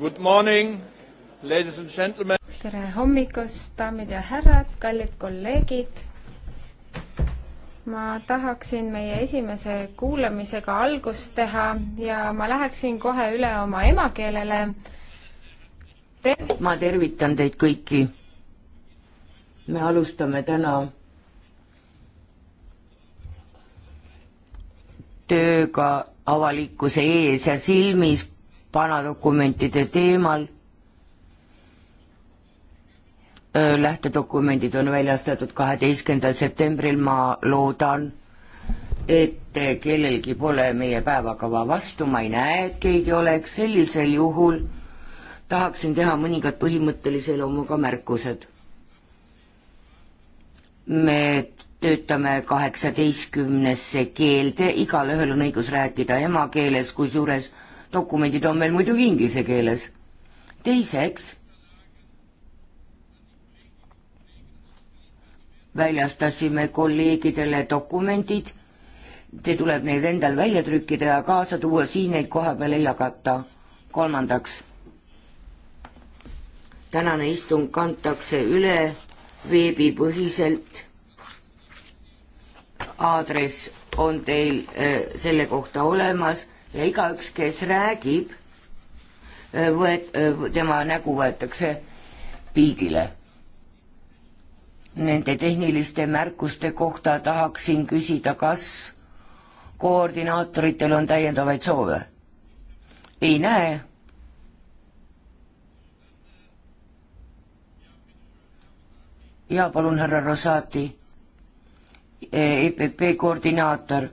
Good morning, ladies and gentlemen. tere hommikust, daamid ja härrad, kallid kolleegid. ma tahaksin meie esimese kuulamisega algust teha ja ma läheksin kohe üle oma emakeelele Te. ma tervitan teid kõiki. me alustame täna tööga avalikkuse ees ja silmis vanadokumentide teemal. lähtedokumendid on väljastatud kaheteistkümnendal septembril, ma loodan, et kellelgi pole meie päevakava vastu, ma ei näe, et keegi oleks, sellisel juhul tahaksin teha mõningad põhimõttelise loomuga märkused. me töötame kaheksateistkümnesse keelde, igalühel on õigus rääkida emakeeles, kusjuures dokumendid on meil muidugi inglise keeles. teiseks väljastasime kolleegidele dokumendid, see tuleb neil endal välja trükkida ja kaasa tuua, siin neid koha peal ei jagata. kolmandaks, tänane istung kantakse üle veebipõhiselt. aadress on teil äh, selle kohta olemas ja igaüks, kes räägib, äh, võet-, äh, tema nägu võetakse pildile. Nende tehniliste märkuste kohta tahaksin küsida, kas koordinaatoritel on täiendavaid soove? ei näe ja palun, härra Rosati, EPP koordinaator.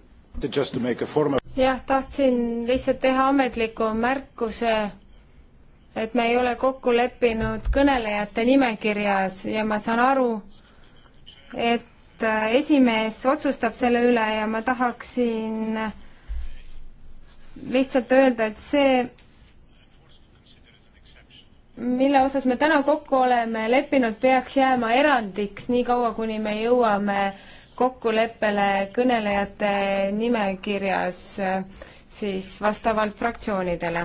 Just to make a formal jah, tahtsin lihtsalt teha ametliku märkuse, et me ei ole kokku leppinud kõnelejate nimekirjas ja ma saan aru, et äh, esimees otsustab selle üle ja ma tahaksin lihtsalt öelda, et see, mille osas me täna kokku oleme leppinud, peaks jääma erandiks niikaua, kuni me jõuame äh, kokkuleppele kõnelejate nimekirjas siis vastavalt fraktsioonidele.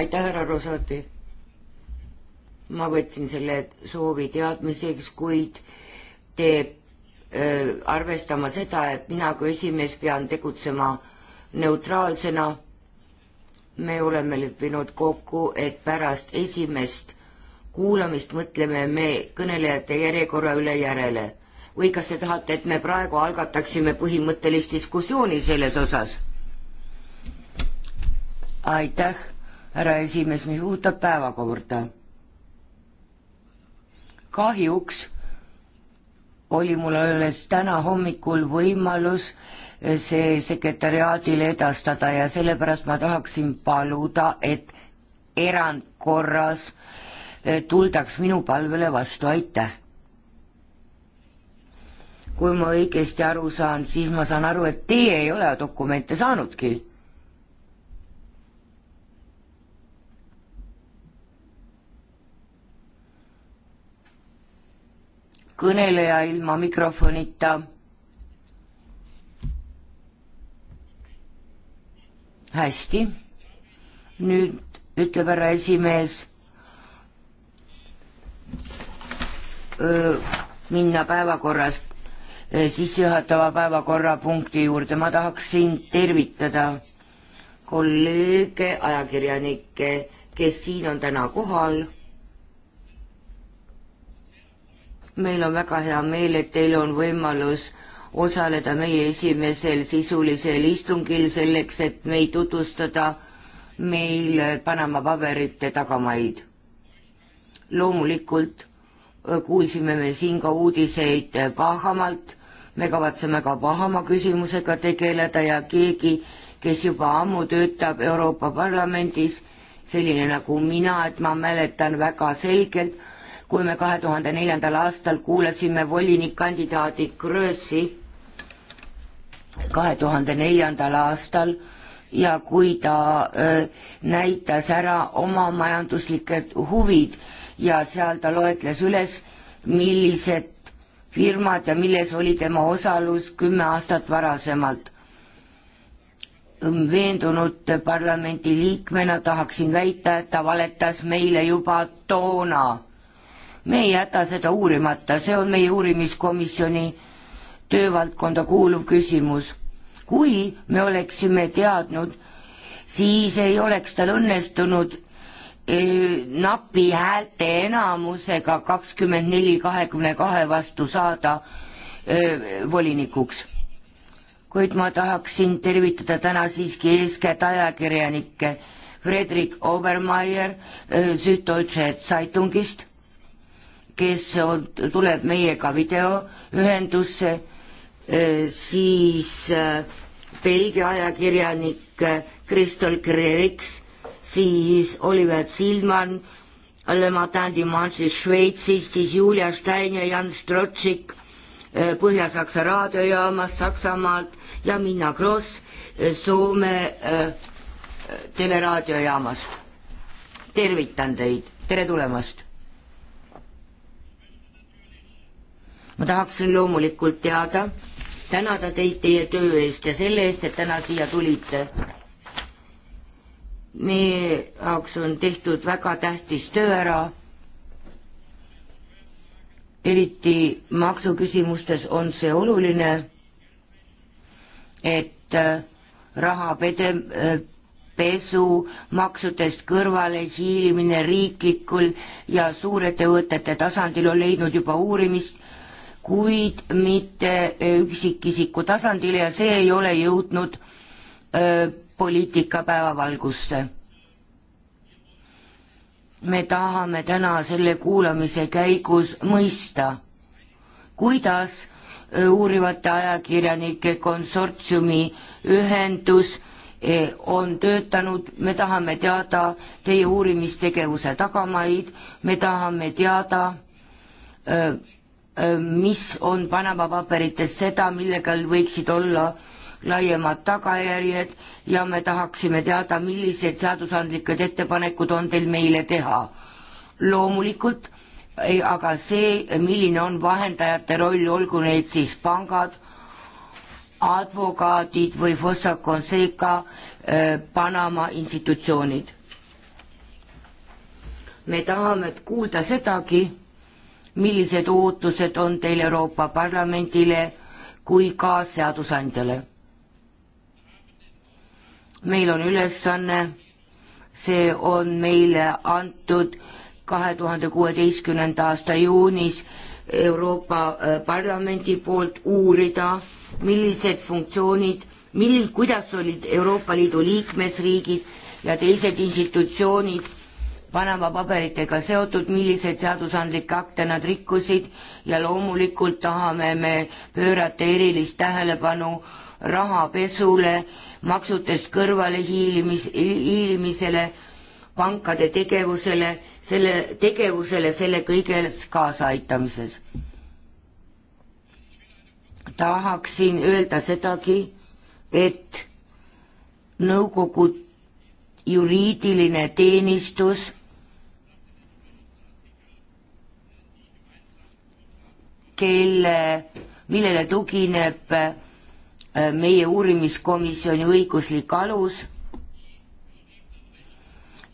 aitäh, härra Rosati. ma võtsin selle soovi teadmiseks, kuid te öö, arvestama seda, et mina kui esimees pean tegutsema neutraalsena. me oleme leppinud kokku, et pärast esimest kuulamist mõtleme me kõnelejate järjekorra üle järele või kas te tahate, et me praegu algataksime põhimõttelist diskussiooni selles osas? aitäh, härra esimees, mis puudutab päevakorda. kahjuks oli mul alles täna hommikul võimalus see sekretäriaadile edastada ja sellepärast ma tahaksin paluda, et erandkorras tuldaks minu palvele vastu, aitäh kui ma õigesti aru saan, siis ma saan aru, et teie ei ole dokumente saanudki. kõneleja ilma mikrofonita. hästi, nüüd ütleb härra esimees minna päevakorras Eh, sissejuhatava päevakorrapunkti juurde, ma tahaksin tervitada kolleege, ajakirjanikke, kes siin on täna kohal. meil on väga hea meel, et teil on võimalus osaleda meie esimesel sisulisel istungil selleks, et meid tutvustada meil Panama paberite tagamaid. loomulikult kuulsime me siin ka uudiseid Bahamalt, me kavatseme ka Bahama küsimusega tegeleda ja keegi, kes juba ammu töötab Euroopa Parlamendis, selline nagu mina, et ma mäletan väga selgelt, kui me kahe tuhande neljandal aastal kuulasime volinikkandidaadi Kröösi kahe tuhande neljandal aastal ja kui ta öö, äh, näitas ära oma majanduslikud huvid ja seal ta loetles üles, millised firmad ja milles oli tema osalus kümme aastat varasemalt. veendunud parlamendiliikmena tahaksin väita, et ta valetas meile juba toona. me ei jäta seda uurimata, see on meie uurimiskomisjoni töövaldkonda kuuluv küsimus. kui me oleksime teadnud, siis ei oleks tal õnnestunud napi häälte enamusega kakskümmend neli kahekümne kahe vastu saada volinikuks. kuid ma tahaksin tervitada täna siiski eeskätt ajakirjanikke Fredrik Obermeier Süddeutsche Zeitungist, kes on, tuleb meiega videoühendusse, siis Belgia ajakirjanik Kristol Kreriks siis Oliver Zilman, Lemartin Dimanche'ist Šveitsist, siis Julia Stein ja Jan Strotšik äh, Põhja-Saksa raadiojaamast Saksamaalt ja Minna Kross äh, Soome äh, teleraadiojaamast. tervitan teid, tere tulemast. ma tahaksin loomulikult teada, tänada teid teie töö eest ja selle eest, et täna siia tulite meie jaoks on tehtud väga tähtis töö ära, eriti maksuküsimustes on see oluline, et äh, rahapede, äh, pesu, maksudest kõrvalehiilimine riiklikul ja suurettevõtete tasandil on leidnud juba uurimist, kuid mitte üksikisiku tasandile ja see ei ole jõudnud öö, äh, poliitika päevavalgusse. me tahame täna selle kuulamise käigus mõista, kuidas uurivate ajakirjanike konsortsiumi ühendus e, on töötanud, me tahame teada teie uurimistegevuse tagamaid, me tahame teada, e, e, mis on Panama paberites seda, millega võiksid olla laiemad tagajärjed ja me tahaksime teada, millised seadusandlikud ettepanekud on teil meile teha. loomulikult, aga see, milline on vahendajate roll, olgu need siis pangad, advokaadid või Fossa Conseca äh, Panama institutsioonid. me tahame kuulda sedagi, millised ootused on teil Euroopa Parlamendile kui ka seadusandjale meil on ülesanne, see on meile antud kahe tuhande kuueteistkümnenda aasta juunis Euroopa äh, Parlamendi poolt uurida, millised funktsioonid, millil, kuidas olid Euroopa Liidu liikmesriigid ja teised institutsioonid Panama paberitega seotud, milliseid seadusandlikke akte nad rikkusid ja loomulikult tahame me pöörata erilist tähelepanu äh, rahapesule, maksudest kõrvalehiilimis, hiilimisele, pankade tegevusele, selle tegevusele, selle kõiges kaasaaitamises. tahaksin öelda sedagi, et nõukogu juriidiline teenistus kelle, millele tugineb Äh, meie uurimiskomisjoni õiguslik alus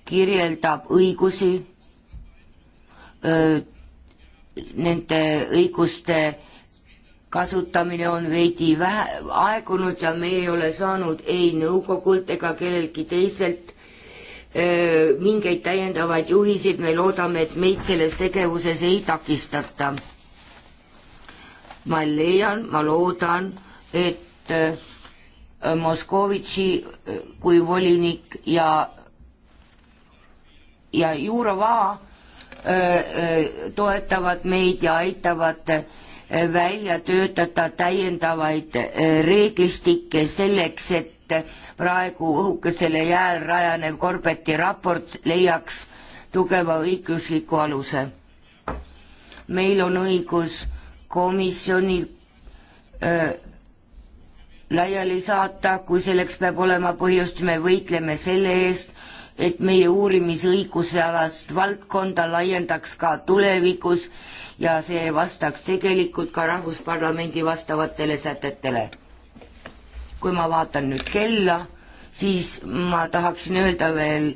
kirjeldab õigusi, äh, nende õiguste kasutamine on veidi vähe aegunud ja me ei ole saanud ei nõukogult ega kelleltki teiselt öö, äh, mingeid täiendavaid juhiseid, me loodame, et meid selles tegevuses ei takistata. ma leian, ma loodan, et et äh, Moskovitši äh, kui volinik ja, ja Jurova äh, toetavad meid ja aitavad välja töötada täiendavaid reeglistikke selleks, et praegu õhukesele jääl rajanev Korbeti raport leiaks tugeva õigusliku aluse. meil on õigus komisjonil öö, laiali saata, kui selleks peab olema põhjust, me võitleme selle eest, et meie uurimisõiguse alast valdkonda laiendaks ka tulevikus ja see vastaks tegelikult ka Rahvusparlamendi vastavatele sätetele. kui ma vaatan nüüd kella, siis ma tahaksin öelda veel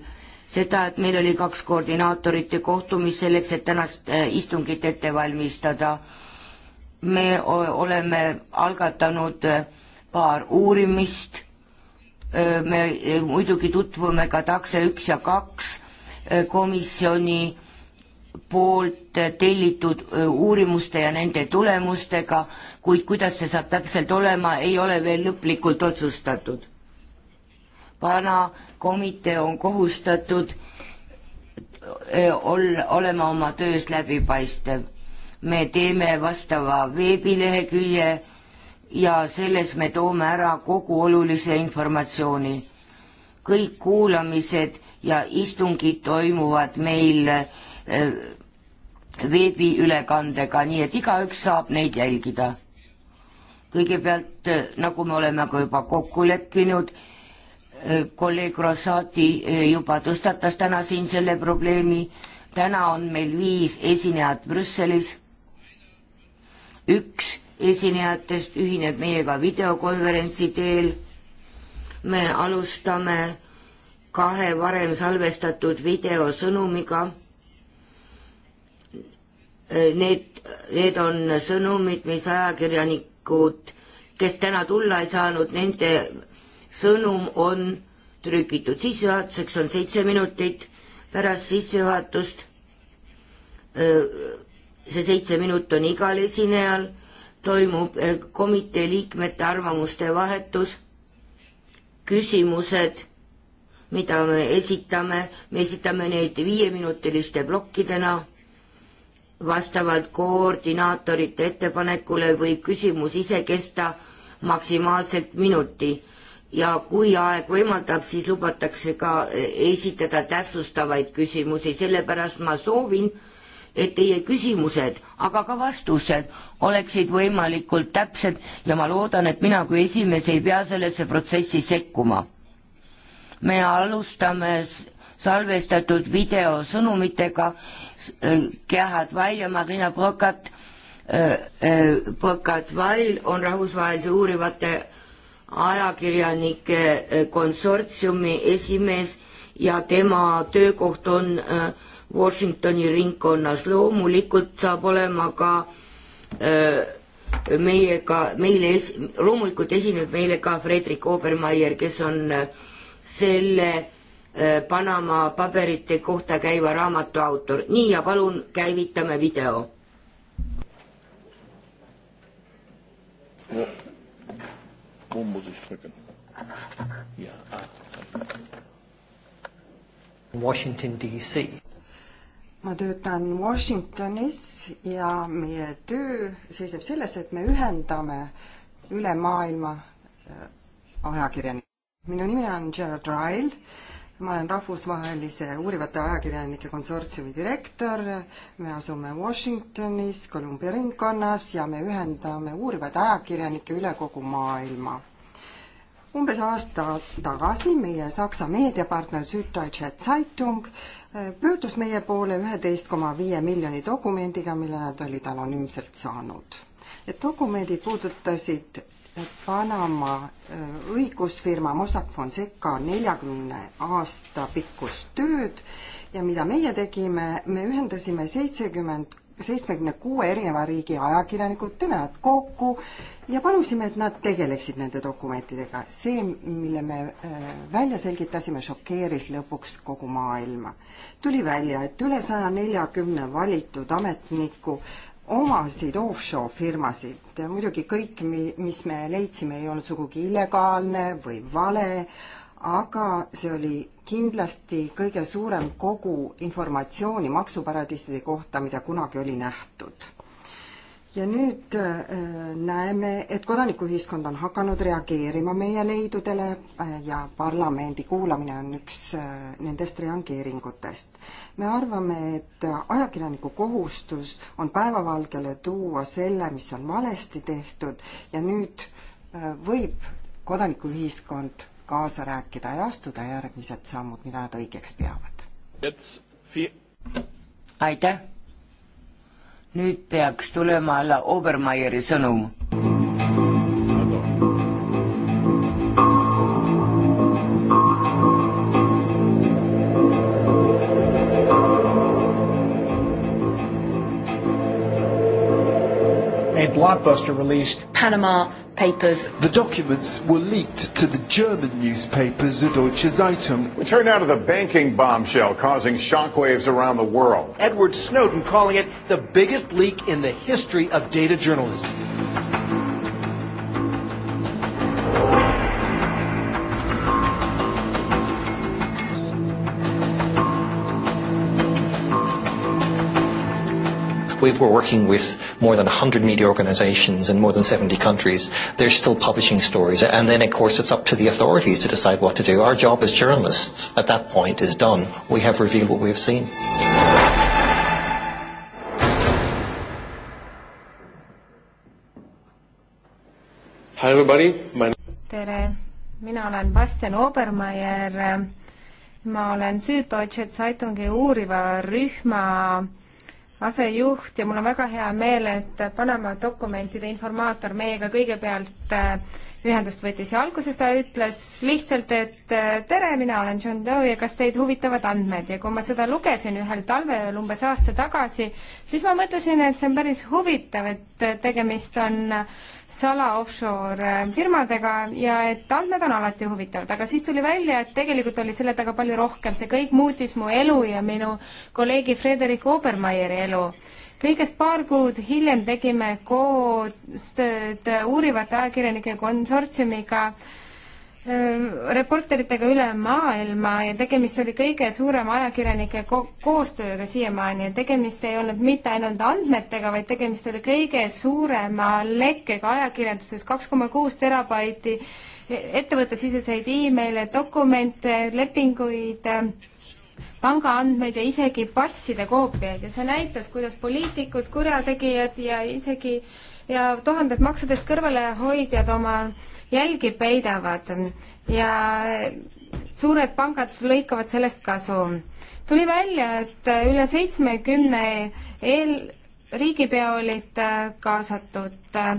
seda, et meil oli kaks koordinaatorite kohtumist selleks, et tänast äh, istungit ette valmistada. me oleme algatanud äh, paar uurimist, me muidugi tutvume ka takse üks ja kaks komisjoni poolt tellitud uurimuste ja nende tulemustega, kuid kuidas see saab täpselt olema, ei ole veel lõplikult otsustatud. vana komitee on kohustatud ol-, olema oma töös läbipaistev. me teeme vastava veebilehekülje ja selles me toome ära kogu olulise informatsiooni. kõik kuulamised ja istungid toimuvad meil äh, veebiülekandega, nii et igaüks saab neid jälgida. kõigepealt, äh, nagu me oleme ka juba kokku leppinud, äh, kolleeg Rosati juba tõstatas täna siin selle probleemi, täna on meil viis esinejat Brüsselis, üks esinejatest ühineb meiega videokonverentsi teel. me alustame kahe varem salvestatud videosõnumiga. Need, need on sõnumid, mis ajakirjanikud, kes täna tulla ei saanud, nende sõnum on trükitud. sissejuhatuseks on seitse minutit, pärast sissejuhatust see seitse minut on igal esinejal toimub eh, komitee liikmete arvamuste vahetus, küsimused, mida me esitame, me esitame neid viieminutiliste plokkidena, vastavalt koordinaatorite ettepanekule võib küsimus ise kesta maksimaalselt minuti ja kui aeg võimaldab, siis lubatakse ka eh, esitada täpsustavaid küsimusi, sellepärast ma soovin, et teie küsimused, aga ka vastused oleksid võimalikult täpsed ja ma loodan, et mina kui esimees ei pea sellesse protsessi sekkuma. me alustame salvestatud videosõnumitega, Gerhard äh, Vail ja Marina Prokat, Prokat äh, äh, Vail on rahvusvahelise uurivate ajakirjanike konsortsiumi esimees ja tema töökoht on äh, Washingtoni ringkonnas. loomulikult saab olema ka äh, meiega, meile es-, loomulikult esineb meile ka Fredrik Obermeier, kes on äh, selle äh, Panama paberite kohta käiva raamatu autor. nii ja palun käivitame video. Wo muss ich drücken? Ja. Washington DC ma töötan Washingtonis ja meie töö seisneb selles, et me ühendame üle maailma äh, ajakirjanikke. minu nimi on Gerald Ryle, ma olen rahvusvahelise uurivate ajakirjanike konsortsiumi direktor, me asume Washingtonis, Columbia ringkonnas ja me ühendame uurivaid ajakirjanikke üle kogu maailma umbes aasta tagasi meie Saksa meediapartner Süddeutsche Zeitung Äh, pöördus meie poole üheteist koma viie miljoni dokumendiga, mille nad olid anonüümselt saanud. Need dokumendid puudutasid äh, Panama äh, õigusfirma Mossack Fonseca neljakümne aasta pikkust tööd ja mida meie tegime, me ühendasime seitsekümmend seitsmekümne kuue erineva riigi ajakirjanikud, tõime nad kokku ja palusime, et nad tegeleksid nende dokumentidega. see, mille me äh, välja selgitasime, šokeeris lõpuks kogu maailma. tuli välja, et üle saja neljakümne valitud ametniku omasid offshore firmasid, muidugi kõik, mis me leidsime, ei olnud sugugi illegaalne või vale, aga see oli kindlasti kõige suurem kogu informatsiooni maksuparadiiside kohta, mida kunagi oli nähtud. ja nüüd äh, näeme, et kodanikuühiskond on hakanud reageerima meie leidudele äh, ja parlamendi kuulamine on üks äh, nendest reageeringutest. me arvame, et ajakirjaniku kohustus on päevavalgele tuua selle, mis on valesti tehtud ja nüüd võib kodanikuühiskond kaasa rääkida ja astuda järgmised sammud, mida nad õigeks peavad. aitäh. nüüd peaks tulema alla Obermeieri sõnum blockbuster release Panama Papers. The documents were leaked to the German newspaper Süddeutsche Zeitung. We turn now to the banking bombshell causing shockwaves around the world. Edward Snowden calling it the biggest leak in the history of data journalism. We've, we're working with more than 100 media organisations in more than 70 countries. They're still publishing stories. And then, of course, it's up to the authorities to decide what to do. Our job as journalists at that point is done. We have revealed what we've seen. Hi everybody. My... tere, mina olen Bastian Obermeier. ma olen Süddeutsche Zeitungi uuriva rühma asejuht ja mul on väga hea meel, et Panama dokumentide informaator meiega kõigepealt äh, ühendust võttis ja alguses ta ütles lihtsalt, et äh, tere, mina olen John Doe ja kas teid huvitavad andmed ja kui ma seda lugesin ühel talveööl umbes aasta tagasi, siis ma mõtlesin, et see on päris huvitav, et äh, tegemist on äh, sala offshore firmadega ja et andmed on alati huvitavad, aga siis tuli välja, et tegelikult oli selle taga palju rohkem, see kõik muutis mu elu ja minu kolleegi Frederik Obermeieri elu kõigest paar kuud hiljem tegime koostööd uurivate ajakirjanike konsortsiumiga reporteritega üle maailma ja tegemist oli kõige suurema ajakirjanike ko koostööga siiamaani ja tegemist ei olnud mitte ainult andmetega, vaid tegemist oli kõige suurema lekkega ajakirjanduses, kaks koma kuus terabaiti ettevõttesiseseid emaile, dokumente, lepinguid äh, pangaandmeid ja isegi passide koopiaid ja see näitas, kuidas poliitikud, kurjategijad ja isegi ja tuhanded maksudest kõrvalehoidjad oma jälgi peidavad ja suured pangad lõikavad sellest kasu. tuli välja, et üle seitsmekümne eel-, riigipea olid äh, kaasatud äh,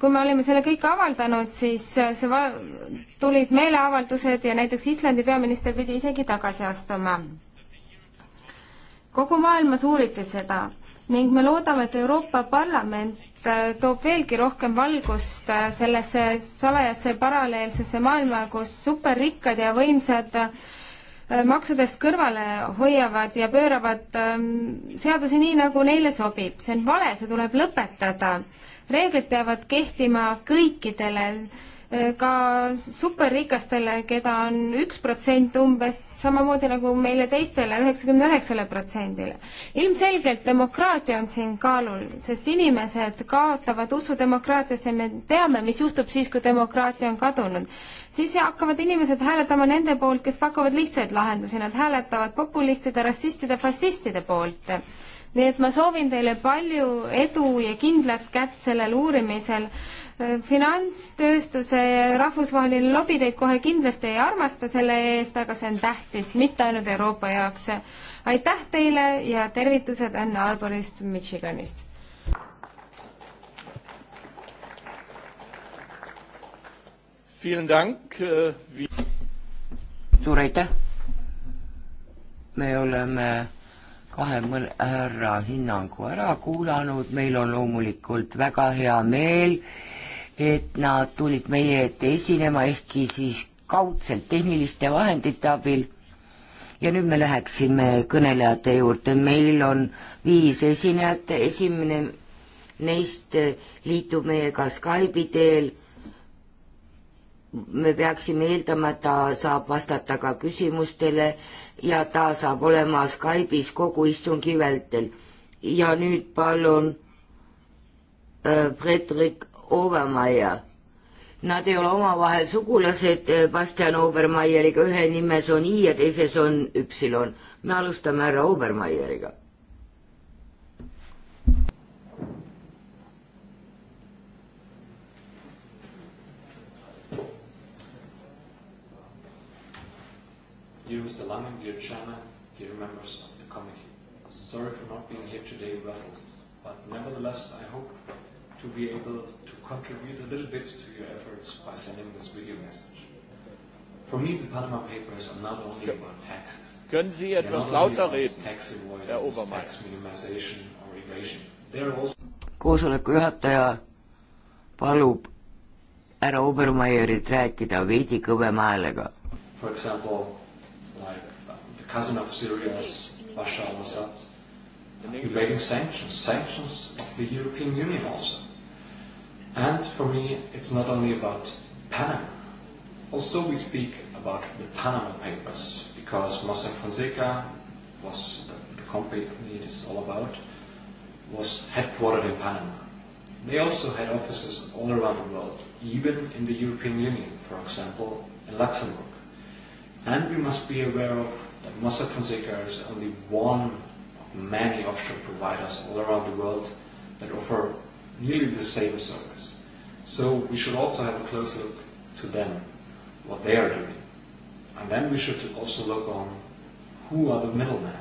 kui me olime selle kõik avaldanud, siis see va-, tulid meeleavaldused ja näiteks Islandi peaminister pidi isegi tagasi astuma. kogu maailmas uuriti seda ning me loodame, et Euroopa Parlament äh, toob veelgi rohkem valgust äh, sellesse salajasse paralleelsesse maailma, kus superrikkad ja võimsad äh, Äh, maksudest kõrvale hoiavad ja pööravad ähm, seadusi nii, nagu neile sobib. see on vale, see tuleb lõpetada. reeglid peavad kehtima kõikidele, äh, ka superrikastele, keda on üks protsent umbes, samamoodi nagu meile teistele, üheksakümne üheksale protsendile. ilmselgelt demokraatia on siin kaalul, sest inimesed kaotavad usu demokraatiasse, me teame, mis juhtub siis, kui demokraatia on kadunud siis hakkavad inimesed hääletama nende poolt, kes pakuvad lihtsaid lahendusi, nad hääletavad populistide, rassistide, fašistide poolt. nii et ma soovin teile palju edu ja kindlat kätt sellel uurimisel. finantstööstuse rahvusvaheline lobi teid kohe kindlasti ei armasta selle eest, aga see on tähtis, mitte ainult Euroopa jaoks. aitäh teile ja tervitused Ann Arborist Michiganist! Äh, suur aitäh! me oleme kahe mõne härra hinnangu ära kuulanud, meil on loomulikult väga hea meel, et nad tulid meie ette esinema, ehkki siis kaudselt tehniliste vahendite abil. ja nüüd me läheksime kõnelejate juurde, meil on viis esinejat, esimene neist liitub meiega Skype'i teel me peaksime eeldama, et ta saab vastata ka küsimustele ja ta saab olema Skype'is kogu istungi vältel. ja nüüd palun äh, Fredrik Overmaier. Nad ei ole omavahel sugulased, äh, Bastian Obermaieriga ühe nimes on I ja teises on Üpsilon. me alustame härra Obermaieriga use the Langenbeer chairman, dear members of the committee. Sorry for not being here today in Brussels, but nevertheless I hope to be able to contribute a little bit to your efforts by sending this video message. For me, the Panama Papers are not only about taxes. Können Sie etwas lauter reden, Herr Obermann? koosoleku juhataja palub härra Obermeierit rääkida veidi kõvema häälega. For example, cousin of Syria is Bashar al-Assad, evading sanctions, sanctions of the European Union also. And for me, it's not only about Panama. Also, we speak about the Panama Papers because Mossack Fonseca was the, the company it is all about, was headquartered in Panama. They also had offices all around the world, even in the European Union, for example, in Luxembourg. And we must be aware of that Mossack Fonseca is only one of many offshore providers all around the world that offer nearly the same service. So we should also have a close look to them, what they are doing. And then we should also look on who are the middlemen.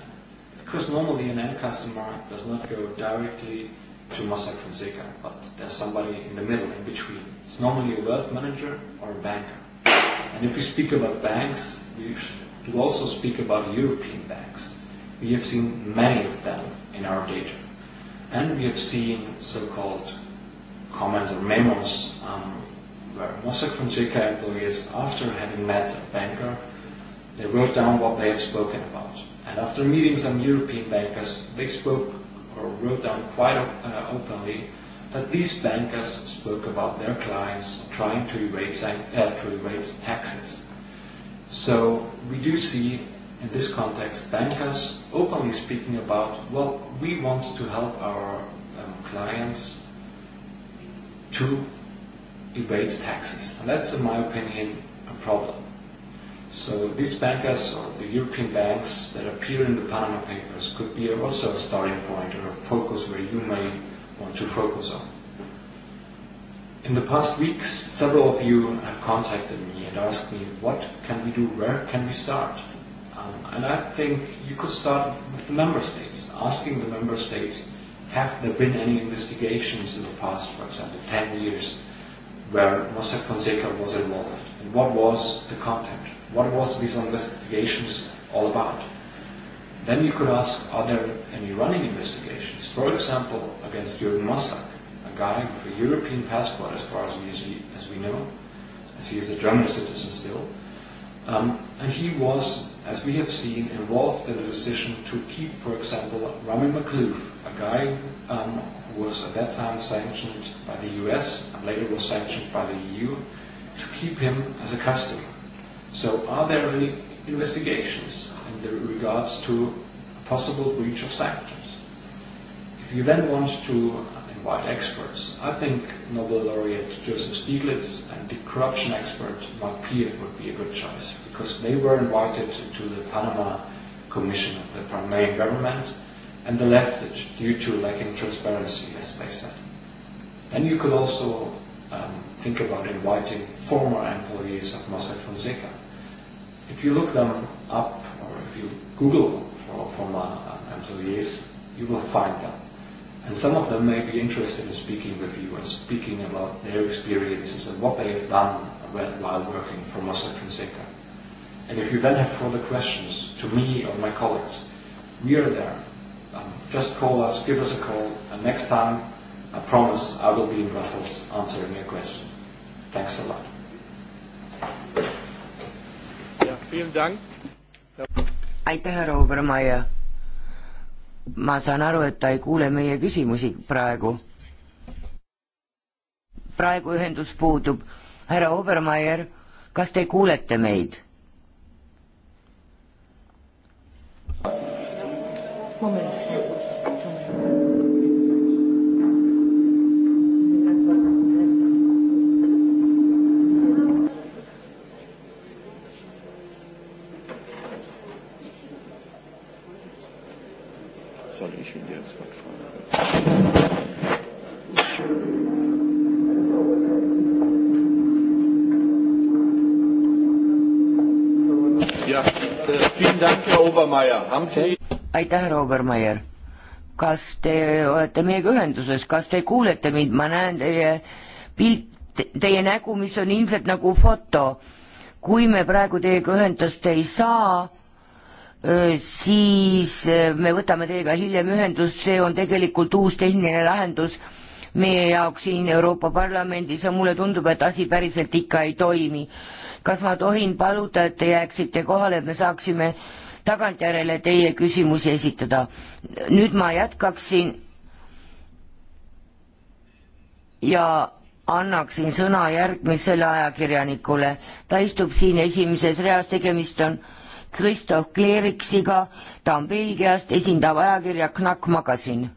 Because normally an end customer does not go directly to Mossack Fonseca, but there's somebody in the middle, in between. It's normally a wealth manager or a banker. And if we speak about banks, we should also speak about European banks. We have seen many of them in our data. And we have seen so-called comments or memos um, where Mossack Fonseca employees, after having met a banker, they wrote down what they had spoken about. And after meeting some European bankers, they spoke or wrote down quite uh, openly that these bankers spoke about their clients trying to erase, uh, to erase taxes. So we do see in this context bankers openly speaking about, well, we want to help our um, clients to evades taxes. And that's, in my opinion, a problem. So these bankers or the European banks that appear in the Panama Papers could be also a starting point or a focus where you may want to focus on. In the past weeks, several of you have contacted me and asked me, what can we do, where can we start? Um, and I think you could start with the member states, asking the member states, have there been any investigations in the past, for example, 10 years, where Mossack Fonseca was involved? And what was the content? What was these investigations all about? Then you could ask, are there any running investigations? For example, against Jürgen Mossack, a guy with a European passport, as far as we, as we know, as he is a German citizen still. Um, and he was, as we have seen, involved in the decision to keep, for example, Rami McLuth, a guy um, who was at that time sanctioned by the US and later was sanctioned by the EU, to keep him as a customer. So are there any investigations? in regards to a possible breach of sanctions. If you then want to invite experts, I think Nobel laureate Joseph Stiglitz and the corruption expert Mark Pief would be a good choice because they were invited to the Panama Commission of the Panamanian government and they left it due to lacking transparency, as they said. Then you could also um, think about inviting former employees of Mossack Fonseca. If you look them up you Google for, for Mana and employees, you will find them. And some of them may be interested in speaking with you and speaking about their experiences and what they have done when, while working for Mossack Fonseca. And if you then have further questions to me or my colleagues, we are there. Um, just call us, give us a call, and next time, I promise I will be in Brussels answering your questions. Thanks a lot. Ja, vielen Dank aitäh, härra Obermaie. ma saan aru, et ta ei kuule meie küsimusi praegu. praegu ühendus puudub. härra Obermaier, kas te kuulete meid? aitäh, härra Obermeier. kas te olete meiega ühenduses, kas te kuulete mind, ma näen teie pilt, teie nägu, mis on ilmselt nagu foto. kui me praegu teiega ühendust ei saa, siis me võtame teiega hiljem ühendust, see on tegelikult uus tehniline lahendus meie jaoks siin Euroopa Parlamendis ja mulle tundub, et asi päriselt ikka ei toimi kas ma tohin paluda, et te jääksite kohale, et me saaksime tagantjärele teie küsimusi esitada. nüüd ma jätkaksin ja annaksin sõna järgmisele ajakirjanikule. ta istub siin esimeses reas, tegemist on Christoph Kleeriksiga, ta on Belgiast, esindab ajakirja Knack Magasin.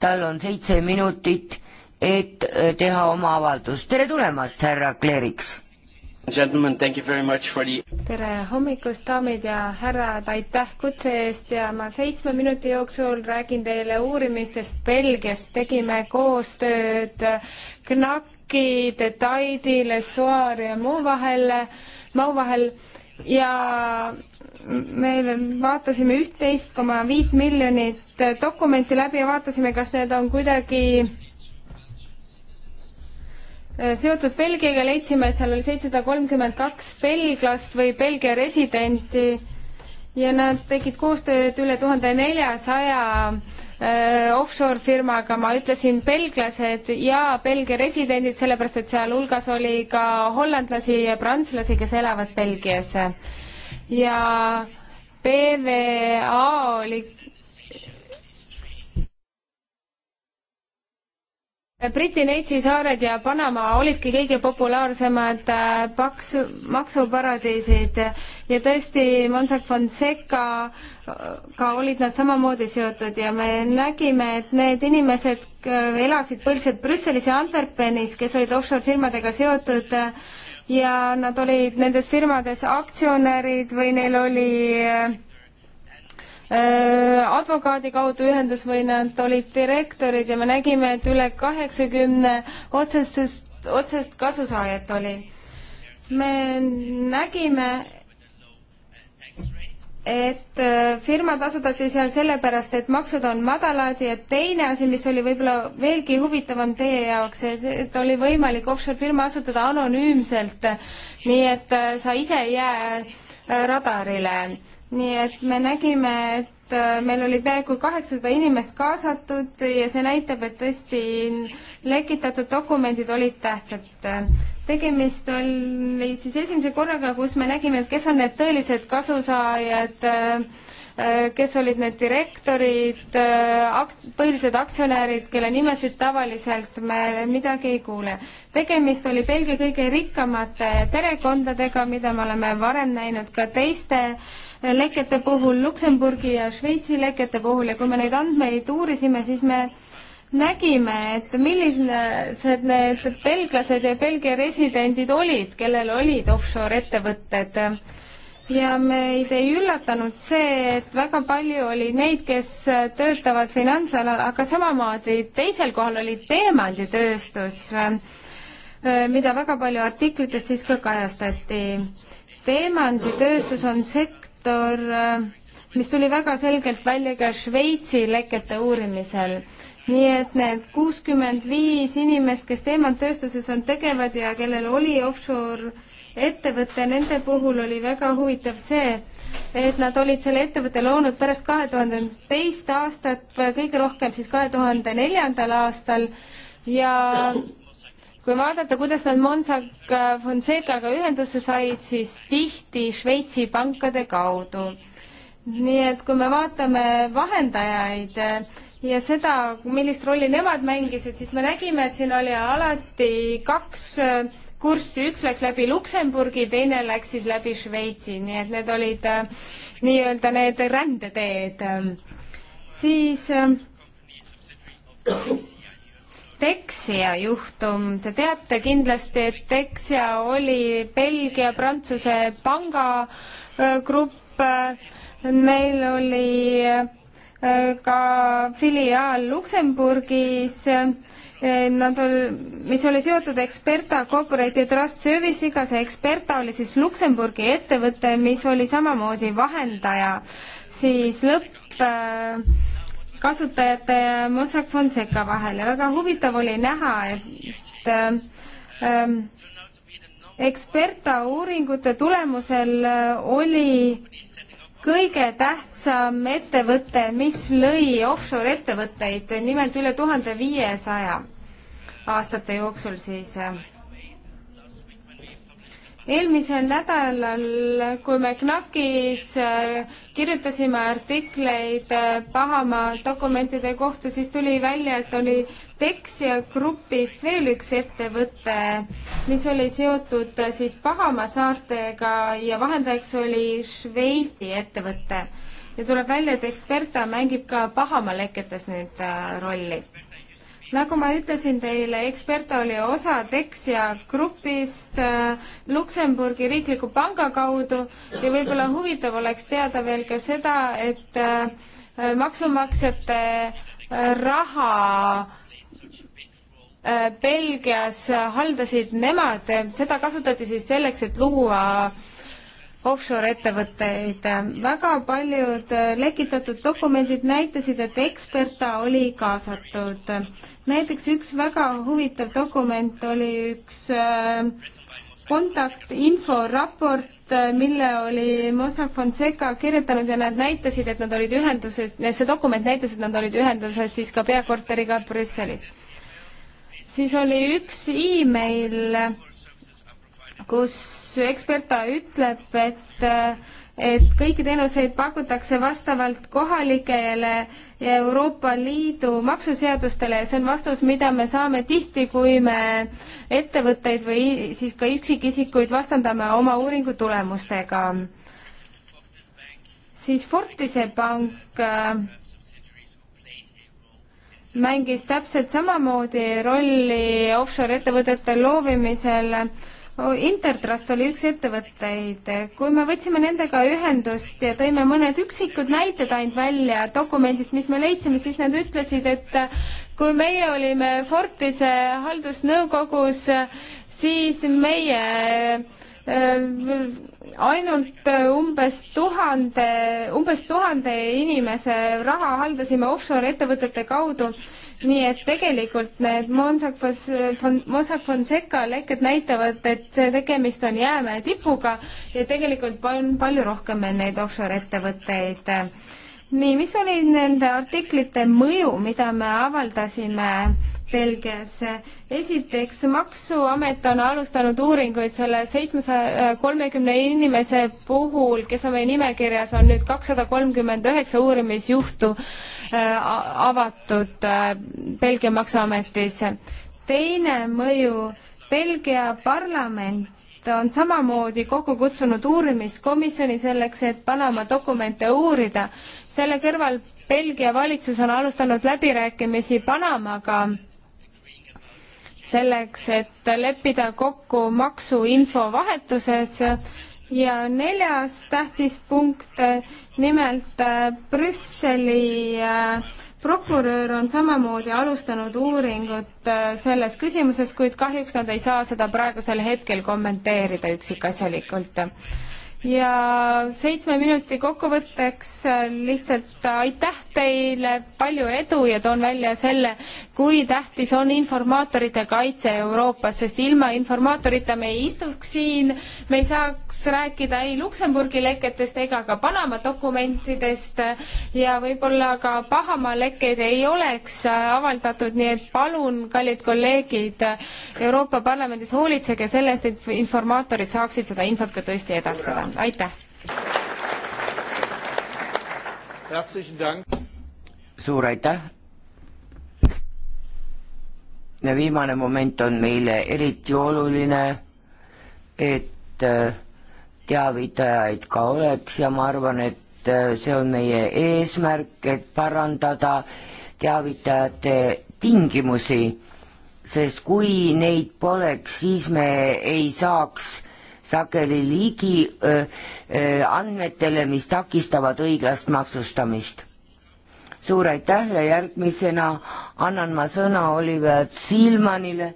tal on seitse minutit et äh, teha oma avaldus. tere tulemast, härra Kleriks! tere hommikust, daamid ja härrad, aitäh kutse eest ja ma seitsme minuti jooksul räägin teile uurimistest Belgias. tegime koostööd KNAK-i, Detaidi, Lesuaari ja muu vahel, Mau vahel ja meil on, vaatasime üht-teist koma viit miljonit dokumenti läbi ja vaatasime, kas need on kuidagi Äh, seotud Belgiaga, leidsime, et seal oli seitsesada kolmkümmend kaks belglast või Belgia residenti ja nad tegid koostööd üle tuhande neljasaja äh, offshore firmaga, ma ütlesin belglased ja Belgia residendid, sellepärast et sealhulgas oli ka hollandlasi ja prantslasi, kes elavad Belgias. ja PVA oli Briti Neitsi saared ja Panama olidki kõige populaarsemad äh, paks, maksuparadiisid ja tõesti Mossack Fonseca äh, ka olid nad samamoodi seotud ja me nägime, et need inimesed äh, elasid põhiliselt Brüsselis ja Antwerpenis, kes olid offshore firmadega seotud ja nad olid nendes firmades aktsionärid või neil oli Äh, advokaadi kaudu ühendus või nad olid direktorid ja me nägime, et üle kaheksakümne otsesest, otsest kasusaajat oli. me nägime, et äh, firmad asutati seal sellepärast, et maksud on madalad ja teine asi, mis oli võib-olla veelgi huvitavam teie jaoks, et oli võimalik offshore firma asutada anonüümselt, nii et äh, sa ise ei jää radarile nii et me nägime, et äh, meil oli peaaegu kaheksasada inimest kaasatud ja see näitab, et tõesti lekitatud dokumendid olid tähtsad. tegemist oli siis esimese korraga, kus me nägime, et kes on need tõelised kasusaajad äh, Äh, kes olid need direktorid, äh, akt-, põhilised aktsionärid, kelle nimesid tavaliselt me midagi ei kuule. tegemist oli Belgia kõige rikkamate perekondadega, mida me oleme varem näinud ka teiste lekete puhul, Luksemburgi ja Šveitsi lekete puhul ja kui me neid andmeid uurisime, siis me nägime, et millised need belglased ja Belgia residendid olid, kellel olid offshore ettevõtted et ja meid ei üllatanud see, et väga palju oli neid, kes töötavad finantsalal, aga samamoodi teisel kohal oli teemanditööstus, äh, mida väga palju artiklites siis ka kajastati. teemanditööstus on sektor, äh, mis tuli väga selgelt välja ka Šveitsi lekete uurimisel nii et need kuuskümmend viis inimest, kes teemanttööstuses on tegevad ja kellel oli offshore ettevõte, nende puhul oli väga huvitav see, et nad olid selle ettevõtte loonud pärast kahe tuhande teist aastat, kõige rohkem siis kahe tuhande neljandal aastal ja kui vaadata, kuidas nad Monsac Fonsecaga ühendusse said, siis tihti Šveitsi pankade kaudu. nii et kui me vaatame vahendajaid ja seda, millist rolli nemad mängisid, siis me nägime, et siin oli alati kaks kurssi, üks läks läbi Luksemburgi, teine läks siis läbi Šveitsi, nii et need olid äh, nii-öelda need rändeteed. siis äh, Texia juhtum, te teate kindlasti, et Texia oli Belgia-Prantsuse pangagrupp, neil oli äh, ka filiaal Luksemburgis Eh, nad ol-, mis oli seotud Experta Corporate Trust Service'iga, see Experta oli siis Luksemburgi ettevõte, mis oli samamoodi vahendaja siis lõpp äh, kasutajate ja Mossack Fonseca vahel ja väga huvitav oli näha, et äh, ähm, eksperta uuringute tulemusel äh, oli kõige tähtsam ettevõte, mis lõi offshore ettevõtteid, nimelt üle tuhande viiesaja aastate jooksul siis äh, eelmisel nädalal, kui me KNAK-is äh, kirjutasime artikleid pahamaa äh, dokumentide kohta, siis tuli välja, et oli Texia grupist veel üks ettevõte, mis oli seotud siis pahamaa saartega ja vahendajaks oli Šveiti ettevõte. ja tuleb välja, et Experta mängib ka pahamaa leketes nüüd rolli nagu ma ütlesin teile, ekspert oli osa Dexia grupist äh, Luksemburgi riikliku panga kaudu ja võib-olla huvitav oleks teada veel ka seda, et äh, maksumaksjate äh, raha äh, Belgias haldasid nemad, seda kasutati siis selleks, et luua äh, offshore-ettevõtteid. väga paljud äh, lekitatud dokumendid näitasid, et eksperta oli kaasatud. näiteks üks väga huvitav dokument oli üks äh, kontaktinfo raport, äh, mille oli Mossack Fonseca kirjutanud ja nad näitasid, et nad olid ühenduses, see dokument näitas, et nad olid ühenduses siis ka peakorteriga Brüsselis. siis oli üks email, kus eksperta ütleb, et et kõiki teenuseid pakutakse vastavalt kohalikele ja Euroopa Liidu maksuseadustele ja see on vastus, mida me saame tihti, kui me ettevõtteid või siis ka üksikisikuid vastandame oma uuringu tulemustega. siis Fortise pank äh, mängis täpselt samamoodi rolli offshore ettevõtete loovimisel Oh, Intertrust oli üks ettevõtteid, kui me võtsime nendega ühendust ja tõime mõned üksikud näited ainult välja dokumendist, mis me leidsime, siis nad ütlesid, et äh, kui meie olime Fortise haldusnõukogus, siis meie äh, ainult umbes tuhande, umbes tuhande inimese raha haldasime offshore ettevõtete kaudu nii et tegelikult need Mossack Fonseca lekked näitavad, et see tegemist on jäämäe tipuga ja tegelikult on palju rohkem meil neid offshore-ettevõtteid. nii, mis oli nende artiklite mõju, mida me avaldasime Belgias. esiteks, Maksuamet on alustanud uuringuid selle seitsmesaja kolmekümne inimese puhul, kes on meie nimekirjas, on nüüd kakssada kolmkümmend üheksa uurimisjuhtu äh, avatud äh, Belgia Maksuametis. teine mõju, Belgia parlament on samamoodi kokku kutsunud uurimiskomisjoni selleks, et Panama dokumente uurida. selle kõrval Belgia valitsus on alustanud läbirääkimisi Panamaga selleks, et leppida kokku maksuinfo vahetuses ja neljas tähtis punkt, nimelt äh, Brüsseli äh, prokurör on samamoodi alustanud uuringut äh, selles küsimuses, kuid kahjuks nad ei saa seda praegusel hetkel kommenteerida üksikasjalikult ja seitsme minuti kokkuvõtteks äh, lihtsalt äh, aitäh teile, palju edu ja toon välja selle, kui tähtis on informaatorite kaitse Euroopas, sest ilma informaatorita me ei istuks siin, me ei saaks rääkida ei Luksemburgi leketest ega ka Panama dokumentidest äh, ja võib-olla ka Bahamaa lekkeid ei oleks avaldatud, nii et palun, kallid kolleegid Euroopa Parlamendis, hoolitsege selle eest, et informaatorid saaksid seda infot ka tõesti edastada aitäh! suur aitäh! ja viimane moment on meile eriti oluline, et äh, teavitajaid ka oleks ja ma arvan, et äh, see on meie eesmärk, et parandada teavitajate tingimusi, sest kui neid poleks, siis me ei saaks sageli ligi öö, öö, andmetele, mis takistavad õiglast maksustamist. suur aitäh ja järgmisena annan ma sõna Oliver Silmanile,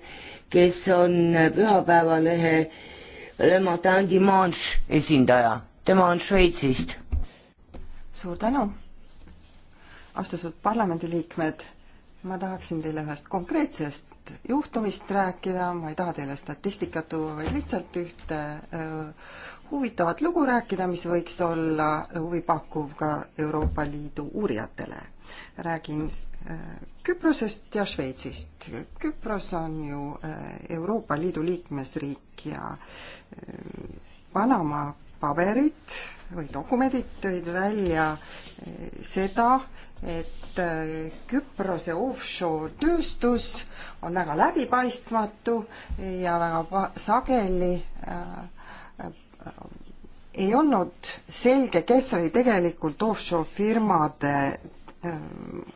kes on pühapäevalehe Le Matin Dimanche esindaja, tema on Šveitsist. suur tänu, austatud parlamendiliikmed, ma tahaksin teile ühest konkreetsest juhtumist rääkida, ma ei taha teile statistikat tuua, vaid lihtsalt ühte äh, huvitavat lugu rääkida, mis võiks olla huvipakkuv ka Euroopa Liidu uurijatele. räägin äh, Küprosest ja Šveitsist. Küpros on ju äh, Euroopa Liidu liikmesriik ja Panama paberid või dokumendid tõid välja seda, et äh, Küprose offshore tööstus on väga läbipaistmatu ja väga sageli äh, äh, ei olnud selge, kes oli tegelikult offshore firmade äh,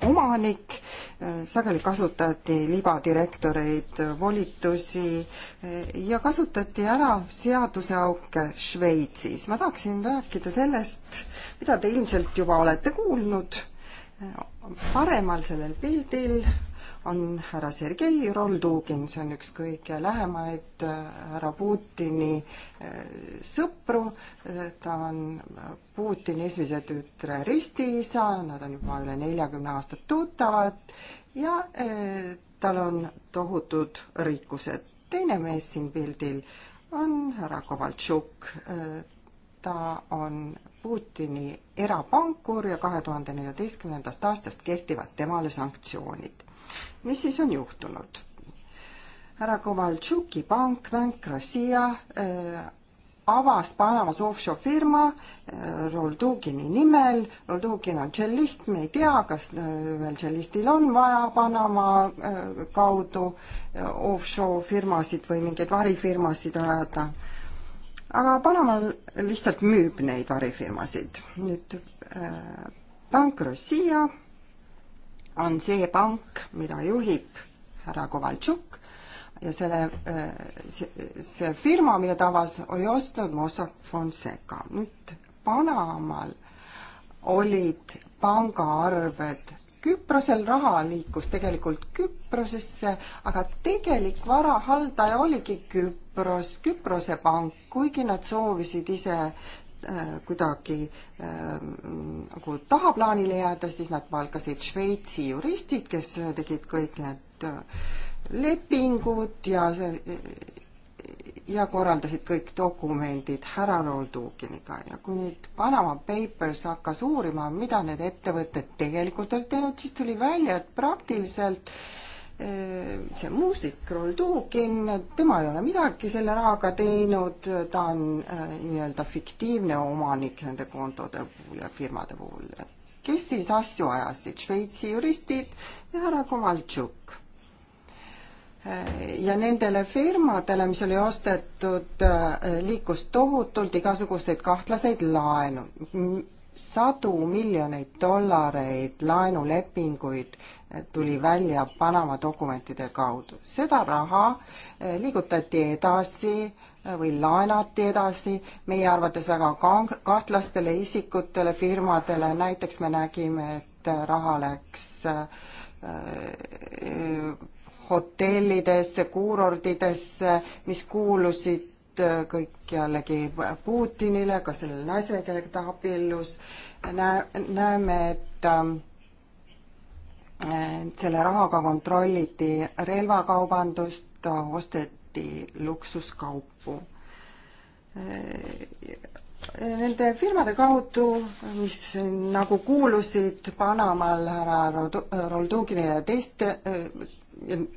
omanik, äh, sageli kasutati libadirektoreid, volitusi äh, ja kasutati ära seaduseauke Šveitsis. ma tahaksin rääkida sellest, mida te ilmselt juba olete kuulnud paremal sellel pildil on härra Sergei Roldugin, see on üks kõige lähemaid äh, härra Putini äh, sõpru, äh, ta on Putini esimese tütre ristiisa, nad on juba üle neljakümne aasta tuttavad ja tal on tohutud rikkused. teine mees siin pildil on härra Kovaltšuk, ta on Putini erapankur ja kahe tuhande neljateistkümnendast aastast kehtivad temale sanktsioonid. mis siis on juhtunud? härra Kovaltšuki pank, Bank Rossija äh, avas Panamas offshore firma äh, Roldugini nimel, Roldugin on tšellist, me ei tea, kas ühel äh, tšellistil on vaja Panama äh, kaudu äh, offshore firmasid või mingeid varifirmasid ajada äh, aga Panama lihtsalt müüb neid varifirmasid. nüüd äh, pank Rossija on see pank, mida juhib härra Kovaltšuk ja selle äh,, see firma, mille ta avas, oli ostnud Mossack Fonseca. nüüd Panamaal olid pangaarved Küprosel raha liikus tegelikult Küprosesse, aga tegelik vara haldaja oligi Küpros, Küprose pank, kuigi nad soovisid ise äh, kuidagi äh, nagu äh, tahaplaanile jääda, siis nad palkasid Šveitsi juristid, kes tegid kõik need äh, lepingud ja see ja korraldasid kõik dokumendid härra Rolduukiniga ja kui nüüd Panama Papers hakkas uurima, mida need ettevõtted tegelikult olid teinud, siis tuli välja, et praktiliselt eh, see muusik Rolduukin, tema ei ole midagi selle rahaga teinud, ta on eh, nii-öelda fiktiivne omanik nende kontode puhul ja firmade puhul. kes siis asju ajasid, Šveitsi juristid ja härra Kovaltšuk ja nendele firmadele, mis oli ostetud, äh, liikus tohutult igasuguseid kahtlaseid laenu, sadu miljoneid dollareid laenulepinguid äh, tuli välja Panama dokumentide kaudu. seda raha äh, liigutati edasi või laenati edasi meie arvates väga kang-, kahtlastele isikutele, firmadele, näiteks me nägime, et raha läks äh, hotellidesse, kuurordidesse, mis kuulusid äh, kõik jällegi Putinile, ka sellele naisele, kellega ta abiellus, näe-, näeme, ähm, et selle rahaga kontrolliti relvakaubandust, osteti luksuskaupu äh, nende firmade kaudu, mis nagu kuulusid Panamaal härra Roldunginile ja teiste äh,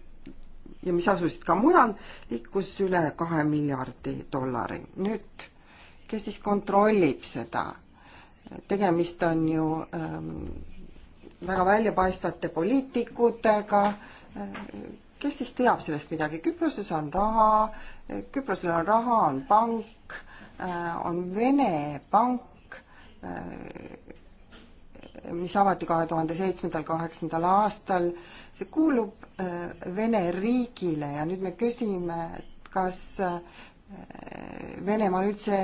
ja mis asusid ka mujal, liikus üle kahe miljardi dollari. nüüd, kes siis kontrollib seda? tegemist on ju ähm, väga väljapaistvate poliitikutega äh,, kes siis teab sellest midagi, Küproses on raha, Küprosel on raha, on pank, äh, on Vene pank, äh, mis avati kahe tuhande seitsmendal, kaheksandal aastal, see kuulub äh, Vene riigile ja nüüd me küsime, et kas äh, Venemaal üldse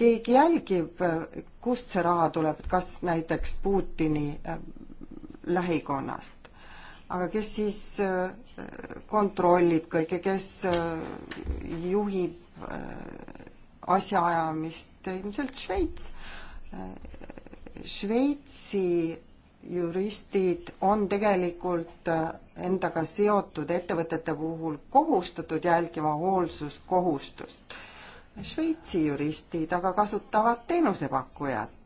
keegi jälgib, äh, kust see raha tuleb, et kas näiteks Putini lähikonnast? aga kes siis kontrollib kõike, kes juhib asjaajamist, ilmselt Šveits Šveitsi juristid on tegelikult endaga seotud ettevõtete puhul kohustatud jälgima hoolsuskohustust. Šveitsi juristid aga kasutavad teenusepakkujat.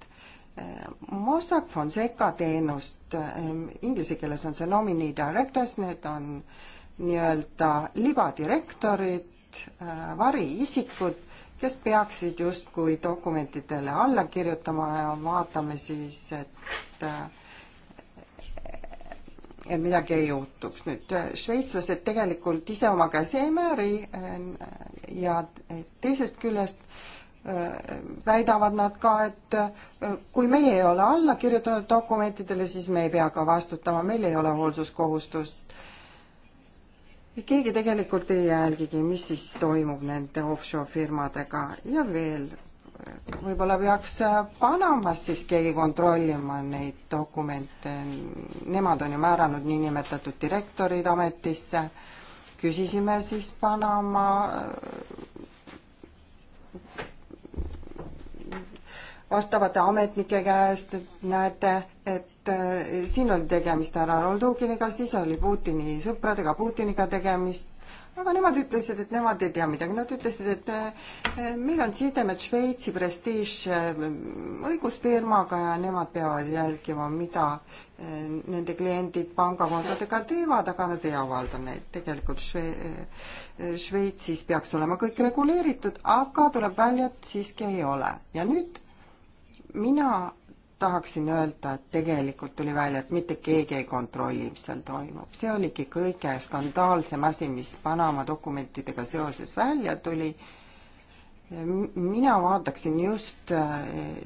Mossack Fonseca teenust, inglise keeles on see nominee directors, need on nii-öelda libadirektorid, variisikud kes peaksid justkui dokumentidele alla kirjutama ja vaatame siis, et et midagi ei juhtuks. nüüd šveitslased tegelikult ise oma käsi ei määri ja teisest küljest väidavad nad ka, et kui meie ei ole alla kirjutanud dokumentidele, siis me ei pea ka vastutama, meil ei ole hoolsuskohustust keegi tegelikult ei jälgigi, mis siis toimub nende offshore firmadega ja veel, võib-olla peaks Panamas siis keegi kontrollima neid dokumente, nemad on ju määranud niinimetatud direktorid ametisse, küsisime siis Panama vastavate ametnike käest, et näete, et et eh, siin oli tegemist härra Roldukiniga, siis oli Putini sõpradega, Putiniga tegemist, aga nemad ütlesid, et nemad ei tea midagi, nad ütlesid, et eh, meil on sidemed Šveitsi prestiiž eh, õigusfirmaga ja nemad peavad jälgima, mida nende kliendid pangakontodega teevad, aga nad ei avalda neid. tegelikult Šve-, Šveitsis peaks olema kõik reguleeritud, aga tuleb välja, et siiski ei ole. ja nüüd mina tahaksin öelda, et tegelikult tuli välja, et mitte keegi ei kontrolli, mis seal toimub. see oligi kõige skandaalsem asi, mis Panama dokumentidega seoses välja tuli. mina vaataksin just eh,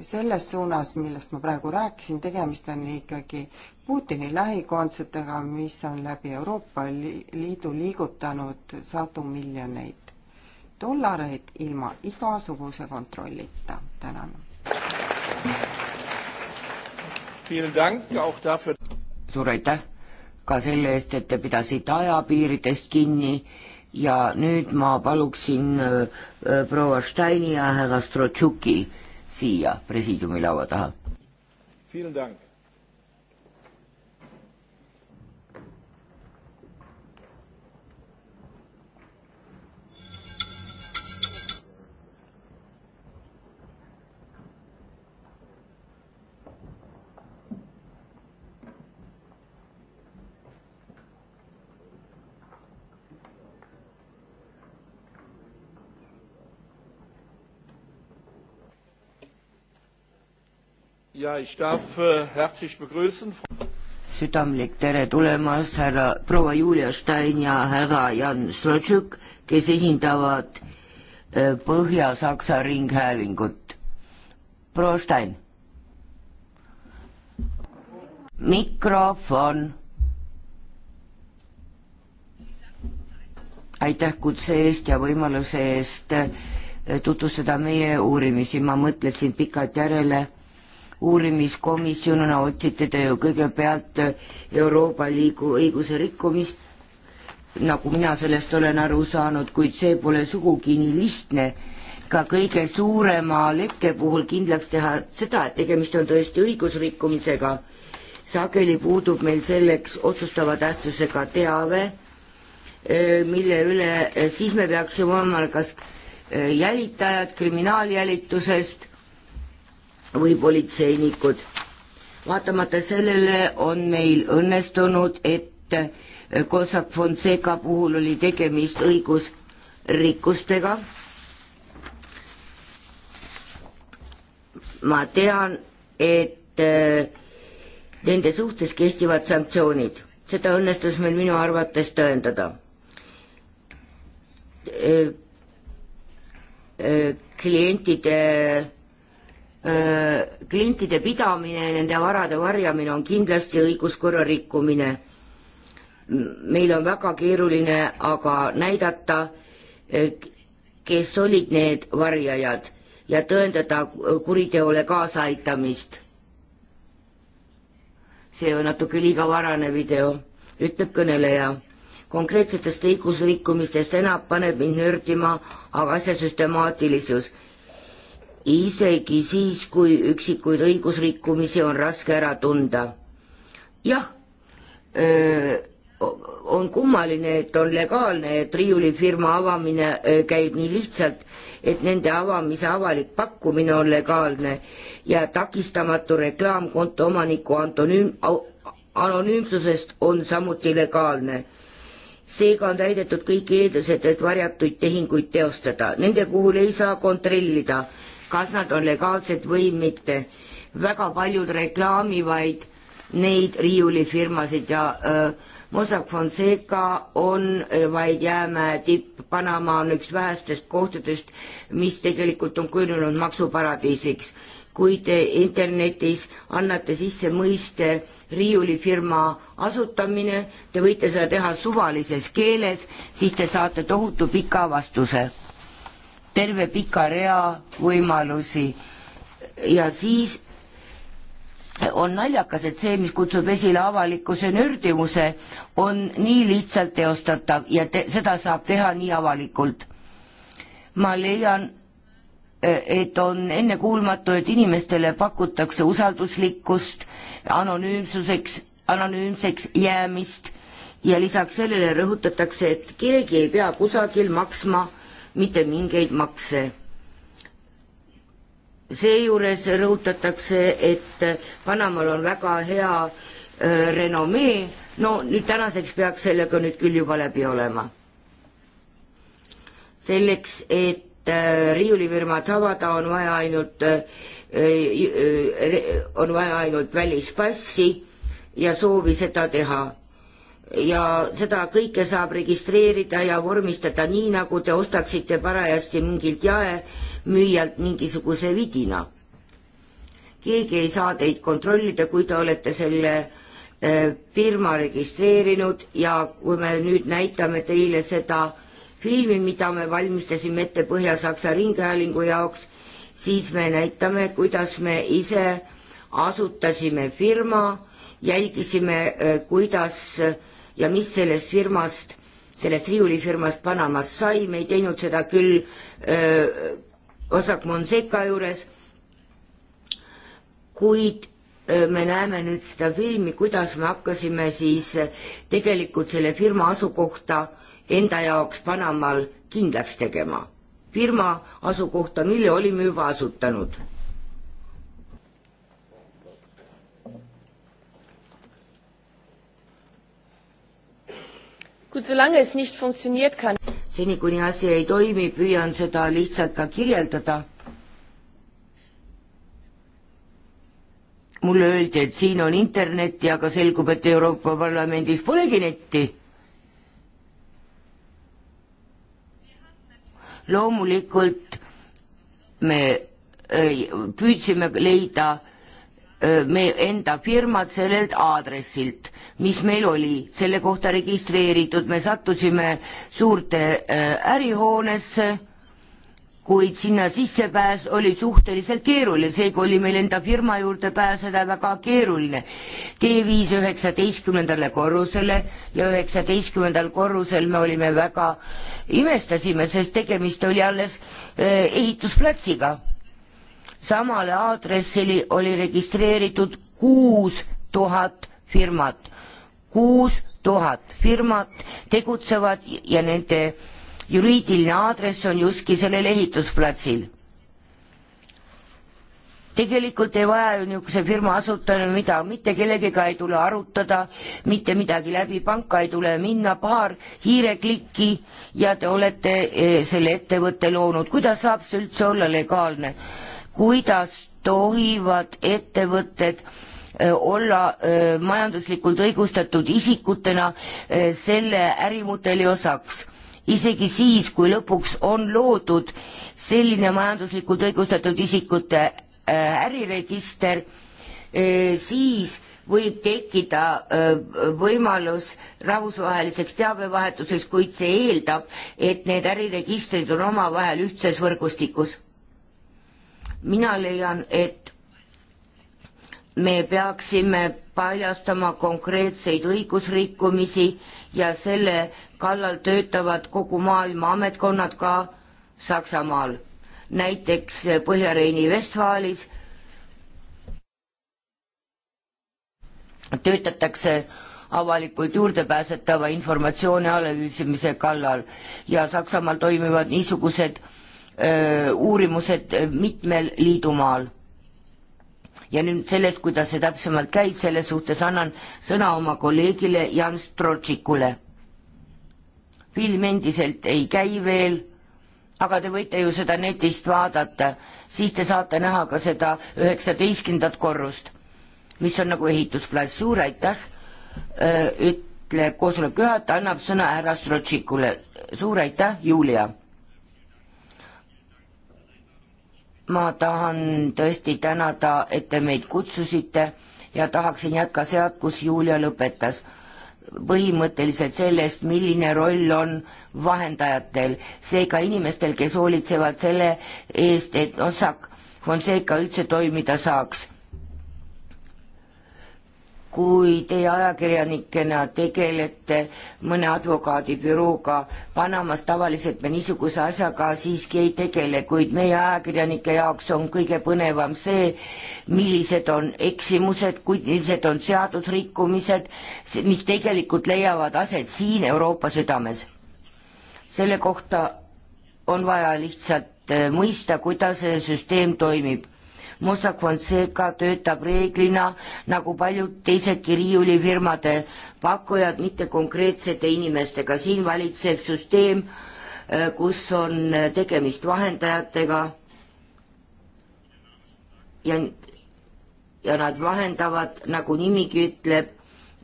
selles suunas, millest ma praegu rääkisin, tegemist on ikkagi Putini lähikondsetega, mis on läbi Euroopa Liidu liigutanud sadu miljoneid dollareid ilma igasuguse kontrollita. tänan suur aitäh ka selle eest, et te pidasite ajapiiridest kinni ja nüüd ma paluksin äh, äh proua Steini ja härra Strotšuki siia presiidiumi laua taha. ja ich darf äh, herzlich begrüßen. südamlik tere tulemast, härra proua Julia Stein ja härra Jan Strotšuk, kes esindavad äh, Põhja-Saksa Ringhäälingut. proua Stein. mikrofon. aitäh kutse eest ja võimaluse eest äh, tutvustada meie uurimisi, ma mõtlesin pikalt järele uurimiskomisjonina otsite te ju kõigepealt äh, Euroopa Liidu õiguse rikkumist, nagu mina sellest olen aru saanud, kuid see pole sugugi nii lihtne. ka kõige suurema lekke puhul kindlaks teha seda, et tegemist on tõesti õigusrikkumisega. sageli puudub meil selleks otsustava tähtsusega teave, äh, mille üle äh, siis me peaksime olema kas jälitajad kriminaaljälitusest või politseinikud. vaatamata sellele on meil õnnestunud, et eh, Cossack Fonseca puhul oli tegemist õigusrikkustega. ma tean, et eh, nende suhtes kehtivad sanktsioonid, seda õnnestus meil minu arvates tõendada eh, klientide Äh, klientide pidamine, nende varade varjamine on kindlasti õiguskorra rikkumine. meil on väga keeruline aga näidata, äh, kes olid need varjajad ja tõendada kuriteole kaasaaitamist. see on natuke liiga varane video, ütleb kõneleja. konkreetsetest õigusrikkumistest enam paneb mind nördima aga asja süstemaatilisus isegi siis, kui üksikuid õigusrikkumisi on raske ära tunda. jah, on kummaline, et on legaalne, et riiulifirma avamine käib nii lihtsalt, et nende avamise avalik pakkumine on legaalne ja takistamatu reklaam konto omaniku antonüüm, anonüümsusest on samuti legaalne seega on täidetud kõik eeldused, et varjatuid tehinguid teostada, nende puhul ei saa kontrollida, kas nad on legaalsed või mitte. väga paljud reklaamivaid neid riiulifirmasid ja öö, äh, Mossack Fonseca on äh, vaid jäämäe tipp, Panama on üks vähestest kohtadest, mis tegelikult on kujunenud maksuparadiisiks. kui te internetis annate sisse mõiste riiulifirma asutamine, te võite seda teha suvalises keeles, siis te saate tohutu pika vastuse terve pika rea võimalusi ja siis on naljakas, et see, mis kutsub esile avalikkuse nördimuse, on nii lihtsalt teostatav ja te, seda saab teha nii avalikult. ma leian, e-, et on ennekuulmatu, et inimestele pakutakse usalduslikkust, anonüümsuseks, anonüümseks jäämist ja lisaks sellele rõhutatakse, et keegi ei pea kusagil maksma mitte mingeid makse. seejuures rõhutatakse, et Panamaal on väga hea öö, äh, renomee, no nüüd tänaseks peaks sellega nüüd küll juba läbi olema. selleks, et äh, riiulifirma avada, on vaja ainult, äh, on vaja ainult välispassi ja soovi seda teha ja seda kõike saab registreerida ja vormistada nii, nagu te ostaksite parajasti mingilt jaemüüjalt mingisuguse vidina. keegi ei saa teid kontrollida, kui te olete selle äh, firma registreerinud ja kui me nüüd näitame teile seda filmi, mida me valmistasime ette Põhja-Saksa Ringhäälingu jaoks, siis me näitame, kuidas me ise asutasime firma, jälgisime, äh, kuidas äh, ja mis sellest firmast, sellest riiulifirmast Panamas sai, me ei teinud seda küll öö, äh, Osak Monseca juures, kuid öö, äh, me näeme nüüd seda filmi, kuidas me hakkasime siis äh, tegelikult selle firma asukohta enda jaoks Panamaal kindlaks tegema. firma asukohta, mille olime juba asutanud Gut, solange es nicht funktioniert kann. seni, kuni asi ei toimi, püüan seda lihtsalt ka kirjeldada. mulle öeldi, et siin on internetti, aga selgub, et Euroopa Parlamendis polegi netti. loomulikult me äh, püüdsime leida meie enda firmad sellelt aadressilt, mis meil oli, selle kohta registreeritud, me sattusime suurte ärihoonesse, kuid sinna sissepääs oli suhteliselt keeruline, seega oli meil enda firma juurde pääseda väga keeruline. tee viis üheksateistkümnendale korrusele ja üheksateistkümnendal korrusel me olime väga, imestasime, sest tegemist oli alles ehitusplatsiga samale aadressile oli registreeritud kuus tuhat firmat, kuus tuhat firmat tegutsevad ja nende juriidiline aadress on justkui sellel ehitusplatsil. tegelikult ei vaja ju niisuguse firma asutajana mida, mitte kellegiga ei tule arutada, mitte midagi läbi panka ei tule minna, paar hiireklikki ja te olete eh, selle ettevõtte loonud, kuidas saab see üldse olla legaalne? kuidas tohivad ettevõtted äh, olla äh, majanduslikult õigustatud isikutena äh, selle ärimudeli osaks, isegi siis, kui lõpuks on loodud selline majanduslikult õigustatud isikute äriregister, siis võib tekkida võimalus rahvusvaheliseks teabevahetuseks, kuid see eeldab, et need äriregistrid on omavahel ühtses võrgustikus mina leian, et me peaksime paljastama konkreetseid õigusrikkumisi ja selle kallal töötavad kogu maailma ametkonnad ka Saksamaal, näiteks Põhja-Reini-Vestfaalis töötatakse avalikult juurdepääsetava informatsiooni analüüsimise kallal ja Saksamaal toimivad niisugused äh, uurimused mitmel liidumaal. ja nüüd sellest, kuidas see täpsemalt käib, selle suhtes annan sõna oma kolleegile Jan Strotšikule. film endiselt ei käi veel, aga te võite ju seda netist vaadata, siis te saate näha ka seda üheksateistkümnendat korrust, mis on nagu ehitusplass, suur aitäh, ütleb koosoleku juhataja, annab sõna härra Strotšikule, suur aitäh, Julia ma tahan tõesti tänada, et te meid kutsusite ja tahaksin jätka sealt, kus Julia lõpetas. põhimõtteliselt sellest, milline roll on vahendajatel, seega inimestel, kes hoolitsevad selle eest, et osak Fonseca üldse toimida saaks kui teie ajakirjanikena tegelete mõne advokaadibürooga Panamas, tavaliselt me niisuguse asjaga siiski ei tegele, kuid meie ajakirjanike jaoks on kõige põnevam see, millised on eksimused, millised on seadusrikkumised, mis tegelikult leiavad aset siin Euroopa südames. selle kohta on vaja lihtsalt eh, mõista, kuidas see süsteem toimib Mossack Fonseca töötab reeglina nagu paljud teisedki riiulifirmade pakkujad mitte konkreetsete inimestega, siin valitseb süsteem, äh, kus on äh, tegemist vahendajatega ja, ja nad vahendavad, nagu nimigi ütleb,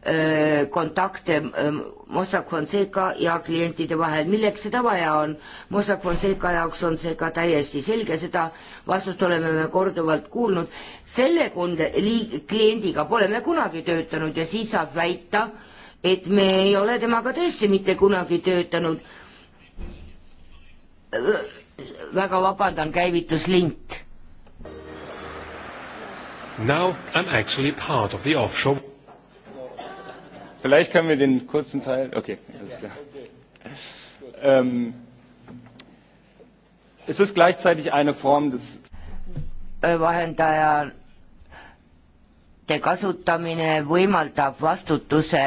Äh, kontakte ähm, Mossack Fonseca ja klientide vahel, milleks seda vaja on. Mossack Fonseca jaoks on see ka täiesti selge, seda vastust oleme me korduvalt kuulnud. selle konde-, kliendiga pole me kunagi töötanud ja siis saab väita, et me ei ole temaga tõesti mitte kunagi töötanud. Äh, väga vabandan, käivitus lint. Now I am actually part of the offshore Vielleicht können wir den kurzen Teil. Okay, alles klar. Ähm, es ist gleichzeitig eine Form des. vahendaja vahendite kasutamine võimaldab vastutuse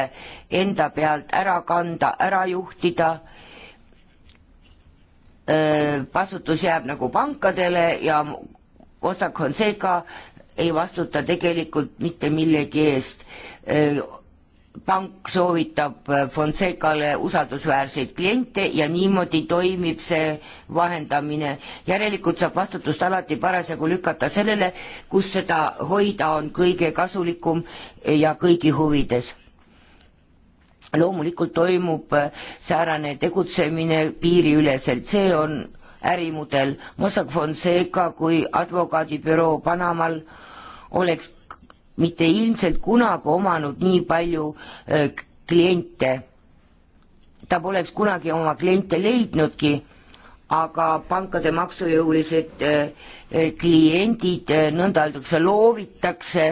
enda pealt ära kanda, ära juhtida. vastutus jääb nagu pankadele ja osak on seega ei vastuta tegelikult mitte millegi eest pank soovitab äh, Fonsecale usaldusväärseid kliente ja niimoodi toimib see vahendamine. järelikult saab vastutust alati parasjagu lükata sellele, kus seda hoida on kõige kasulikum ja kõigi huvides loomulikult toimub äh, säärane tegutsemine piiriüleselt, see on ärimudel. Mossack Fonseca kui advokaadibüroo Panamal oleks mitte ilmselt kunagi omanud nii palju öö, äh, kliente. ta poleks kunagi oma kliente leidnudki, aga pankade maksujõulised öö, äh, äh, kliendid, nõnda öeldakse, loovitakse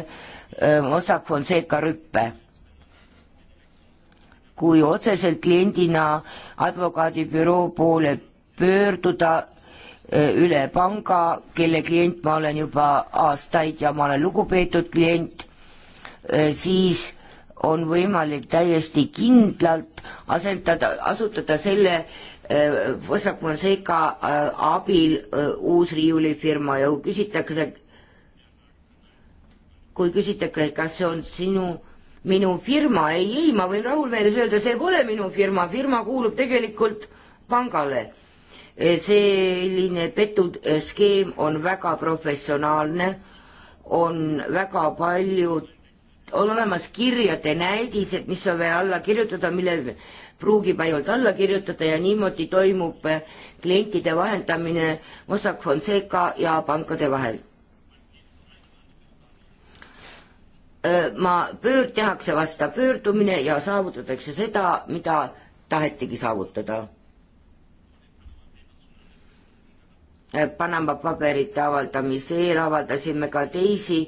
Mossack Fonseca rüppe kui otseselt kliendina advokaadibüroo poole pöörduda, üle panga, kelle klient ma olen juba aastaid ja ma olen lugupeetud klient, siis on võimalik täiesti kindlalt asendada, asutada selle Võsak Fonseca abil uus riiulifirma ja kui küsitakse, kui küsitakse, kas see on sinu, minu firma, ei, ei, ma võin rahumeeles öelda, see pole minu firma, firma kuulub tegelikult pangale selline petuskeem on väga professionaalne, on väga paljud, on olemas kirjade näidised, mis on vaja alla kirjutada, mille pruugib ainult alla kirjutada ja niimoodi toimub äh, klientide vahendamine Mossack Fonseca ja pankade vahel. Äh, ma, pöörd tehakse vastav pöördumine ja saavutatakse seda, mida tahetigi saavutada Panama paberite avaldamise eel avaldasime ka teisi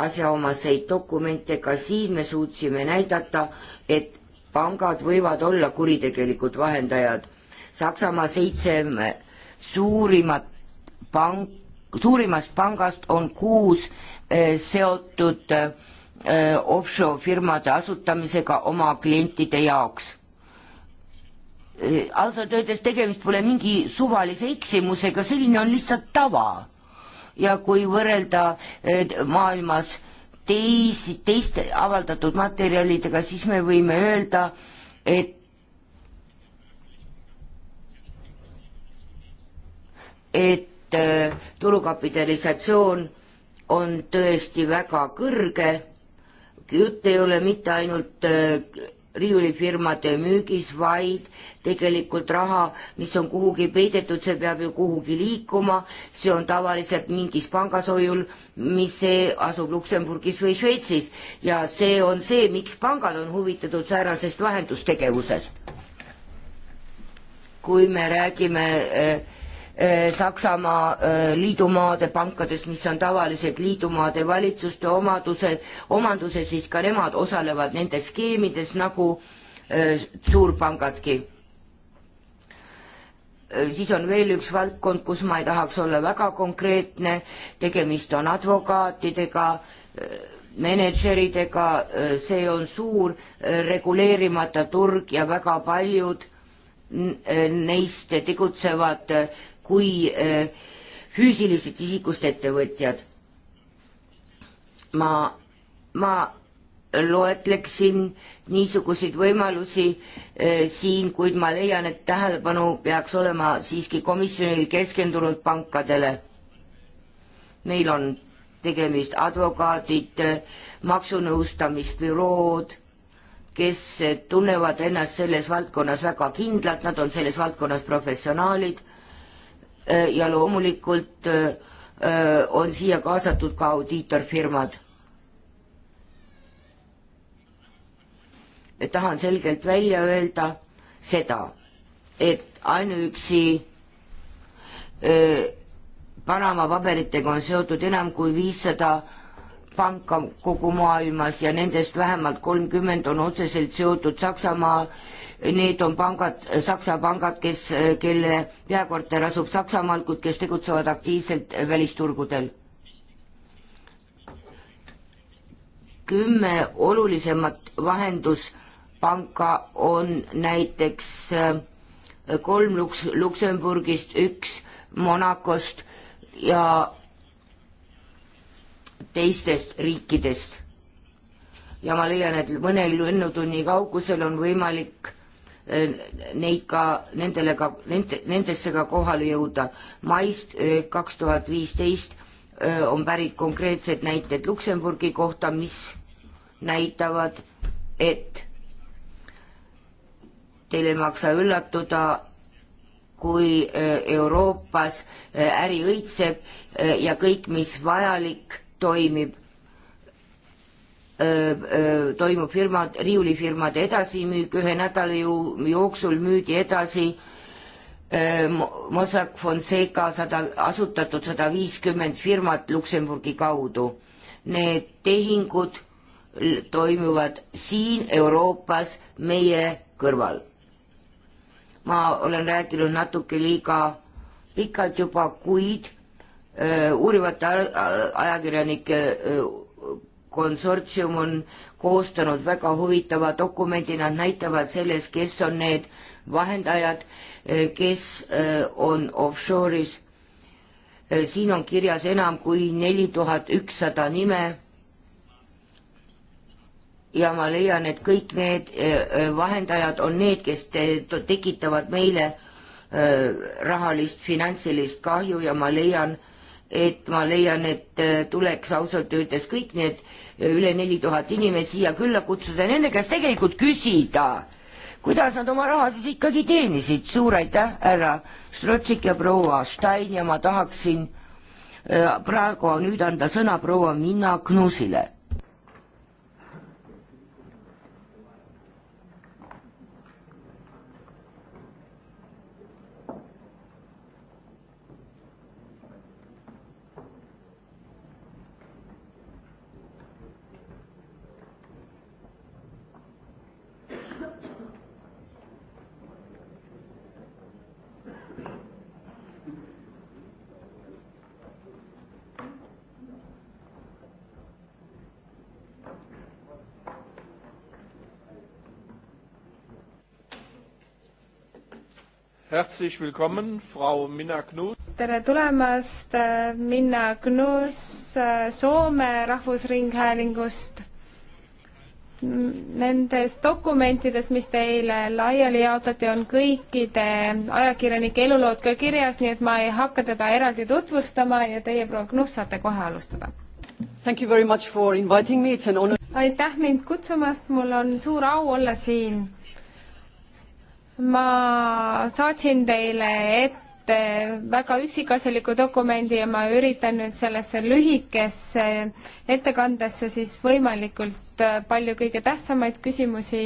asjaomaseid dokumente, ka siin me suutsime näidata, et pangad võivad olla kuritegelikud vahendajad. Saksamaa seitse suurimat pank, suurimast pangast on kuus eh, seotud eh, offshore firmade asutamisega oma klientide jaoks Äh, ausalt öeldes tegemist pole mingi suvalise eksimusega, selline on lihtsalt tava. ja kui võrrelda äh, maailmas teisi, teiste avaldatud materjalidega, siis me võime öelda, et et äh, turukapitalisatsioon on tõesti väga kõrge, jutt ei ole mitte ainult riiulifirmade müügis, vaid tegelikult raha, mis on kuhugi peidetud, see peab ju kuhugi liikuma, see on tavaliselt mingis pangashoiul, mis asub Luksemburgis või Šveitsis ja see on see, miks pangad on huvitatud säärasest vahendustegevusest. kui me räägime äh, Äh, Saksamaa äh, liidumaade pankades, mis on tavaliselt liidumaade valitsuste omadused, omanduses, siis ka nemad osalevad nendes skeemides nagu äh, suurpangadki siis on veel üks valdkond, kus ma ei tahaks olla väga konkreetne, tegemist on advokaatidega, mänedžeridega, see on suur reguleerimata turg ja väga paljud neist tegutsevad kui äh, füüsilisest isikust ettevõtjad. ma, ma loetleksin niisuguseid võimalusi äh, siin, kuid ma leian, et tähelepanu peaks olema siiski komisjonil keskendunud pankadele. meil on tegemist advokaadid, maksunõustamisbürood, kes tunnevad ennast selles valdkonnas väga kindlalt, nad on selles valdkonnas professionaalid Äh, ja loomulikult äh, on siia kaasatud ka audiitorfirmad. tahan selgelt välja öelda seda, et ainuüksi äh, Panama paberitega on seotud enam kui viissada 500 panka kogu maailmas ja nendest vähemalt kolmkümmend on otseselt seotud Saksamaal. Need on pangad, Saksa pangad, kes, kelle peakorter asub Saksamaal, kuid kes tegutsevad aktiivselt välisturgudel. kümme olulisemat vahenduspanka on näiteks kolm Luks-, Luksemburgist, üks Monacost ja teistest riikidest. ja ma leian, et mõne lennutunni kaugusel on võimalik äh, neid ka, nendele ka, nende, nendesse ka kohale jõuda. maist äh, kaks tuhat viisteist äh, on pärit konkreetsed näited Luksemburgi kohta, mis näitavad, et teil ei maksa üllatuda, kui Euroopas äri õitseb ja kõik, mis vajalik toimib, toimub firmad, riiulifirmade edasimüük, ühe nädala jooksul müüdi edasi Mossack Fonseca sada, asutatud sada viiskümmend firmat Luksemburgi kaudu. Need tehingud toimuvad siin Euroopas meie kõrval. ma olen rääkinud natuke liiga pikalt juba, kuid Äh, uurivate äh, ajakirjanike äh, konsortsium on koostanud väga huvitava dokumendi, nad näitavad selles, kes on need vahendajad, kes on offshore'is. siin on kirjas enam kui neli tuhat ükssada nime. ja ma leian, et kõik need vahendajad on need, kes te tekitavad meile rahalist finantsilist kahju ja ma leian, et ma leian, et äh, tuleks ausalt öeldes kõik need äh, üle neli tuhat inimest siia külla kutsuda ja nende käest tegelikult küsida, kuidas nad oma raha siis ikkagi teenisid. suur aitäh, härra Strotsik ja proua Stein ja ma tahaksin äh, praegu nüüd anda sõna proua Minna Knusile Herzlich willkommen, Frau Minna Knus. tere tulemast, äh, Minna Knus äh, Soome Rahvusringhäälingust. Nendes dokumentides, mis teile laiali jaotati, on kõikide ajakirjanike elulood ka kirjas, nii et ma ei hakka teda eraldi tutvustama ja teie, proua Knus, saate kohe alustada. Thank you very much for inviting me, it's an honor. aitäh mind kutsumast, mul on suur au olla siin ma saatsin teile ette väga üksikasjaliku dokumendi ja ma üritan nüüd sellesse lühikesse ettekandesse siis võimalikult äh, palju kõige tähtsamaid küsimusi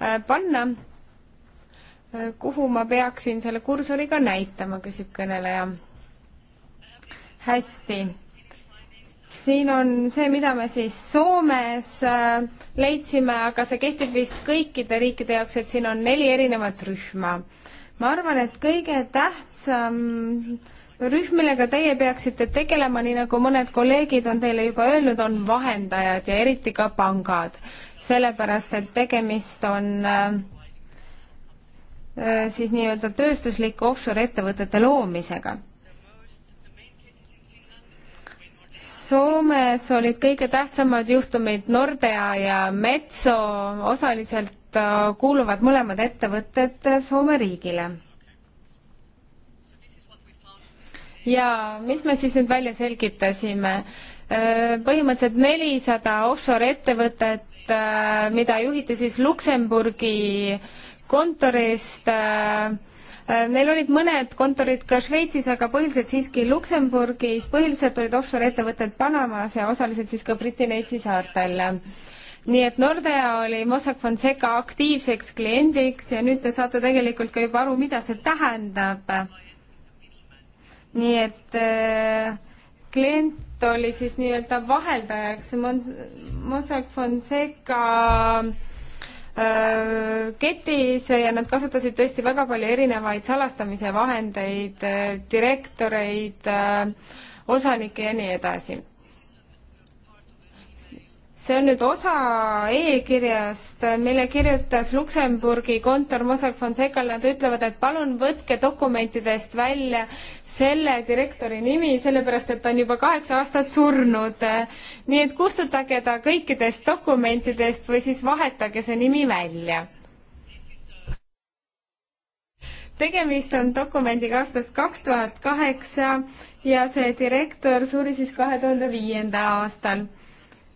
äh, panna. Äh, kuhu ma peaksin selle kursoriga näitama, küsib kõneleja. hästi siin on see, mida me siis Soomes äh, leidsime, aga see kehtib vist kõikide riikide jaoks, et siin on neli erinevat rühma. ma arvan, et kõige tähtsam rühm, millega teie peaksite tegelema, nii nagu mõned kolleegid on teile juba öelnud, on vahendajad ja eriti ka pangad, sellepärast et tegemist on äh, äh siis nii-öelda tööstuslike offshore ettevõtete loomisega Soomes olid kõige tähtsamad juhtumid Nordea ja Metso, osaliselt äh, kuuluvad mõlemad ettevõtted Soome riigile. ja mis me siis nüüd välja selgitasime? Äh, põhimõtteliselt nelisada offshore ettevõtet, äh, mida juhiti siis Luksemburgi kontorist äh, Neil äh, olid mõned kontorid ka Šveitsis, aga põhiliselt siiski Luksemburgis, põhiliselt olid offshore-ettevõtted Panamas ja osaliselt siis ka Briti Neitsi saartel. nii et Nordea oli Mossack Fonseca aktiivseks kliendiks ja nüüd te saate tegelikult ka juba aru, mida see tähendab. nii et äh, klient oli siis nii-öelda vaheldajaks Mons-, Mossack Fonseca äh, Äh, ketis ja nad kasutasid tõesti väga palju erinevaid salastamise vahendeid, äh, direktoreid, äh, osanikke ja nii edasi see on nüüd osa e-kirjast, mille kirjutas Luksemburgi kontor Mossack Fonsecale, nad ütlevad, et palun võtke dokumentidest välja selle direktori nimi, sellepärast et ta on juba kaheksa aastat surnud. nii et kustutage ta kõikidest dokumentidest või siis vahetage see nimi välja tegemist on dokumendiga aastast kaks tuhat kaheksa ja see direktor suri siis kahe tuhande viienda aastal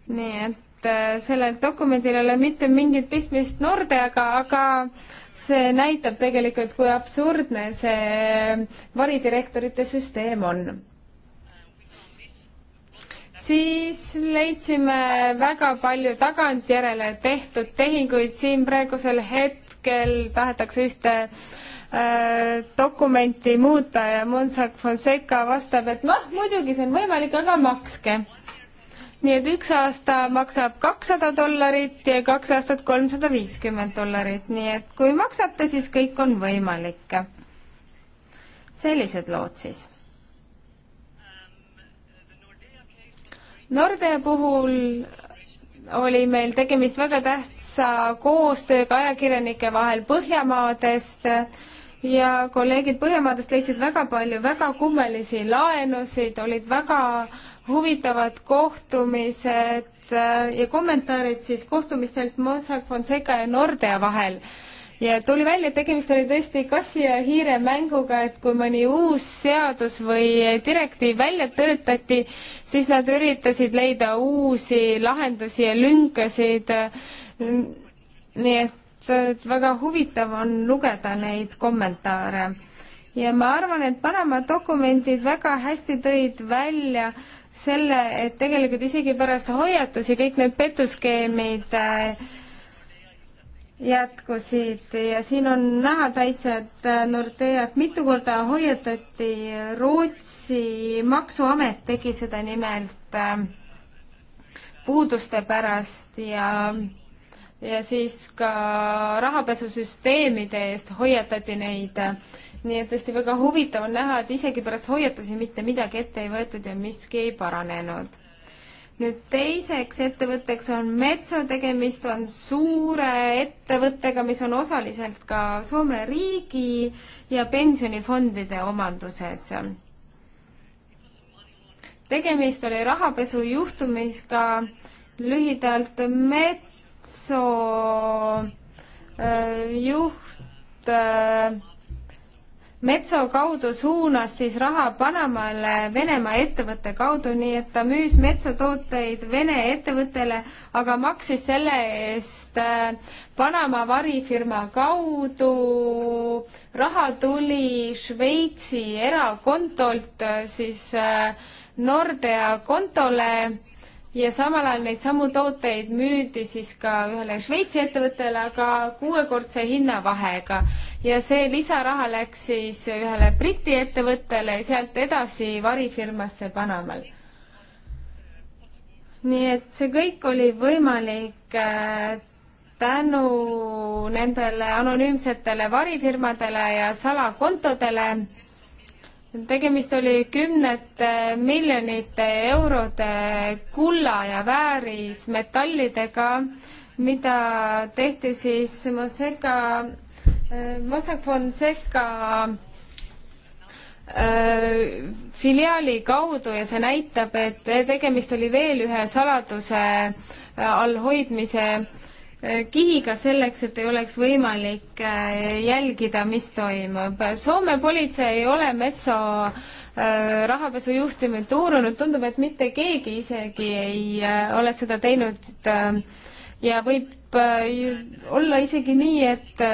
nii et äh, sellel dokumendil ei ole mitte mingit pistmist Nordeaga, aga see näitab tegelikult, kui absurdne see varidirektorite süsteem on. siis leidsime väga palju tagantjärele tehtud tehinguid, siin praegusel hetkel tahetakse ühte äh, dokumenti muuta ja Monsac Fonseca vastab, et noh, muidugi see on võimalik, aga makske nii et üks aasta maksab kakssada dollarit ja kaks aastat kolmsada viiskümmend dollarit, nii et kui maksate, siis kõik on võimalik. sellised lood siis. Nordea puhul oli meil tegemist väga tähtsa koostööga ajakirjanike vahel Põhjamaadest ja kolleegid Põhjamaadest leidsid väga palju väga kummelisi laenusid, olid väga huvitavad kohtumised äh, ja kommentaarid siis kohtumistelt Mossack Fonseca ja Nordea vahel. ja tuli välja, et tegemist oli tõesti kassi ja hiire mänguga, et kui mõni uus seadus või direktiiv välja töötati, siis nad üritasid leida uusi lahendusi ja lünkasid. nii et väga huvitav on lugeda neid kommentaare ja ma arvan, et Panama dokumendid väga hästi tõid välja äh, selle, et tegelikult isegi pärast hoiatusi kõik need petuskeemid äh, jätkusid ja siin on näha täitsa, et äh, Nordeat mitu korda hoiatati, äh, Rootsi maksuamet tegi seda nimelt puuduste pärast ja ja siis ka rahapesusüsteemide eest hoiatati neid äh, nii et tõesti väga huvitav on näha, et isegi pärast hoiatusi mitte midagi ette ei võetud ja miski ei paranenud. nüüd teiseks ettevõtteks on Metso, tegemist on suure ettevõttega, mis on osaliselt ka Soome riigi ja pensionifondide omanduses tegemist oli rahapesujuhtumiga, lühidalt Metso äh, juht äh, Metso kaudu suunas siis raha Panamale Venemaa ettevõtte kaudu, nii et ta müüs metsatooteid Vene ettevõttele, aga maksis selle eest äh, Panama varifirma kaudu. raha tuli Šveitsi erakontolt äh, siis äh, Nordea kontole ja samal ajal neid samu tooteid müüdi siis ka ühele Šveitsi ettevõttele, aga kuuekordse hinnavahega. ja see lisaraha läks siis ühele Briti ettevõttele ja sealt edasi varifirmasse Panamal. nii et see kõik oli võimalik äh, tänu nendele anonüümsetele varifirmadele ja salakontodele tegemist oli kümnete miljonite eurode kulla ja väärismetallidega, mida tehti siis Moseca, Mossack Fonseca äh, filiaali kaudu ja see näitab, et tegemist oli veel ühe saladuse äh, all hoidmise Eh, kihiga selleks, et ei oleks võimalik eh, jälgida, mis toimub. Soome politsei ei ole Metso eh, rahapesu juhtumit uurinud, tundub, et mitte keegi isegi ei ole seda teinud ja võib olla isegi nii, et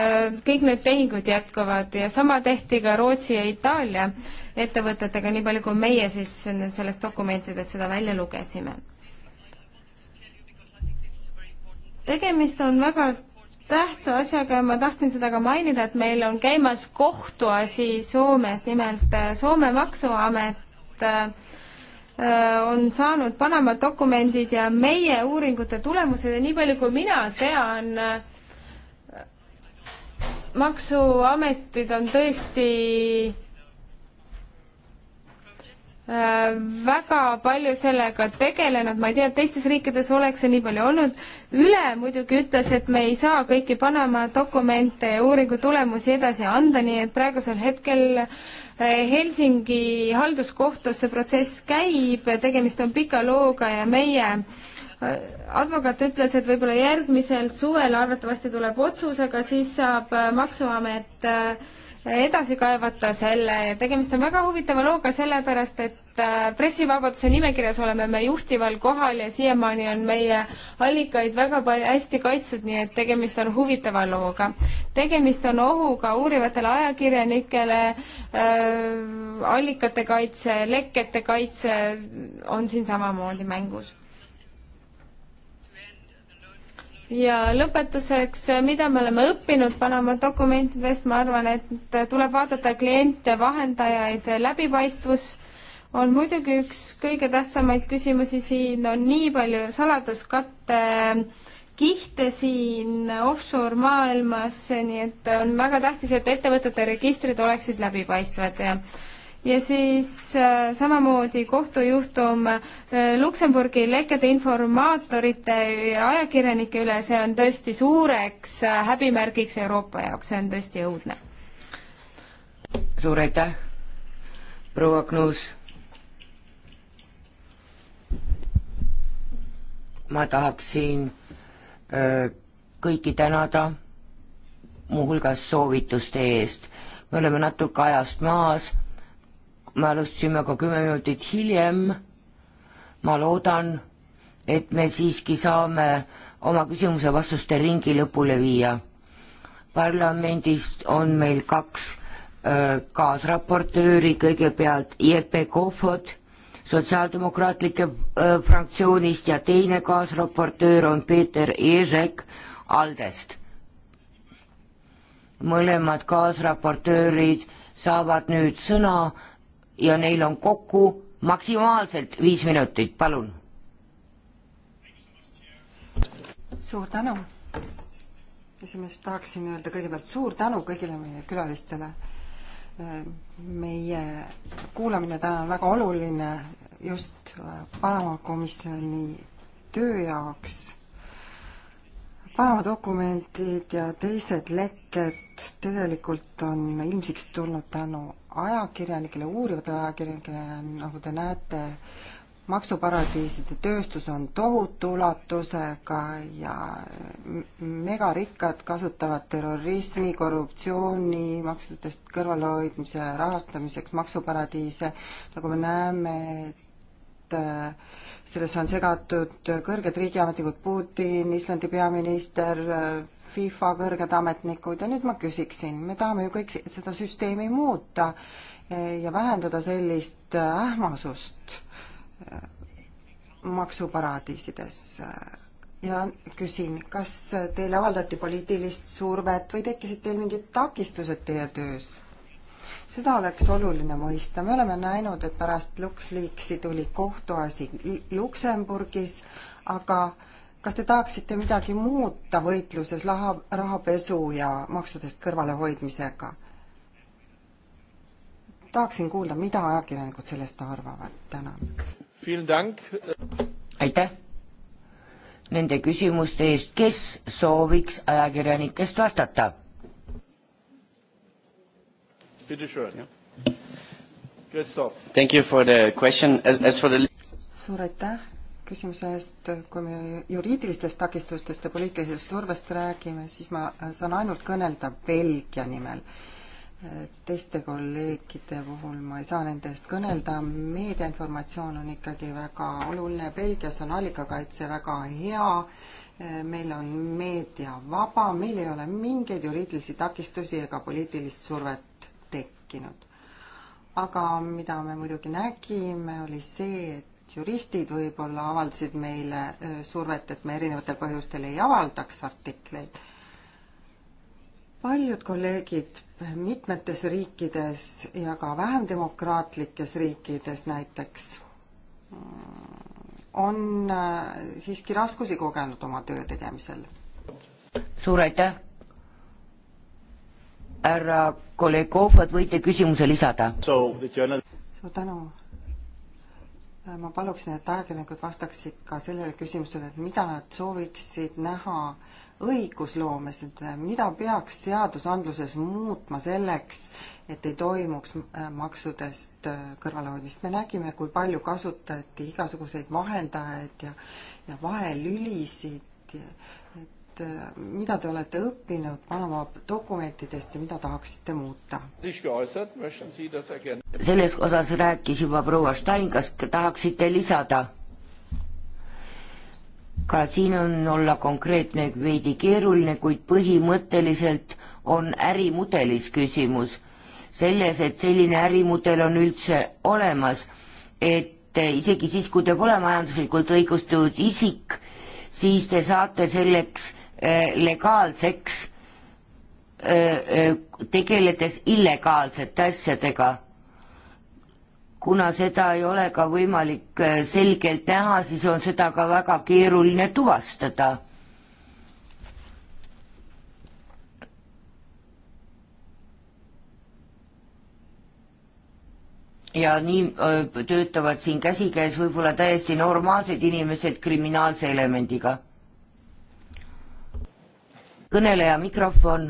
kõik need tehingud jätkuvad ja sama tehti ka Rootsi ja Itaalia ettevõtetega, nii palju kui meie siis sellest dokumentidest seda välja lugesime tegemist on väga tähtsa asjaga ja ma tahtsin seda ka mainida, et meil on käimas kohtuasi Soomes, nimelt äh, Soome maksuamet äh, äh, on saanud Panama dokumendid ja meie uuringute tulemused ja nii palju, kui mina tean, maksuametid on tõesti Äh, väga palju sellega tegelenud, ma ei tea, et teistes riikides oleks see nii palju olnud. üle muidugi ütles, et me ei saa kõiki Panama dokumente ja uuringu tulemusi edasi anda, nii et praegusel hetkel äh, Helsingi halduskohtus see protsess käib, tegemist on pika looga ja meie äh, advokaat ütles, et võib-olla järgmisel suvel arvatavasti tuleb otsus, aga siis saab Maksuamet äh, edasi kaevata selle, tegemist on väga huvitava looga, sellepärast et äh, pressivabaduse nimekirjas oleme me juhtival kohal ja siiamaani on meie allikaid väga palju hästi kaitstud, nii et tegemist on huvitava looga. tegemist on ohuga uurivatele ajakirjanikele äh,, allikate kaitse, lekkete kaitse on siin samamoodi mängus ja lõpetuseks, mida me oleme õppinud Panama dokumentidest, ma arvan, et tuleb vaadata kliente, vahendajaid, läbipaistvus on muidugi üks kõige tähtsamaid küsimusi, siin on nii palju saladuskatte kihte siin offshore maailmas, nii et on väga tähtis, et ettevõtete registrid oleksid läbipaistvad ja ja siis äh, samamoodi kohtujuhtum äh, Luksemburgi lekkede informaatorite ja ajakirjanike üle, see on tõesti suureks äh, häbimärgiks Euroopa jaoks, see on tõesti õudne. suur aitäh, proua Knuus. ma tahaksin öö, äh, kõiki tänada, muuhulgas soovituste eest. me oleme natuke ajast maas me alustasime ka kümme minutit hiljem. ma loodan, et me siiski saame oma küsimuse vastuste ringi lõpule viia. parlamendist on meil kaks kaasraportööri, kõigepealt Jeppe Kohvod sotsiaaldemokraatlike fraktsioonist ja teine kaasraportöör on Peeter Ježek Aldest. mõlemad kaasraportöörid saavad nüüd sõna ja neil on kokku maksimaalselt viis minutit, palun. suur tänu. esimest tahaksin öelda kõigepealt suur tänu kõigile meie külalistele. meie kuulamine täna on väga oluline just Panama komisjoni töö jaoks Panama dokumendid ja teised lekked tegelikult on ilmsiks tulnud tänu ajakirjanikele, uurivatele ajakirjanikele ja nagu te näete, maksuparadiiside tööstus on tohutu ulatusega ja megarikkad kasutavad terrorismi, korruptsiooni, maksudest kõrvalehoidmise rahastamiseks maksuparadiise. nagu me näeme, Äh, sellesse on segatud kõrged riigiametnikud Putin, Islandi peaminister, äh, FIFA kõrged ametnikud ja nüüd ma küsiksin, me tahame ju kõik seda süsteemi muuta äh, ja vähendada sellist ähmasust maksuparadiisides. ja küsin, kas teile avaldati poliitilist survet või tekkisid teil mingid takistused teie töös? seda oleks oluline mõista, me oleme näinud, et pärast LuxLeaksi tuli kohtuasi Luksemburgis, aga kas te tahaksite midagi muuta võitluses raha, rahapesu ja maksudest kõrvalehoidmisega? tahaksin kuulda, mida ajakirjanikud sellest arvavad, tänan. aitäh nende küsimuste eest, kes sooviks ajakirjanikest vastata Bitte schön. Ja. Christoph. Thank you for the question. As, as for the... suur aitäh küsimuse eest, kui me juriidilistest takistustest ja poliitilisest survest räägime, siis ma saan ainult kõnelda Belgia nimel. teiste kolleegide puhul ma ei saa nende eest kõnelda, meediainformatsioon on ikkagi väga oluline, Belgias on allikakaitse väga hea, meil on meedia vaba, meil ei ole mingeid juriidilisi takistusi ega poliitilist survet tekkinud. aga mida me muidugi nägime, oli see, et juristid võib-olla avaldasid meile survet, et me erinevatel põhjustel ei avaldaks artikleid. paljud kolleegid mitmetes riikides ja ka vähem demokraatlikes riikides näiteks mm, on siiski raskusi kogenud oma töö tegemisel. suur aitäh härra Kolegovat, võite küsimuse lisada. suur tänu. Äh, ma paluksin, et ajakirjanikud vastaksid ka sellele küsimusele, et mida nad sooviksid näha õigusloomes, et äh, mida peaks seadusandluses muutma selleks, et ei toimuks äh, maksudest kõrvalehoidmist. me nägime, kui palju kasutati igasuguseid vahendajaid ja, ja vahelülisid, et et äh, mida te olete õppinud Panama dokumentidest ja mida tahaksite muuta? selles osas rääkis juba proua Stein, kas te tahaksite lisada? ka siin on olla konkreetne veidi keeruline, kuid põhimõtteliselt on ärimudelis küsimus. selles, et selline ärimudel on üldse olemas, et isegi siis, kui te pole majanduslikult õigustatud isik, siis te saate selleks Äh, legaalseks, äh, äh, tegeledes illegaalsete asjadega. kuna seda ei ole ka võimalik selgelt näha, siis on seda ka väga keeruline tuvastada ja nii öö, töötavad siin käsikäes võib-olla täiesti normaalsed inimesed kriminaalse elemendiga kõneleja mikrofon.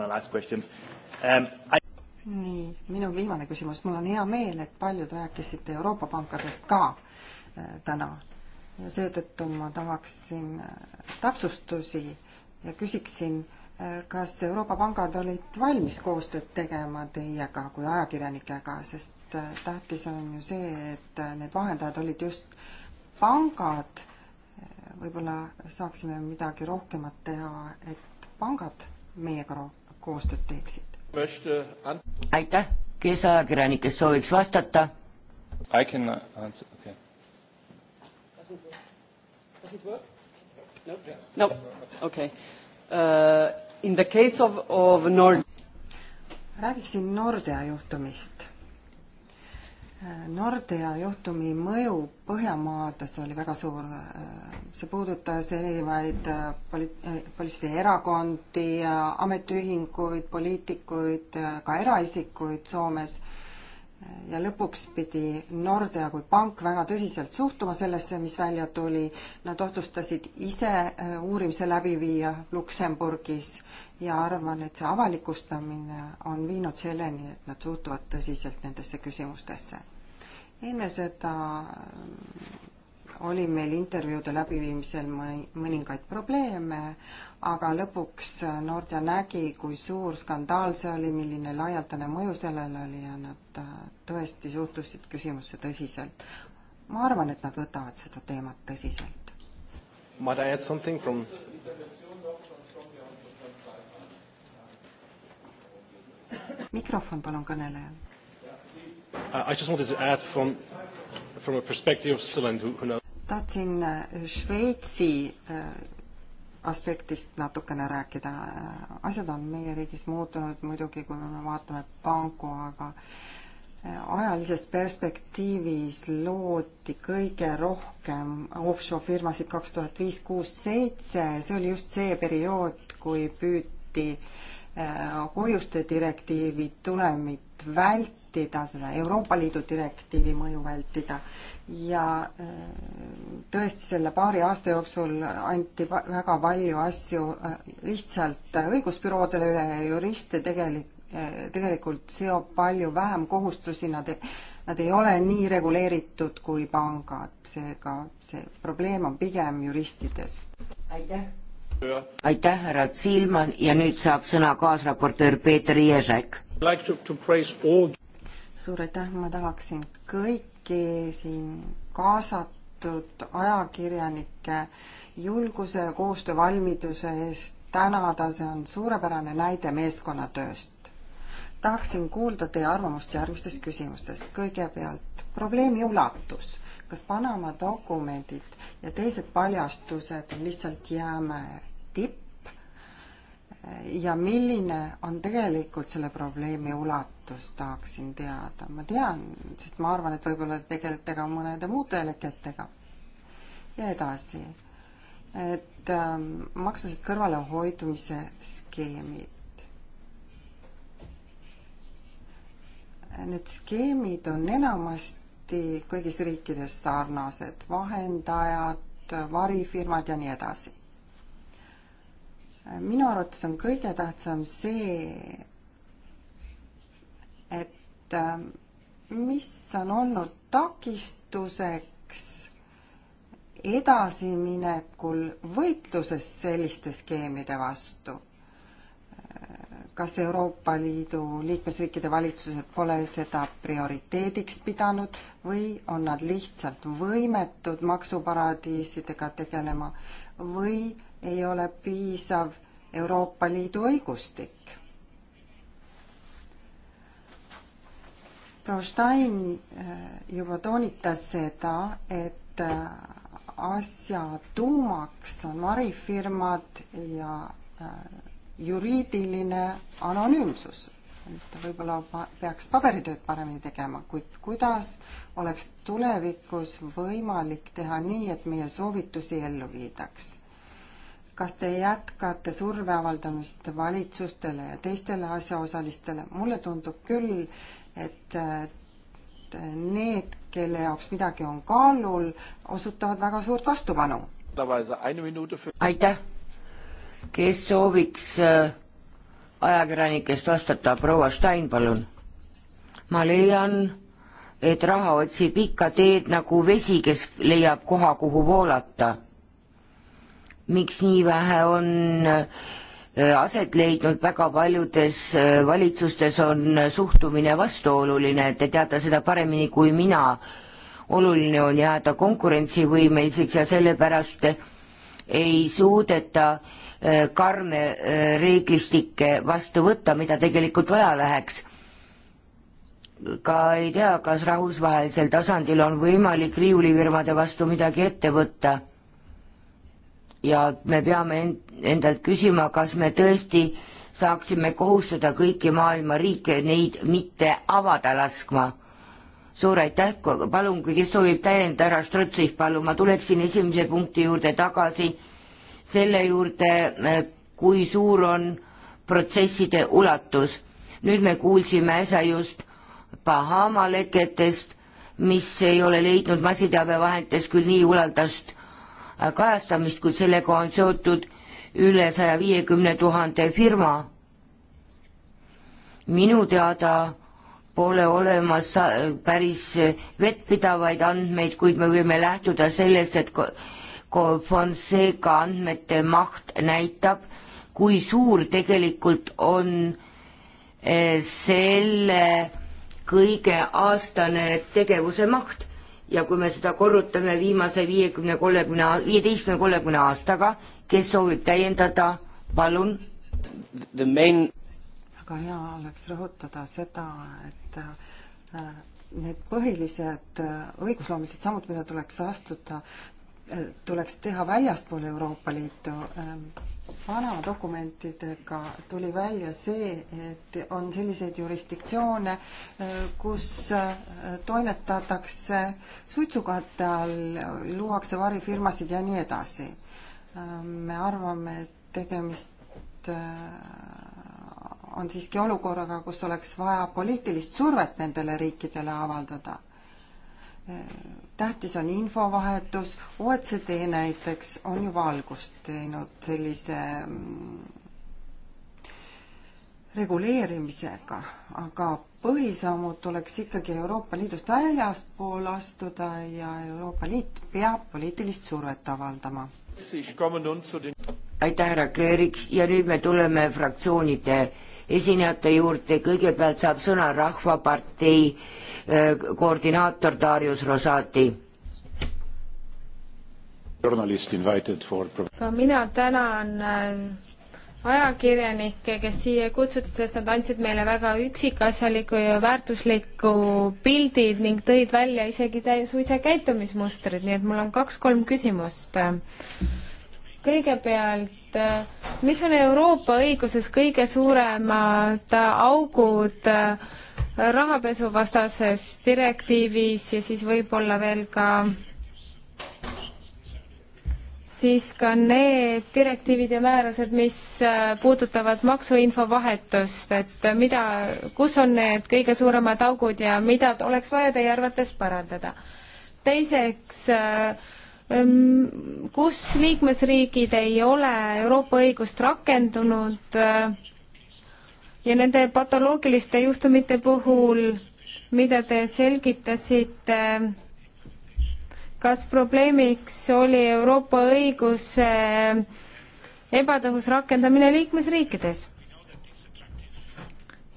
Um, I... nii, minu viimane küsimus, mul on hea meel, et paljud rääkisid Euroopa pankadest ka äh, täna ja seetõttu ma tahaksin äh, täpsustusi ja küsiksin, äh, kas Euroopa pangad olid valmis koostööd tegema teiega kui ajakirjanikega, sest tähtis on ju see, et need vahendajad olid just pangad võib-olla saaksime midagi rohkemat teha, et pangad meiega koostööd teeksid. aitäh, kes ajakirjanikest sooviks vastata? I can answer, okay. Does it work? No? No, okay uh,. In the case of, of Nord-. räägiksin Nordea juhtumist Nordea juhtumi mõju Põhjamaades oli väga suur. see puudutas erinevaid äh, poli-, äh, poliitierakondi, ametiühinguid, poliitikuid, äh, ka eraisikuid Soomes ja lõpuks pidi Nordea kui pank väga tõsiselt suhtuma sellesse, mis välja tuli. Nad otsustasid ise uurimise läbi viia Luksemburgis ja arvan, et see avalikustamine on viinud selleni, et nad suhtuvad tõsiselt nendesse küsimustesse enne seda ähm, oli meil intervjuude läbiviimisel mõningaid probleeme, aga lõpuks äh, Nordja nägi, kui suur skandaal see oli, milline laialdane mõju sellel oli ja nad äh, tõesti suhtusid küsimusse tõsiselt. ma arvan, et nad võtavad seda teemat tõsiselt. Might I add something from mikrofon palun kõnelejal I just wanted to add from, from a perspective of Switzerland who, who knows. tahtsin äh, Šveitsi äh, aspektist natukene rääkida. Äh, asjad on meie riigis muutunud muidugi, kui me vaatame panku, aga ajalises perspektiivis loodi kõige rohkem offshore firmasid kaks tuhat viis, kuus, seitse, see oli just see periood, kui püüti hoiuste direktiivi tulemit vältida vältida, seda Euroopa Liidu direktiivi mõju vältida. ja äh, tõesti, selle paari aasta jooksul anti väga palju asju äh, lihtsalt äh, õigusbüroodele üle ja juriste tegelikult tegelikult seob palju vähem kohustusi, nad, e-, nad ei ole nii reguleeritud kui pangad, seega see probleem on pigem juristides. aitäh! aitäh, härra Zilman ja nüüd saab sõna kaasraportöör Peeter Ježek like. All suur aitäh, ma tahaksin kõiki siin kaasatud ajakirjanikke julguse ja koostöövalmiduse eest tänada, see on suurepärane näide meeskonnatööst. tahaksin kuulda teie arvamust järgmistes küsimustes. kõigepealt probleemi ulatus. kas Panama dokumendid ja teised paljastused on lihtsalt jäämäe tipp ja milline on tegelikult selle probleemi ulatus, tahaksin teada. ma tean, sest ma arvan, et võib-olla te tegelete ka mõnede muude leketega. ja edasi, et ähm, maksusest kõrvalehoidumise skeemid. Need skeemid on enamasti kõigis riikides sarnased, vahendajad, varifirmad ja nii edasi minu arvates on kõige tähtsam see, et ähm, mis on olnud takistuseks edasiminekul võitluses selliste skeemide vastu? kas Euroopa Liidu liikmesriikide valitsused pole seda prioriteediks pidanud või on nad lihtsalt võimetud maksuparadiisidega tegelema või äh, ei ole piisav Euroopa Liidu õigustik. proua Stein äh, juba toonitas seda, et äh, asja tuumaks on varifirmad ja äh, juriidiline anonüümsus. et võib-olla peaks paberitööd paremini tegema, kuid kuidas oleks tulevikus võimalik teha nii, et meie soovitusi ellu viidaks kas te jätkate surve avaldamist valitsustele ja teistele asjaosalistele? mulle tundub küll, et need, kelle jaoks midagi on kaalul, osutavad väga suurt vastupanu. aitäh. kes sooviks äh, ajakirjanikest vastata, proua Stein, palun. ma leian, et raha otsib ikka teed nagu vesi, kes leiab koha, kuhu voolata miks nii vähe on äh, aset leidnud väga paljudes äh, valitsustes on suhtumine vastuoluline, te teate seda paremini kui mina. oluline on jääda konkurentsivõimeliseks ja sellepärast ei suudeta äh, karme reeglistikke vastu võtta, mida tegelikult vaja läheks. ka ei tea, kas rahvusvahelisel tasandil on võimalik riiulifirmade vastu midagi ette võtta ja me peame endalt küsima, kas me tõesti saaksime kohustada kõiki maailma riike neid mitte avada laskma. suur aitäh, palun, kui kes soovib täiendada, härra Strutšif, palun, ma tuleksin esimese punkti juurde tagasi, selle juurde, äh, kui suur on protsesside ulatus. nüüd me kuulsime äsja just Bahama leketest, mis ei ole leidnud massiteabevahendites küll nii ulatust kajastamist, kuid sellega on seotud üle saja viiekümne tuhande firma. minu teada pole olemas päris vettpidavaid andmeid, kuid me võime lähtuda sellest, et Fonseca andmete maht näitab, kui suur tegelikult on eh, selle kõige aastane tegevuse maht ja kui me seda korrutame viimase viiekümne, kolmekümne, viieteistkümne, kolmekümne aastaga, kes soovib täiendada, palun. Main... väga hea oleks rõhutada seda, et äh, need põhilised äh, õigusloomised sammud, mida tuleks astuda, äh, tuleks teha väljaspool Euroopa Liitu Panama dokumentidega tuli välja see, et on selliseid jurisdiktsioone, kus äh, toimetatakse suitsukatte all, luuakse varifirmasid ja nii edasi. Äh, me arvame, et tegemist äh, on siiski olukorraga, kus oleks vaja poliitilist survet nendele riikidele avaldada tähtis on infovahetus, OECD näiteks on juba algust teinud sellise mm, reguleerimisega, aga põhisammud tuleks ikkagi Euroopa Liidust väljaspool astuda ja Euroopa Liit peab poliitilist survet avaldama. aitäh, härra Kreeriks ja nüüd me tuleme fraktsioonide esinejate juurde, kõigepealt saab sõna Rahvapartei äh, koordinaator Darius Rosati ka mina tänan äh, ajakirjanikke, kes siia kutsuti, sest nad andsid meile väga üksikasjaliku ja väärtusliku pildid ning tõid välja isegi täie suisa käitumismustrid, nii et mul on kaks-kolm küsimust kõigepealt, mis on Euroopa õiguses kõige suuremad augud rahapesuvastases direktiivis ja siis võib-olla veel ka siis ka need direktiivid ja määrused, mis puudutavad maksuinfo vahetust, et mida, kus on need kõige suuremad augud ja mida oleks vaja teie arvates parandada? teiseks äh, Ehm, kus liikmesriigid ei ole Euroopa õigust rakendunud eh, ja nende patoloogiliste juhtumite puhul, mida te selgitasite, kas probleemiks oli Euroopa õiguse eh, ebatõhus rakendamine liikmesriikides?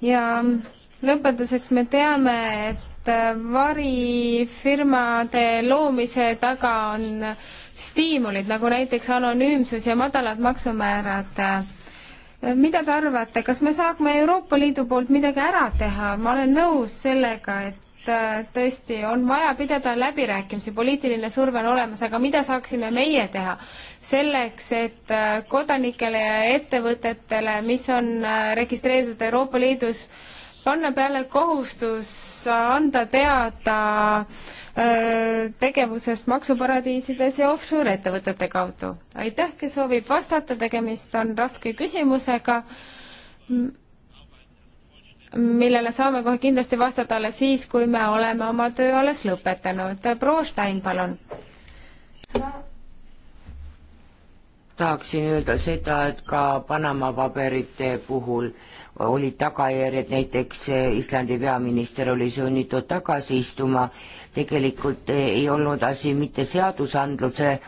ja lõpetuseks me teame, et Äh, varifirmade loomise taga on stiimulid, nagu näiteks anonüümsus ja madalad maksumäärad. mida te arvate, kas me saame Euroopa Liidu poolt midagi ära teha? ma olen nõus sellega, et äh, tõesti on vaja pidada läbirääkimisi, poliitiline surve on olemas, aga mida saaksime meie teha selleks, et äh, kodanikele ja ettevõtetele, mis on registreeritud Euroopa Liidus, panna peale kohustus anda teada äh, tegevusest maksuparadiisides ja offshore-ettevõtete kaudu. aitäh, kes soovib vastata, tegemist on raske küsimusega, millele saame kohe kindlasti vastata alles siis, kui me oleme oma töö alles lõpetanud. proua Stein, palun. tahaksin öelda seda, et ka Panama paberite puhul äh, olid tagajärjed, näiteks eh, Islandi peaminister oli sunnitud tagasi istuma, tegelikult eh, ei olnud asi mitte seadusandluse eh,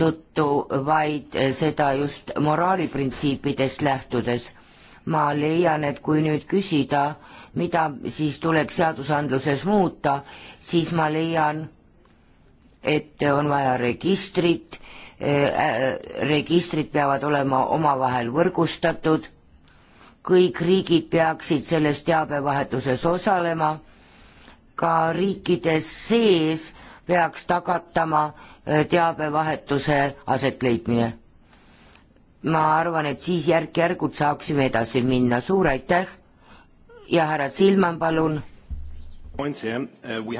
tõttu, vaid seda just moraaliprintsiipidest lähtudes. ma leian, et kui nüüd küsida, mida siis tuleks seadusandluses muuta, siis ma leian, et on vaja registrit, äh, registrid peavad olema omavahel võrgustatud kõik riigid peaksid selles teabevahetuses osalema, ka riikide sees peaks tagatama äh, teabevahetuse asetleidmine. ma arvan, et siis järk-järgult saaksime edasi minna, suur aitäh ja härra Silman, palun äh,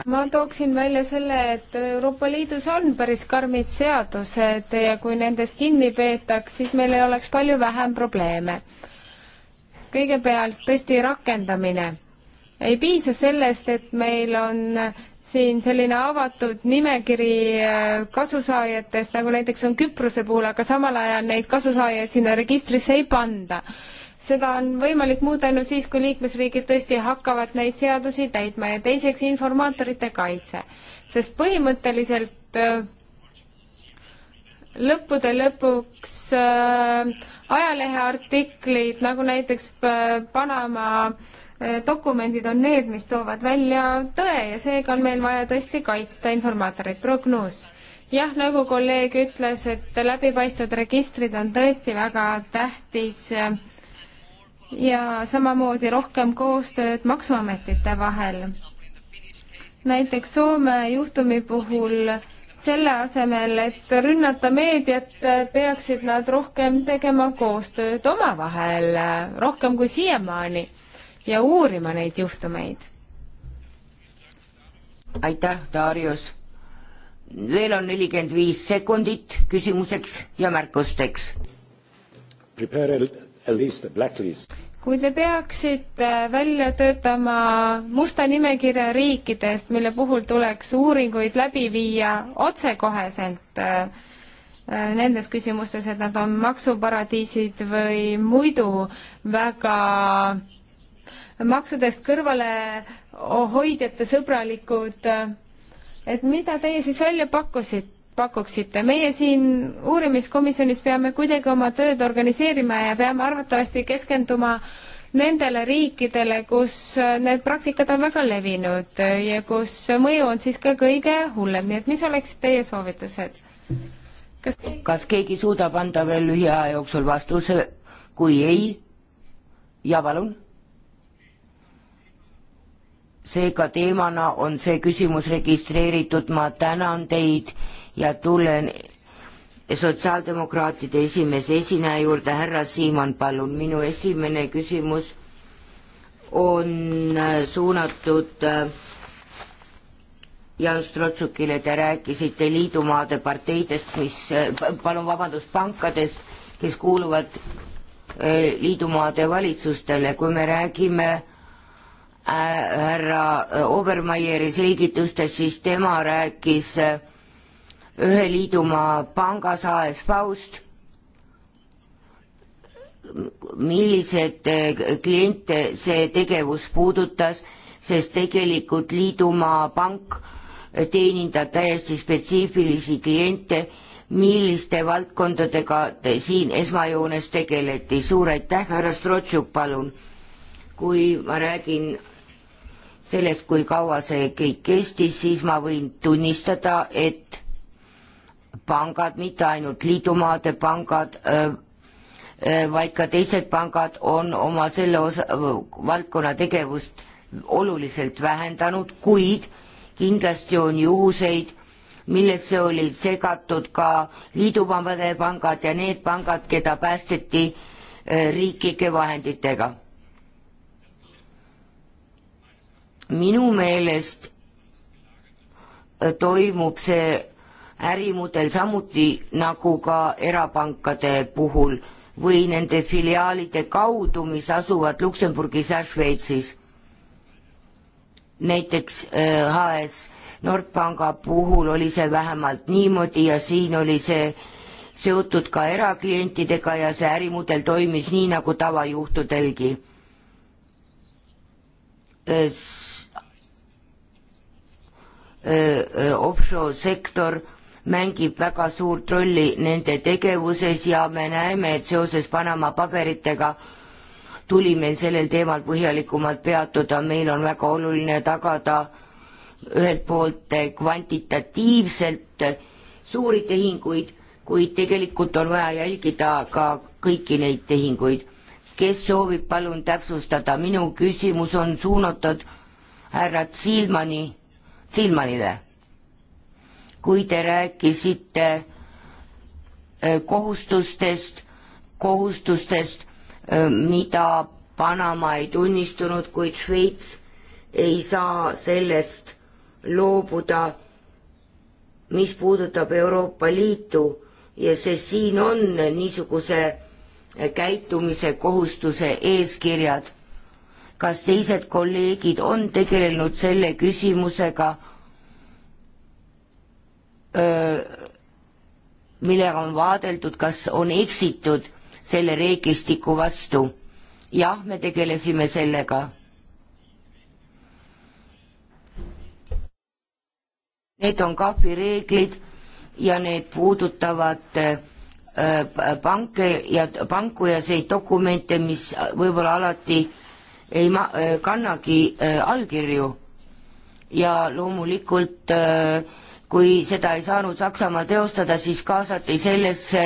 ma tooksin välja selle, et Euroopa Liidus on päris karmid seadused ja kui nendest kinni peetaks, siis meil ei oleks palju vähem probleeme kõigepealt tõesti rakendamine. ei piisa sellest, et meil on siin selline avatud nimekiri äh, kasusaajatest, nagu näiteks on Küprose puhul, aga samal ajal neid kasusaajaid sinna registrisse ei panda. seda on võimalik muuta ainult siis, kui liikmesriigid tõesti hakkavad neid seadusi täitma ja teiseks informaatorite kaitse, sest põhimõtteliselt äh, lõppude lõpuks äh, ajaleheartiklid, nagu näiteks äh, Panama äh, dokumendid on need, mis toovad välja tõe ja seega on meil vaja tõesti kaitsta informaatoreid, prognoos. jah, nagu kolleeg ütles, et läbipaistvad registrid on tõesti väga tähtis äh, ja samamoodi rohkem koostööd maksuametite vahel. näiteks Soome juhtumi puhul selle asemel, et rünnata meediat, peaksid nad rohkem tegema koostööd omavahel, rohkem kui siiamaani ja uurima neid juhtumeid. aitäh, Darius. veel on nelikümmend viis sekundit küsimuseks ja märkusteks kui te peaksite välja töötama musta nimekirja riikidest, mille puhul tuleks uuringuid läbi viia otsekoheselt äh, äh, nendes küsimustes, et nad on maksuparadiisid või muidu väga maksudest kõrvalehoidjate sõbralikud, äh, et mida teie siis välja pakkusite? pakuksite? meie siin uurimiskomisjonis peame kuidagi oma tööd organiseerima ja peame arvatavasti keskenduma nendele riikidele, kus need praktikad on väga levinud ja kus mõju on siis ka kõige hullem, nii et mis oleksid teie soovitused? kas kas keegi suudab anda veel lühiaja jooksul vastuse, kui ei, ja palun? seega teemana on see küsimus registreeritud, ma tänan teid ja tulen sotsiaaldemokraatide esimese esineja juurde, härra Siimann, palun, minu esimene küsimus on äh, suunatud äh, Jan Strotšukile, te rääkisite liidumaade parteidest, mis, äh, palun vabandust, pankadest, kes kuuluvad liidumaade valitsustele, kui me räägime härra Obermeieri selgitustest, siis tema rääkis äh, ühe liidumaa pangas AS Faust, millised eh, kliente see tegevus puudutas, sest tegelikult liidumaa pank eh, teenindab täiesti spetsiifilisi kliente, milliste valdkondadega te siin esmajoones tegeleti, suur aitäh, härra Strotšuk, palun. kui ma räägin sellest, kui kaua see kõik kestis, siis ma võin tunnistada, et pangad, mitte ainult liidumaade pangad, äh, äh, vaid ka teised pangad on oma selle osa, äh, valdkonna tegevust oluliselt vähendanud, kuid kindlasti on juhuseid, millesse olid segatud ka liidupangade pangad ja need pangad, keda päästeti riiklike vahenditega. minu meelest toimub see ärimudel, samuti nagu ka erapankade puhul või nende filiaalide kaudu, mis asuvad Luksemburgis ja Šveitsis. näiteks HS äh, Nordpanga puhul oli see vähemalt niimoodi ja siin oli see seotud ka eraklientidega ja see ärimudel toimis nii nagu tavajuhtudelgi. Äh, äh, offshore sektor mängib väga suurt rolli nende tegevuses ja me näeme, et seoses Panama paberitega tuli meil sellel teemal põhjalikumalt peatuda, meil on väga oluline tagada ühelt poolt kvantitatiivselt suuri tehinguid, kuid tegelikult on vaja jälgida ka kõiki neid tehinguid. kes soovib, palun täpsustada, minu küsimus on suunatud härra Zilmani, Zilmanile kui te rääkisite äh, kohustustest, kohustustest, äh, mida Panama ei tunnistunud, kuid Šveits ei saa sellest loobuda, mis puudutab Euroopa Liitu ja see siin on niisuguse äh, käitumise kohustuse eeskirjad. kas teised kolleegid on tegelenud selle küsimusega millega on vaadeldud, kas on eksitud selle reeglistiku vastu. jah, me tegelesime sellega. Need on KAF-i reeglid ja need puudutavad panke ja panku ja neid dokumente, mis võib-olla alati ei ma-, kannagi allkirju. ja loomulikult äh, kui seda ei saanud Saksamaa teostada, siis kaasati sellesse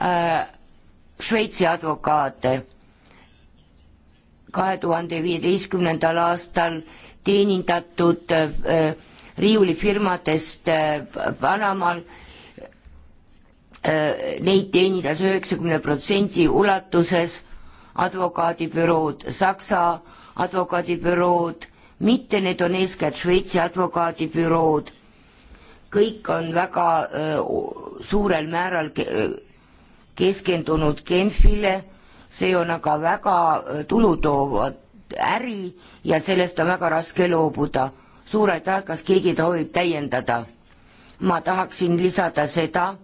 äh, Šveitsi advokaate. kahe tuhande viieteistkümnendal aastal teenindatud äh, riiulifirmadest äh, Panamaal äh,, neid teenindas üheksakümne protsendi ulatuses advokaadibürood, Saksa advokaadibürood, mitte need on eeskätt Šveitsi advokaadibürood kõik on väga suurel määral keskendunud Genfile, see on aga väga tulutoov äri ja sellest on väga raske loobuda. suur aitäh, kas keegi soovib täiendada? ma tahaksin lisada seda,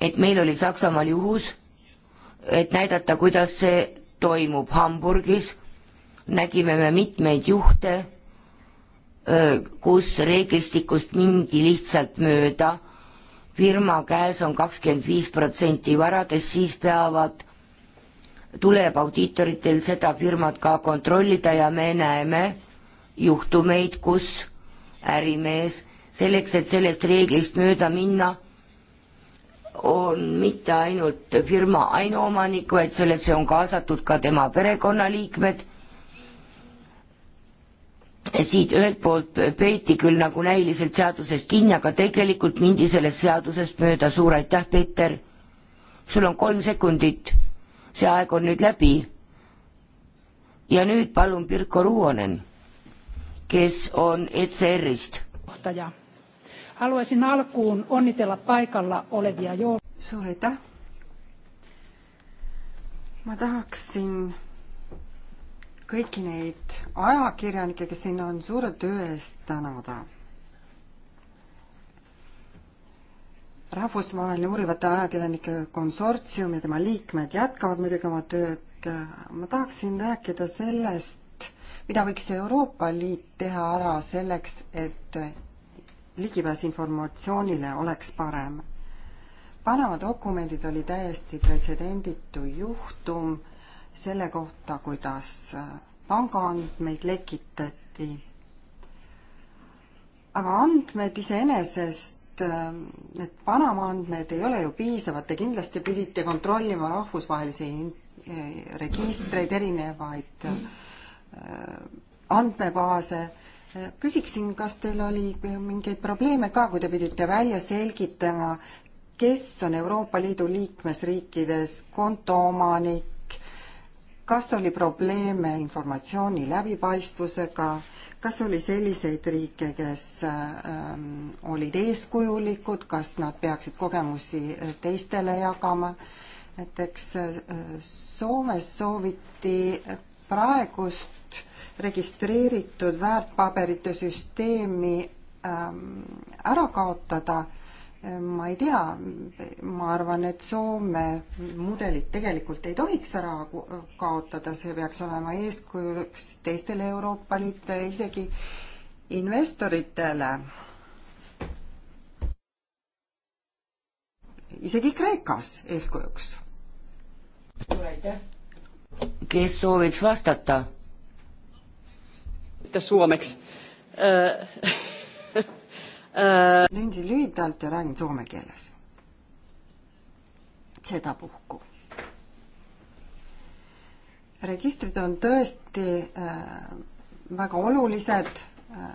et meil oli Saksamaal juhus, et näidata, kuidas see toimub Hamburgis, nägime me mitmeid juhte kus reeglistikust mindi lihtsalt mööda, firma käes on kakskümmend viis protsenti varadest, siis peavad, tuleb audiitoritel seda firmat ka kontrollida ja me näeme juhtumeid, kus ärimees selleks, et sellest reeglist mööda minna, on mitte ainult firma ainuomanik, vaid sellesse on kaasatud ka tema perekonnaliikmed siit ühelt poolt peeti küll nagu näiliselt seadusest kinni, aga tegelikult mindi sellest seadusest mööda, suur aitäh, Peeter. sul on kolm sekundit, see aeg on nüüd läbi. ja nüüd palun Pirko Ruonen, kes on ECR-ist. haluaisin alkuun onnitella paikalla olevia joo-. suur aitäh. ma tahaksin kõiki neid ajakirjanikke, kes sinna on suure töö eest tänada. rahvusvaheline uurivate ajakirjanike konsortsium ja tema liikmed jätkavad muidugi oma tööd. ma tahaksin rääkida sellest, mida võiks Euroopa Liit teha ära selleks, et ligipääs informatsioonile oleks parem Panama dokumendid oli täiesti pretsedenditu juhtum selle kohta, kuidas äh, pangaandmeid lekitati. aga andmed iseenesest, äh, need Panama andmed ei ole ju piisavad, te kindlasti pidite kontrollima rahvusvahelisi äh, registreid, erinevaid andmebaase. küsiksin, kas teil oli mingeid probleeme ka, kui te pidite välja selgitama, kes on Euroopa Liidu liikmesriikides kontoomanik, kas oli probleeme informatsiooni läbipaistvusega, kas oli selliseid riike, kes ähm, olid eeskujulikud, kas nad peaksid kogemusi äh, teistele jagama? näiteks äh, Soomes sooviti praegust registreeritud väärtpaberite süsteemi ähm, ära kaotada ma ei tea, ma arvan, et Soome mudelit tegelikult ei tohiks ära kaotada, see peaks olema eeskujuks teistele Euroopa Liitudele, isegi investoritele. isegi Kreekas eeskujuks. suur aitäh! kes sooviks vastata? kas suomeksi? Äh, teen äh, siis lühidalt ja räägin soome keeles. sedapuhku. registrid on tõesti äh, väga olulised. Äh,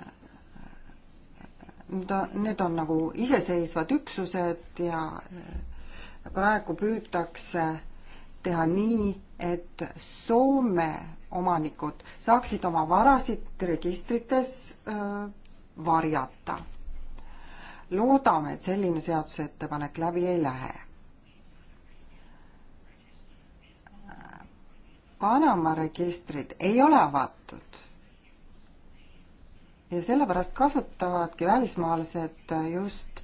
need on, need on nagu iseseisvad üksused ja praegu püütakse teha nii, et Soome omanikud saaksid oma varasid registrites varjata loodame, et selline seaduseettepanek läbi ei lähe. Panama registrid ei ole avatud ja sellepärast kasutavadki välismaalased just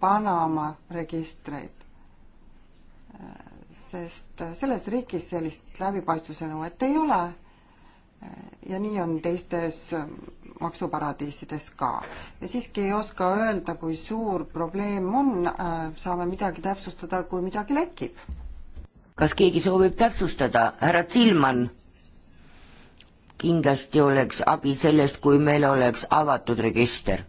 Panama registreid. sest selles riigis sellist läbipaistvuse nõuet ei ole ja nii on teistes ähm, maksuparadiisides ka. ja siiski ei oska öelda, kui suur probleem on, äh, saame midagi täpsustada, kui midagi lekib. kas keegi soovib täpsustada, härra Zilman? kindlasti oleks abi sellest, kui meil oleks avatud register.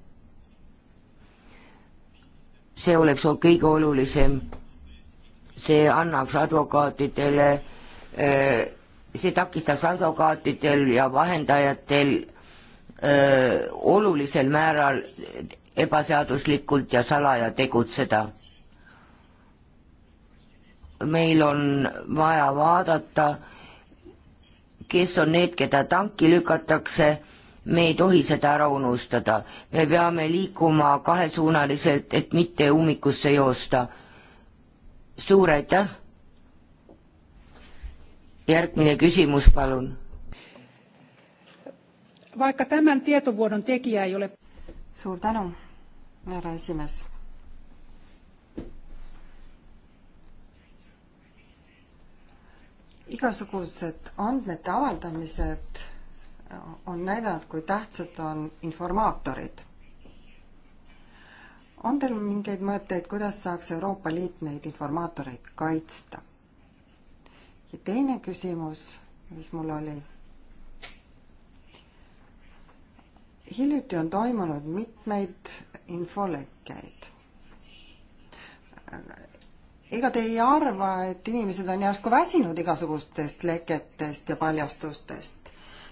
see oleks kõige olulisem, see annaks advokaatidele öö, äh, see takistas advokaatidel ja vahendajatel öö, olulisel määral ebaseaduslikult ja salaja tegutseda. meil on vaja vaadata, kes on need, keda tanki lükatakse, me ei tohi seda ära unustada. me peame liikuma kahesuunaliselt, et mitte ummikusse joosta. suur aitäh! järgmine küsimus, palun. vaikka tämän tietovuodon tegija ei ole. suur tänu, härra esimees. igasugused andmete avaldamised on näidanud, kui tähtsad on informaatorid. on teil mingeid mõtteid, kuidas saaks Euroopa Liit neid informaatoreid kaitsta? ja teine küsimus, mis mul oli. hiljuti on toimunud mitmeid infolekkeid. ega te ei arva, et inimesed on järsku väsinud igasugustest leketest ja paljastustest?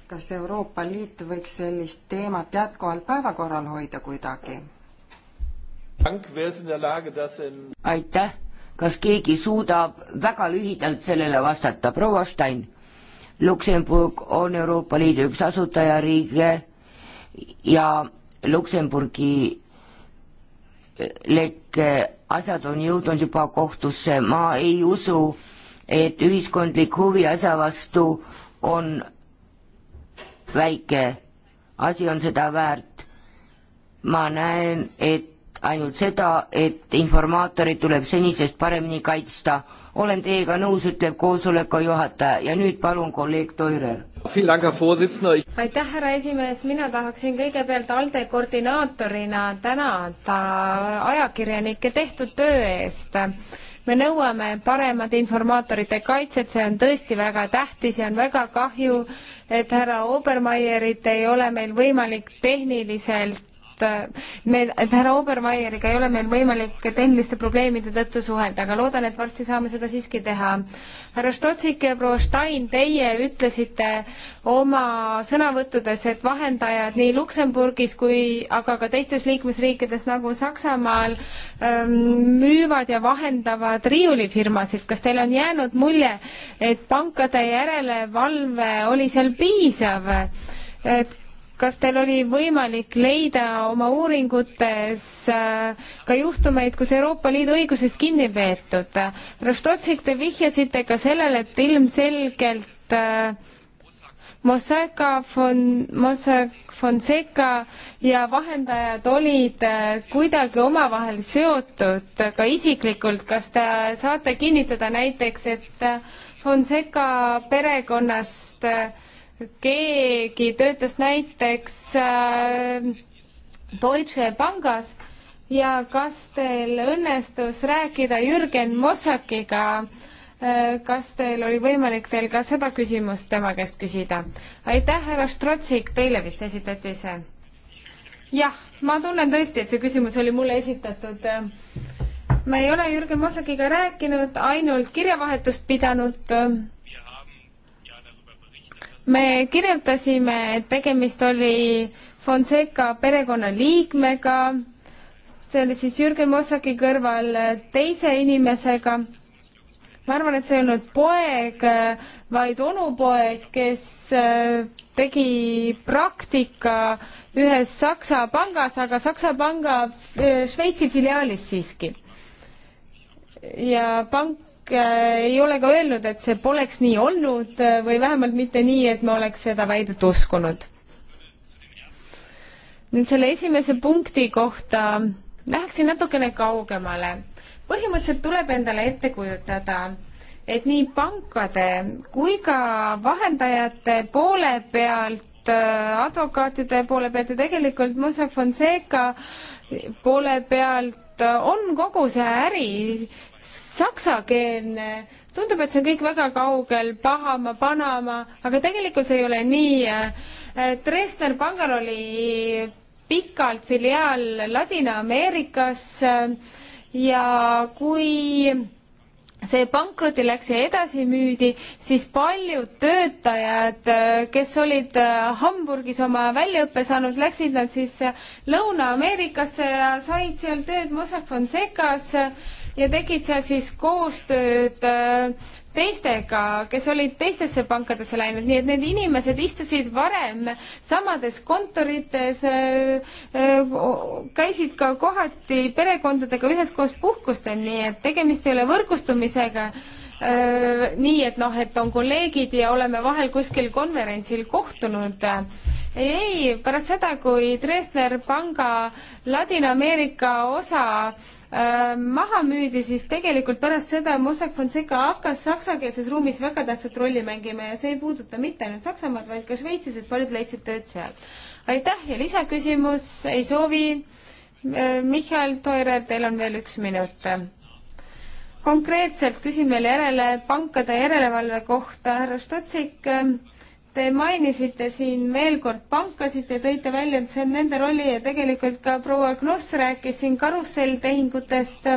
kas Euroopa Liit võiks sellist teemat jätkuvalt päevakorral hoida kuidagi? aitäh kas keegi suudab väga lühidalt sellele vastata, proua Stein? Luksemburg on Euroopa Liidu üks asutajariige ja Luksemburgi lekke asjad on jõudnud juba kohtusse, ma ei usu, et ühiskondlik huvi asja vastu on väike, asi on seda väärt. ma näen, et ainult seda, et informaatorid tuleb senisest paremini kaitsta. olen teiega nõus, ütleb koosoleku juhataja ja nüüd palun kolleeg Toirer. aitäh, härra esimees, mina tahaksin kõigepealt ALDE koordinaatorina tänada ajakirjanike tehtud töö eest me nõuame paremat informaatorite kaitset, see on tõesti väga tähtis ja on väga kahju, et härra Obermeierit ei ole meil võimalik tehniliselt me, et härra Obermeieriga ei ole meil võimalik tehniliste probleemide tõttu suhelda, aga loodan, et varsti saame seda siiski teha. härra Stotsik ja proua Stein, teie ütlesite oma sõnavõttudes, et vahendajad nii Luksemburgis kui aga ka teistes liikmesriikides nagu Saksamaal ähm, müüvad ja vahendavad riiulifirmasid. kas teil on jäänud mulje, et pankade järelevalve oli seal piisav? et kas teil oli võimalik leida oma uuringutes äh, ka juhtumeid, kus Euroopa Liidu õigusest kinni peetud? Rostotsik, te vihjasite ka sellele, et ilmselgelt äh, Mossack von, Mossack Fonseca ja vahendajad olid äh, kuidagi omavahel seotud ka isiklikult, kas te saate kinnitada näiteks, et Fonseca perekonnast äh, keegi töötas näiteks äh, Deutsche Pangas ja kas teil õnnestus rääkida Jürgen Mossakiga äh,? kas teil oli võimalik teil ka seda küsimust tema käest küsida? aitäh, härra Strotsik, teile vist esitati see? jah, ma tunnen tõesti, et see küsimus oli mulle esitatud äh, ma ei ole Jürgen Mosakiga rääkinud, ainult kirjavahetust pidanud me kirjutasime, et tegemist oli Fonseca perekonnaliikmega, see oli siis Jürgen Mossaki kõrval teise inimesega. ma arvan, et see ei olnud poeg, vaid onupoeg, kes äh, tegi praktika ühes Saksa pangas, aga Saksa panga äh, Šveitsi filiaalis siiski. ja pank Äh, ei ole ka öelnud, et see poleks nii olnud äh, või vähemalt mitte nii, et ma oleks seda väidet uskunud. nüüd selle esimese punkti kohta läheksin natukene kaugemale. põhimõtteliselt tuleb endale ette kujutada, et nii pankade kui ka vahendajate poole pealt, äh, advokaatide poole pealt ja tegelikult Mossack Fonseca poole pealt tegelikult on kogu see äri saksakeelne, tundub, et see on kõik väga kaugel, Bahama, Panama, aga tegelikult see ei ole nii. Dresdner pangal oli pikalt filiaal Ladina-Ameerikas ja kui see pankrotti läks ja edasi müüdi, siis paljud töötajad, kes olid äh, Hamburgis oma väljaõppe saanud, läksid nad siis äh, Lõuna-Ameerikasse ja said seal tööd Mossack Fonsecas äh, ja tegid seal siis koostööd teistega, kes olid teistesse pankadesse läinud, nii et need inimesed istusid varem samades kontorites, äh, äh, käisid ka kohati perekondadega üheskoos puhkustel, nii et tegemist ei ole võrgustumisega äh, nii, et noh, et on kolleegid ja oleme vahel kuskil konverentsil kohtunud ei, pärast seda, kui Dresdner panga Ladina-Ameerika osa äh, maha müüdi, siis tegelikult pärast seda Mossack Fonseca hakkas saksakeelses ruumis väga tähtsat rolli mängima ja see ei puuduta mitte ainult Saksamaad, vaid ka Šveitsi, sest paljud leidsid tööd seal. aitäh ja lisaküsimus ei soovi. Äh, Michal Toirer, teil on veel üks minut. konkreetselt küsin veel järele pankade järelevalve kohta, härra Stotsik Te mainisite siin veel kord pankasid ja tõite välja, et see on nende rolli ja tegelikult ka proua Kloss rääkis siin karusselltehingutest.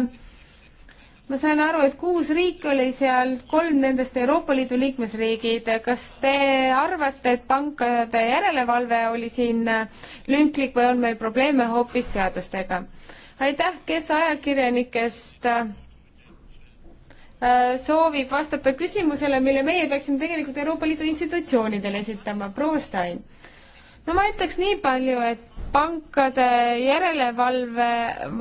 ma sain aru, et kuus riiki oli seal, kolm nendest Euroopa Liidu liikmesriigid. kas te arvate, et pankade järelevalve oli siin lünklik või on meil probleeme hoopis seadustega? aitäh, kes ajakirjanikest äh, Äh, soovib vastata küsimusele, mille meie peaksime tegelikult Euroopa Liidu institutsioonidele esitama, proua Stein. no ma ütleks nii palju, et pankade järelevalve,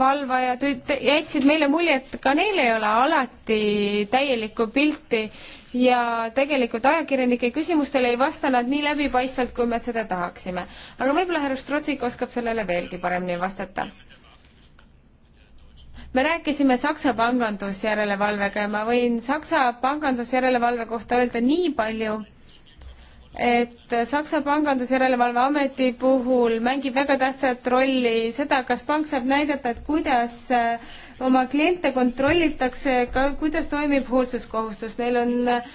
valvajad jätsid meile mulje, et ka neil ei ole alati täielikku pilti ja tegelikult ajakirjanike küsimustele ei vasta nad nii läbipaistvalt, kui me seda tahaksime. aga võib-olla härra Strotsik oskab sellele veelgi paremini vastata me rääkisime Saksa pangandusjärelevalvega ja ma võin Saksa pangandusjärelevalve kohta öelda nii palju, et Saksa pangandusjärelevalve ameti puhul mängib väga tähtsat rolli seda, kas pank saab näidata, et kuidas äh, oma kliente kontrollitakse, ka kuidas toimib hoolsuskohustus, neil on äh,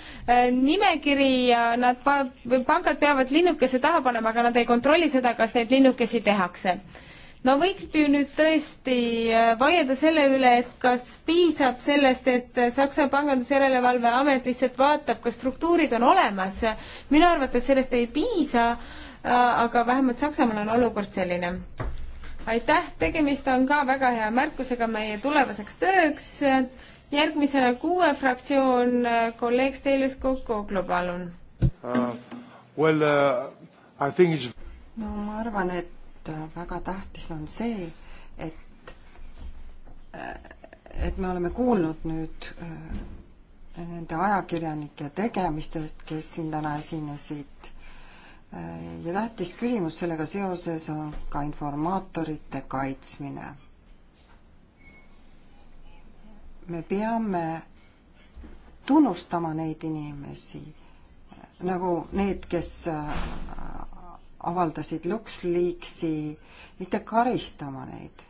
nimekiri ja nad, pangad peavad linnukese taha panema, aga nad ei kontrolli seda, kas neid linnukesi tehakse no võib ju nüüd tõesti äh, vaielda selle üle, et kas piisab sellest, et äh, Saksa Pangandusjärelevalveamet lihtsalt vaatab, kas struktuurid on olemas. minu arvates sellest ei piisa, äh, aga vähemalt Saksamaal on olukord selline aitäh, tegemist on ka väga hea märkusega meie tulevaseks tööks. järgmisena kuue fraktsioon, kolleeg Stelius Kukuklu, palun uh,. Well, uh, no ma arvan, et et äh, väga tähtis on see, et, äh, et me oleme kuulnud nüüd äh, nende ajakirjanike tegemistest, kes siin täna esinesid. ja tähtis küsimus sellega seoses on ka informaatorite kaitsmine. me peame tunnustama neid inimesi nagu need, kes avaldasid LuxLeaksi, mitte karistama neid.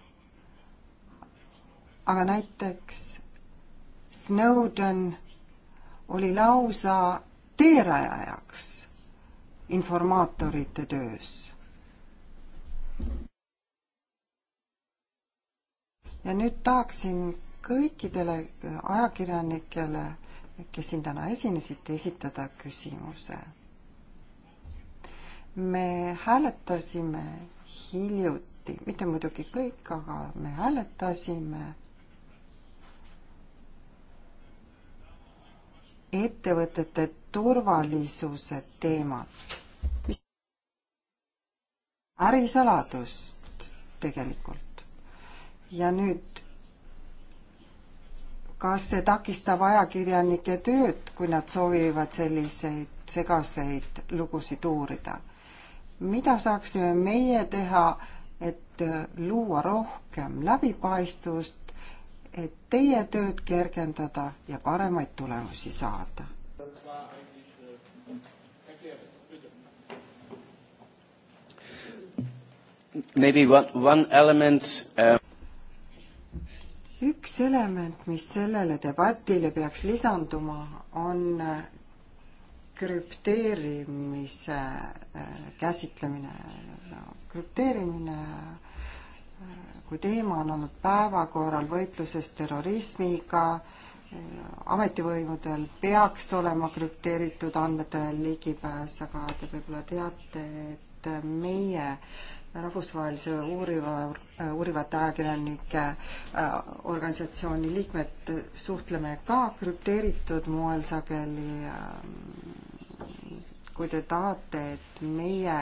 aga näiteks Snowden oli lausa teerajajaks informaatorite töös. ja nüüd tahaksin kõikidele ajakirjanikele, kes siin täna esinesid, esitada küsimuse me hääletasime hiljuti, mitte muidugi kõik, aga me hääletasime ettevõtete turvalisuse teemat. ärisaladust tegelikult. ja nüüd, kas see takistab ajakirjanike tööd, kui nad soovivad selliseid segaseid lugusid uurida? mida saaksime meie teha, et luua rohkem läbipaistvust, et teie tööd kergendada ja paremaid tulemusi saada? Maybe one, one element uh üks element, mis sellele debatile peaks lisanduma, on krüpteerimise äh, käsitlemine, krüpteerimine äh, kui teema on olnud päevakorral võitluses terrorismiga, äh, ametivõimudel peaks olema krüpteeritud andmetele ligipääs, aga te võib-olla teate, et meie rahvusvahelise uuriva, uurivate ajakirjanike organisatsiooni liikmed suhtleme ka krüpteeritud moel sageli kui te tahate, et meie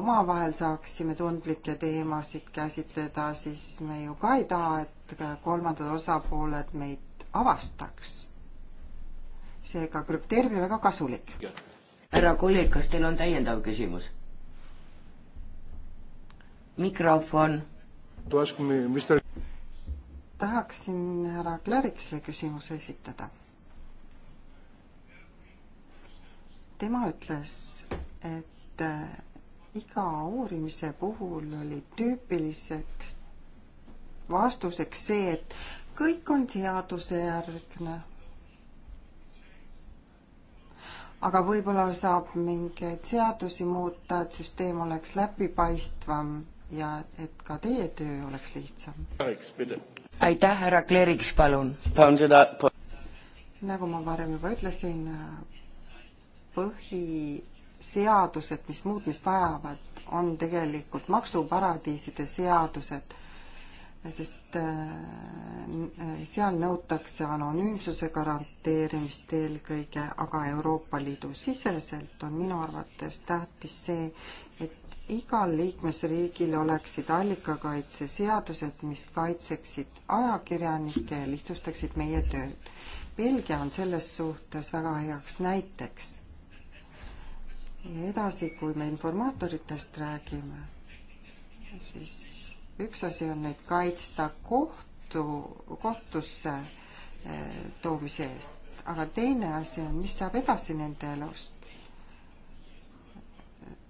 omavahel saaksime tundlikke teemasid käsitleda, siis me ju ka ei taha, et kolmandad osapooled meid avastaks. seega krüpteerimine väga kasulik. härra kolleeg, kas teil on täiendav küsimus? mikrofon. tahaksin härra Kleriksile küsimuse esitada tema ütles, et äh, iga uurimise puhul oli tüüpiliseks vastuseks see, et kõik on seadusejärgne. aga võib-olla saab mingeid seadusi muuta, et süsteem oleks läbipaistvam ja et ka teie töö oleks lihtsam. aitäh, härra Kleriks, palun. nagu ma varem juba ütlesin, põhiseadused, mis muutmist vajavad, on tegelikult maksuparadiiside seadused, sest äh, seal nõutakse anonüümsuse garanteerimist eelkõige, aga Euroopa Liidu siseselt on minu arvates tähtis see, et igal liikmesriigil oleksid allikakaitseseadused, mis kaitseksid ajakirjanikke ja lihtsustaksid meie tööd. Belgia on selles suhtes väga heaks näiteks edasi, kui me informaatoritest räägime, siis üks asi on neid kaitsta kohtu, kohtusse eh, toomise eest, aga teine asi on, mis saab edasi nende elust.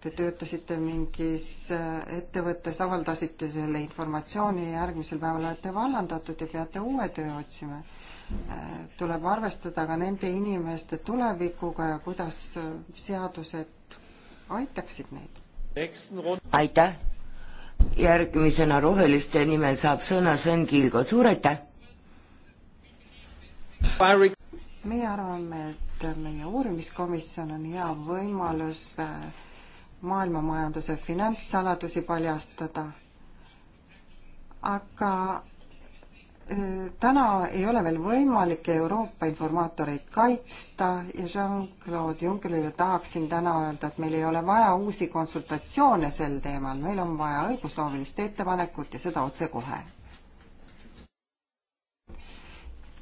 Te töötasite mingis eh, ettevõttes, avaldasite selle informatsiooni ja järgmisel päeval olete vallandatud ja peate uue töö otsima Äh, tuleb arvestada ka nende inimeste tulevikuga ja kuidas äh, seadused aitaksid neid. aitäh, järgmisena Roheliste nimel saab sõna Sven Kiilgo, suur aitäh! meie arvame, et meie uurimiskomisjon on hea võimalus äh, maailmamajanduse finantssaladusi paljastada, aga täna ei ole veel võimalik Euroopa informaatoreid kaitsta ja Jean-Claude Junckerile tahaksin täna öelda, et meil ei ole vaja uusi konsultatsioone sel teemal, meil on vaja õigusloomelist ettepanekut ja seda otsekohe.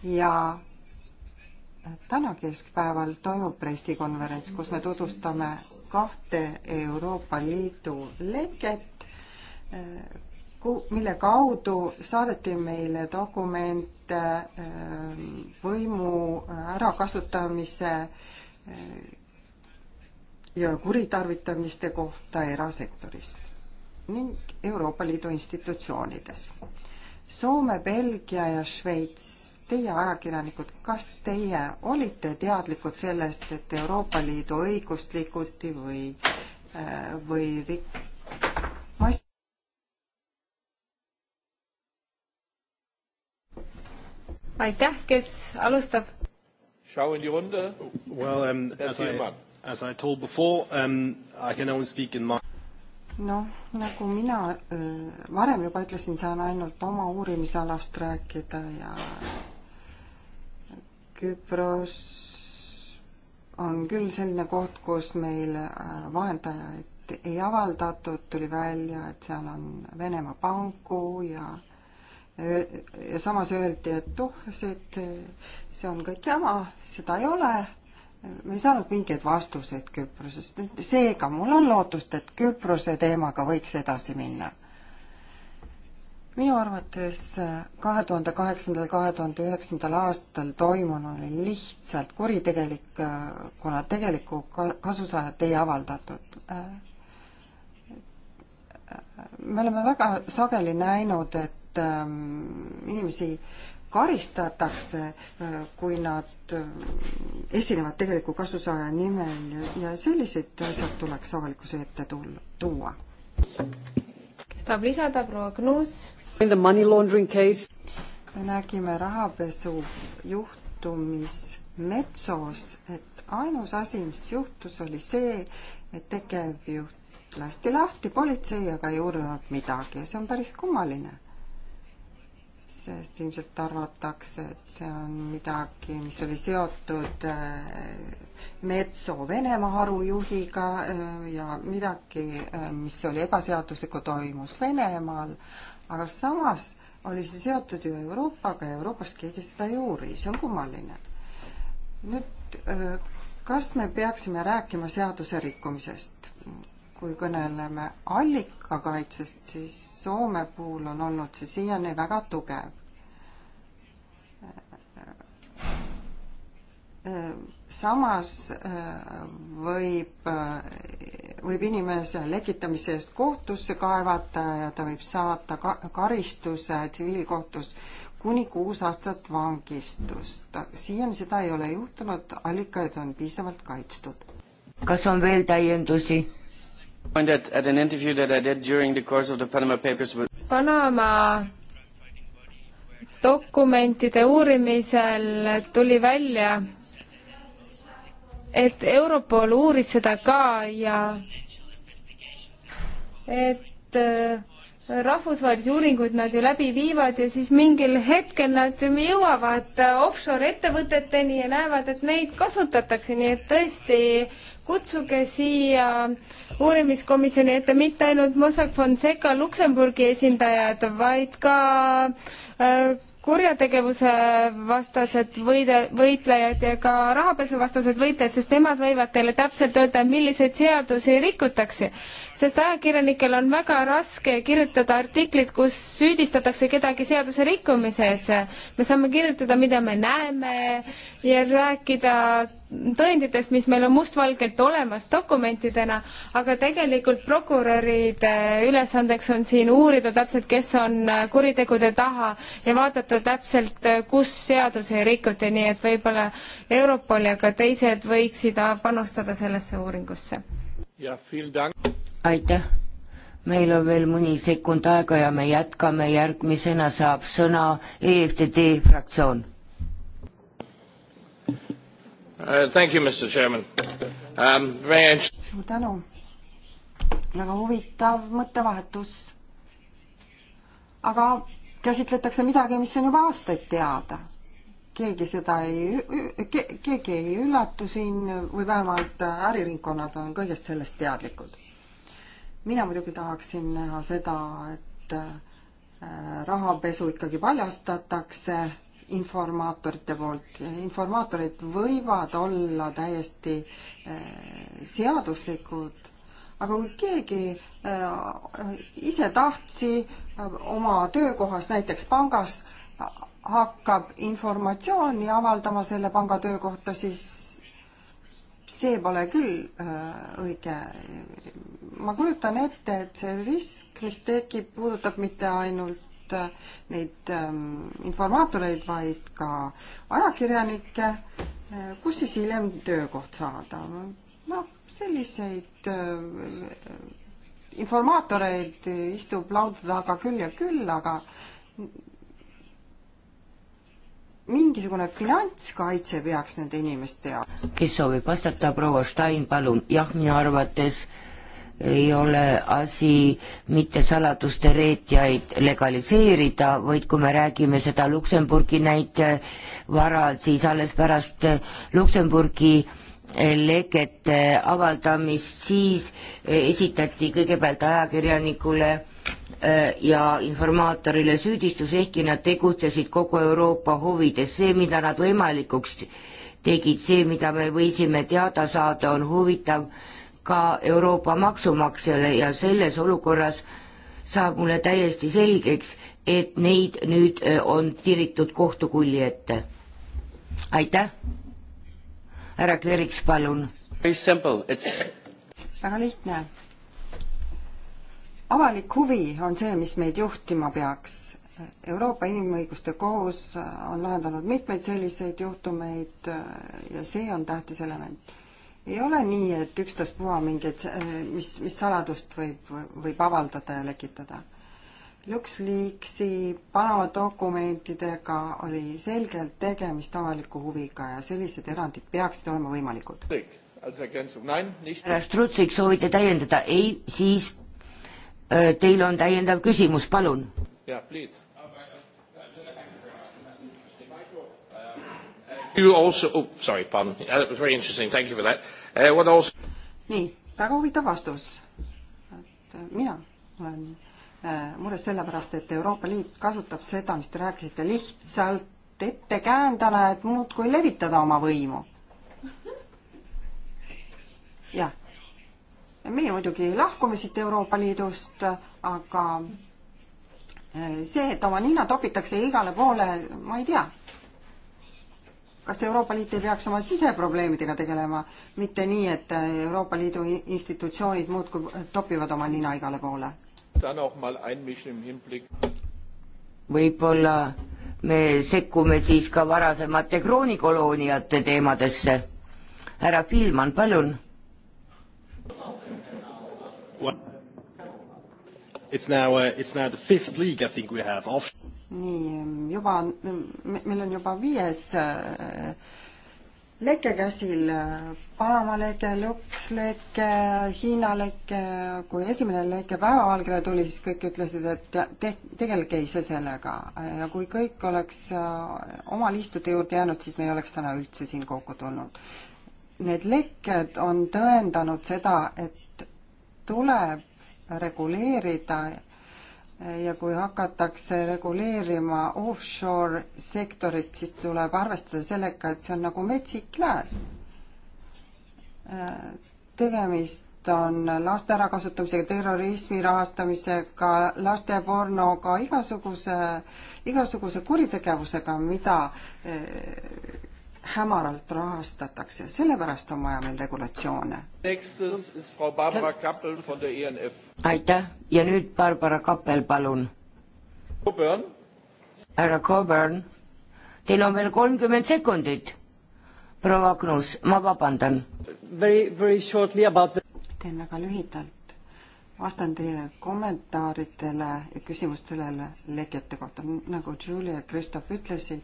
ja täna keskpäeval toimub pressikonverents, kus me tutvustame kahte Euroopa Liidu leket mille kaudu saadeti meile dokumente ähm, võimu äh, ärakasutamise äh, ja kuritarvitamiste kohta erasektoris ning Euroopa Liidu institutsioonides. Soome, Belgia ja Šveits, teie ajakirjanikud, kas teie olite teadlikud sellest, et Euroopa Liidu õiguslikud või, äh, või rik-, aitäh, kes alustab? Well, um, as, I, as I told before um,, I can only speak in my noh, nagu mina äh, varem juba ütlesin, saan ainult oma uurimisalast rääkida ja Küpros on küll selline koht, kus meil äh, vahendajaid ei avaldatud, tuli välja, et seal on Venemaa panku ja äh, ja samas öeldi, et oh, see, et äh, see on kõik jama, seda ei ole. me ei saanud mingeid vastuseid Küprosest, seega mul on lootust, et Küprose teemaga võiks edasi minna minu arvates äh, kahe tuhande kaheksandal, kahe tuhande üheksandal aastal toimunu oli lihtsalt kuritegelik, äh, kuna tegelikku kasusaadet ei avaldatud me oleme väga sageli näinud, et ähm, inimesi karistatakse, äh, kui nad äh, esinevad tegeliku kasusaaja nimel ja sellised asjad tuleks avalikkuse ette tulla, tuua. kas tahab lisada proua Gnus? me nägime rahapesu juhtumis Metsos, et ainus asi, mis juhtus, oli see, et tegevjuht lasti lahti politsei, aga ei uurinud midagi ja see on päris kummaline. sest ilmselt arvatakse, et see on midagi, mis oli seotud äh, Metso Venemaa harujuhiga äh, ja midagi, äh, mis oli ebaseaduslikku, toimus Venemaal, aga samas oli see seotud ju Euroopaga ja Euroopast keegi seda ei uuri, see on kummaline. nüüd kas me peaksime rääkima seaduse rikkumisest? kui kõneleme allikakaitsest, siis Soome puhul on olnud see siiani väga tugev. samas võib, võib inimese lekitamise eest kohtusse kaevata ja ta võib saata ka karistuse tsiviilkohtus kuni kuus aastat vangistust. siiani seda ei ole juhtunud, allikaid on piisavalt kaitstud. kas on veel täiendusi? Panama dokumentide uurimisel tuli välja, et Europol uuris seda ka ja et äh, rahvusvahelisi uuringuid nad ju läbi viivad ja siis mingil hetkel nad jõuavad offshore ettevõteteni ja näevad, et neid kasutatakse, nii et tõesti kutsuge siia äh, uurimiskomisjoni ette mitte ainult Mossack Fonseca Luksemburgi esindajad, vaid ka kurjategevuse vastased võide, võitlejad ja ka rahapesuvastased võitlejad, sest nemad võivad teile täpselt öelda, milliseid seadusi rikutakse. sest ajakirjanikel on väga raske kirjutada artiklit, kus süüdistatakse kedagi seaduse rikkumises. me saame kirjutada, mida me näeme ja rääkida tõenditest, mis meil on mustvalgelt olemas dokumentidena, aga tegelikult prokuröride ülesandeks on siin uurida täpselt, kes on kuritegude taha ja vaadata täpselt, kus seadusi rikuti, nii et võib-olla Europol ja ka teised võiksid panustada sellesse uuringusse. aitäh, meil on veel mõni sekund aega ja me jätkame, järgmisena saab sõna EFTD fraktsioon Uh, thank you, Mr. Chairman. Um, very suur tänu. väga huvitav mõttevahetus. aga käsitletakse midagi, mis on juba aastaid teada. keegi seda ei, keegi ei üllatu siin või vähemalt äriringkonnad on kõigest sellest teadlikud. mina muidugi tahaksin näha seda, et äh, rahapesu ikkagi paljastatakse informaatorite poolt. informaatorid võivad olla täiesti äh, seaduslikud aga kui keegi äh, ise tahtsi äh, oma töökohas, näiteks pangas, äh, hakkab informatsiooni avaldama selle panga töö kohta, siis see pole küll õige. ma kujutan ette, et see risk, mis tekib, puudutab mitte ainult neid ähm, informaatoreid, vaid ka ajakirjanikke, kus siis hiljem töökoht saada selliseid äh, informaatoreid istub lauda taga küll ja küll, aga mingisugune finantskaitse peaks nende inimeste jaoks. kes soovib vastata, proua Stein, palun. jah, minu arvates ei ole asi mitte saladuste reetjaid legaliseerida, vaid kui me räägime seda Luksemburgi näite varal, siis alles pärast Luksemburgi äh, lekete äh, avaldamist, siis äh, esitati kõigepealt ajakirjanikule äh, ja informaatorile süüdistus, ehkki nad tegutsesid kogu Euroopa huvides, see, mida nad võimalikuks tegid, see, mida me võisime teada saada, on huvitav ka Euroopa maksumaksjale ja selles olukorras saab mulle täiesti selgeks, et neid nüüd on tiritud kohtukulli ette. aitäh! härra Kleriks, palun. väga lihtne. avalik huvi on see, mis meid juhtima peaks. Euroopa Inimõiguste Kohus on lahendanud mitmeid selliseid juhtumeid ja see on tähtis element ei ole nii, et ükstaspuha mingeid, mis, mis saladust võib, võib avaldada ja lekitada. LuxLeaksi Panama dokumentidega oli selgelt tegemist avaliku huviga ja sellised erandid peaksid olema võimalikud. härra Strutsik, soovite täiendada? ei, siis äh, teil on täiendav küsimus, palun. jah, please. You also oh,, sorry, pardon, that was very interesting, thank you for that uh,. What also? nii, väga huvitav vastus. et äh, mina olen Äh, mures sellepärast, et Euroopa Liit kasutab seda, mis te rääkisite, lihtsalt ettekäändena, et muudkui levitada oma võimu. jah. meie muidugi lahkume siit Euroopa Liidust, aga äh, see, et oma nina topitakse igale poole, ma ei tea. kas Euroopa Liit ei peaks oma siseprobleemidega tegelema, mitte nii, et äh, Euroopa Liidu institutsioonid muudkui topivad oma nina igale poole? võib-olla me sekkume siis ka varasemate kroonikolooniate teemadesse. härra Filman, palun. It's now uh,, it's now the fifth league I think we have off-. nii, um, juba, meil on juba viies äh, lekkekäsil, äh, Panama leke, Lux leke, Hiina leke, kui esimene leke päevavalgele tuli, siis kõik ütlesid, et te-, tegelge ise sellega. ja kui kõik oleks äh, oma liistude juurde jäänud, siis me ei oleks täna üldse siin kokku tulnud. Need lekked on tõendanud seda, et tuleb reguleerida ja kui hakatakse reguleerima offshore sektorit, siis tuleb arvestada sellega, et see on nagu metsik lääs. tegemist on laste ärakasutamisega, terrorismi rahastamisega, lastepornoga, igasuguse, igasuguse kuritegevusega, mida hämaralt rahastatakse, sellepärast on vaja meil regulatsioone. E aitäh ja nüüd Barbara Kappel, palun. härra Coburn, teil on veel kolmkümmend sekundit. proua Agnus, ma vabandan. teen väga lühidalt vastan teie kommentaaridele ja küsimustele lekete kohta. nagu Julia ja Kristof ütlesid,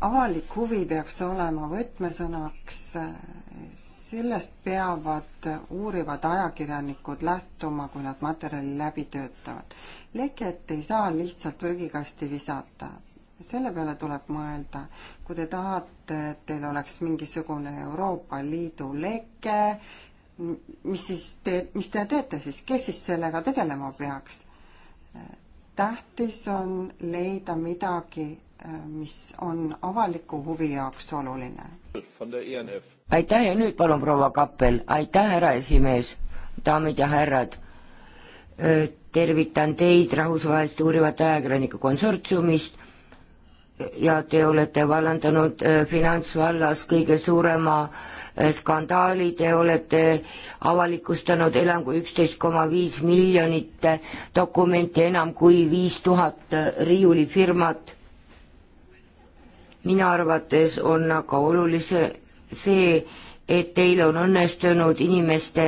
avalik huvi peaks olema võtmesõnaks, sellest peavad uurivad ajakirjanikud lähtuma, kui nad materjali läbi töötavad. leket ei saa lihtsalt prügikasti visata. selle peale tuleb mõelda, kui te tahate, et teil oleks mingisugune Euroopa Liidu leke, mis siis te, mis te teete siis, kes siis sellega tegelema peaks? tähtis on leida midagi, mis on avaliku huvi jaoks oluline. E aitäh ja nüüd palun proua Kappel, aitäh, härra esimees, daamid ja härrad. tervitan teid rahvusvahelist uurivate ajakirjanike konsortsiumist ja te olete vallandanud finantsvallas kõige suurema skandaali, te olete avalikustanud enam kui üksteist koma viis miljonit dokumenti, enam kui viis tuhat riiulifirmat minu arvates on aga olulise see, et teil on õnnestunud inimeste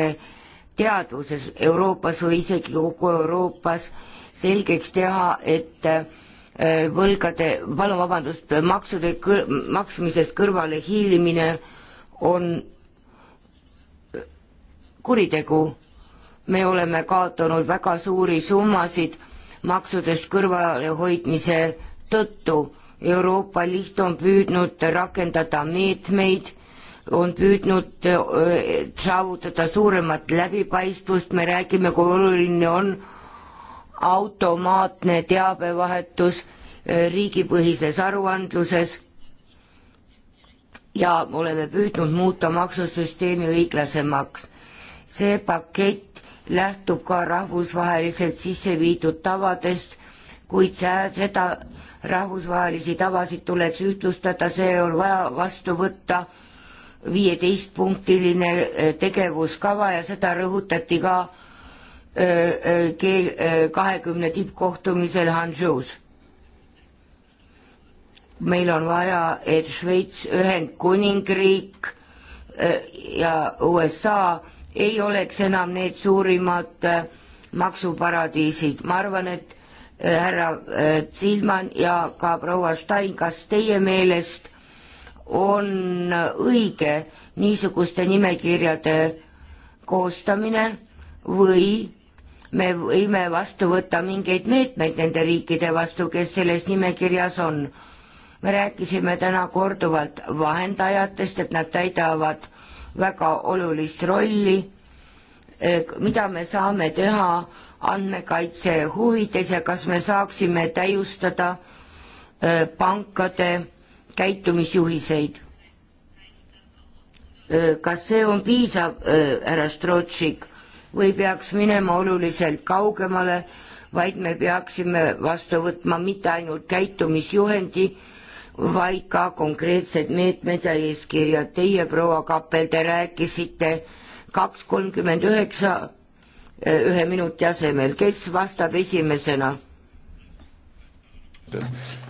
teadvuses Euroopas või isegi kogu Euroopas selgeks teha, et äh, võlgade, palun vabandust, maksude kõr-, maksmisest kõrvale hiilimine on äh, kuritegu. me oleme kaotanud väga suuri summasid maksudest kõrvalehoidmise tõttu Euroopa Liit on püüdnud rakendada meetmeid, on püüdnud äh, saavutada suuremat läbipaistvust, me räägime, kui oluline on automaatne teabevahetus äh, riigipõhises aruandluses ja oleme püüdnud muuta maksusüsteemi õiglasemaks. see pakett lähtub ka rahvusvaheliselt sisse viidud tavadest, kuid seda rahvusvahelisi tavasid tuleks ühtlustada, see on vaja vastu võtta viieteistpunktiline äh, tegevuskava ja seda rõhutati ka äh, äh, G kahekümne tippkohtumisel Hanžus. meil on vaja, et Šveits, Ühendkuningriik ja USA ei oleks enam need suurimad maksuparadiisid, ma arvan, et Äh, härra äh, Zilman ja ka proua Stein, kas teie meelest on õige niisuguste nimekirjade koostamine või me võime vastu võtta mingeid meetmeid nende riikide vastu, kes selles nimekirjas on. me rääkisime täna korduvalt vahendajatest, et nad täidavad väga olulist rolli Äh, mida me saame teha andmekaitse huvides ja kas me saaksime täiustada äh, pankade käitumisjuhiseid. Äh, kas see on piisav, härra Strotšik, või peaks minema oluliselt kaugemale, vaid me peaksime vastu võtma mitte ainult käitumisjuhendi, vaid ka konkreetsed meetmed ja eeskirjad. Teie, proua Kappel, te rääkisite äh, kaks kolmkümmend üheksa eh, ühe minuti asemel, kes vastab esimesena?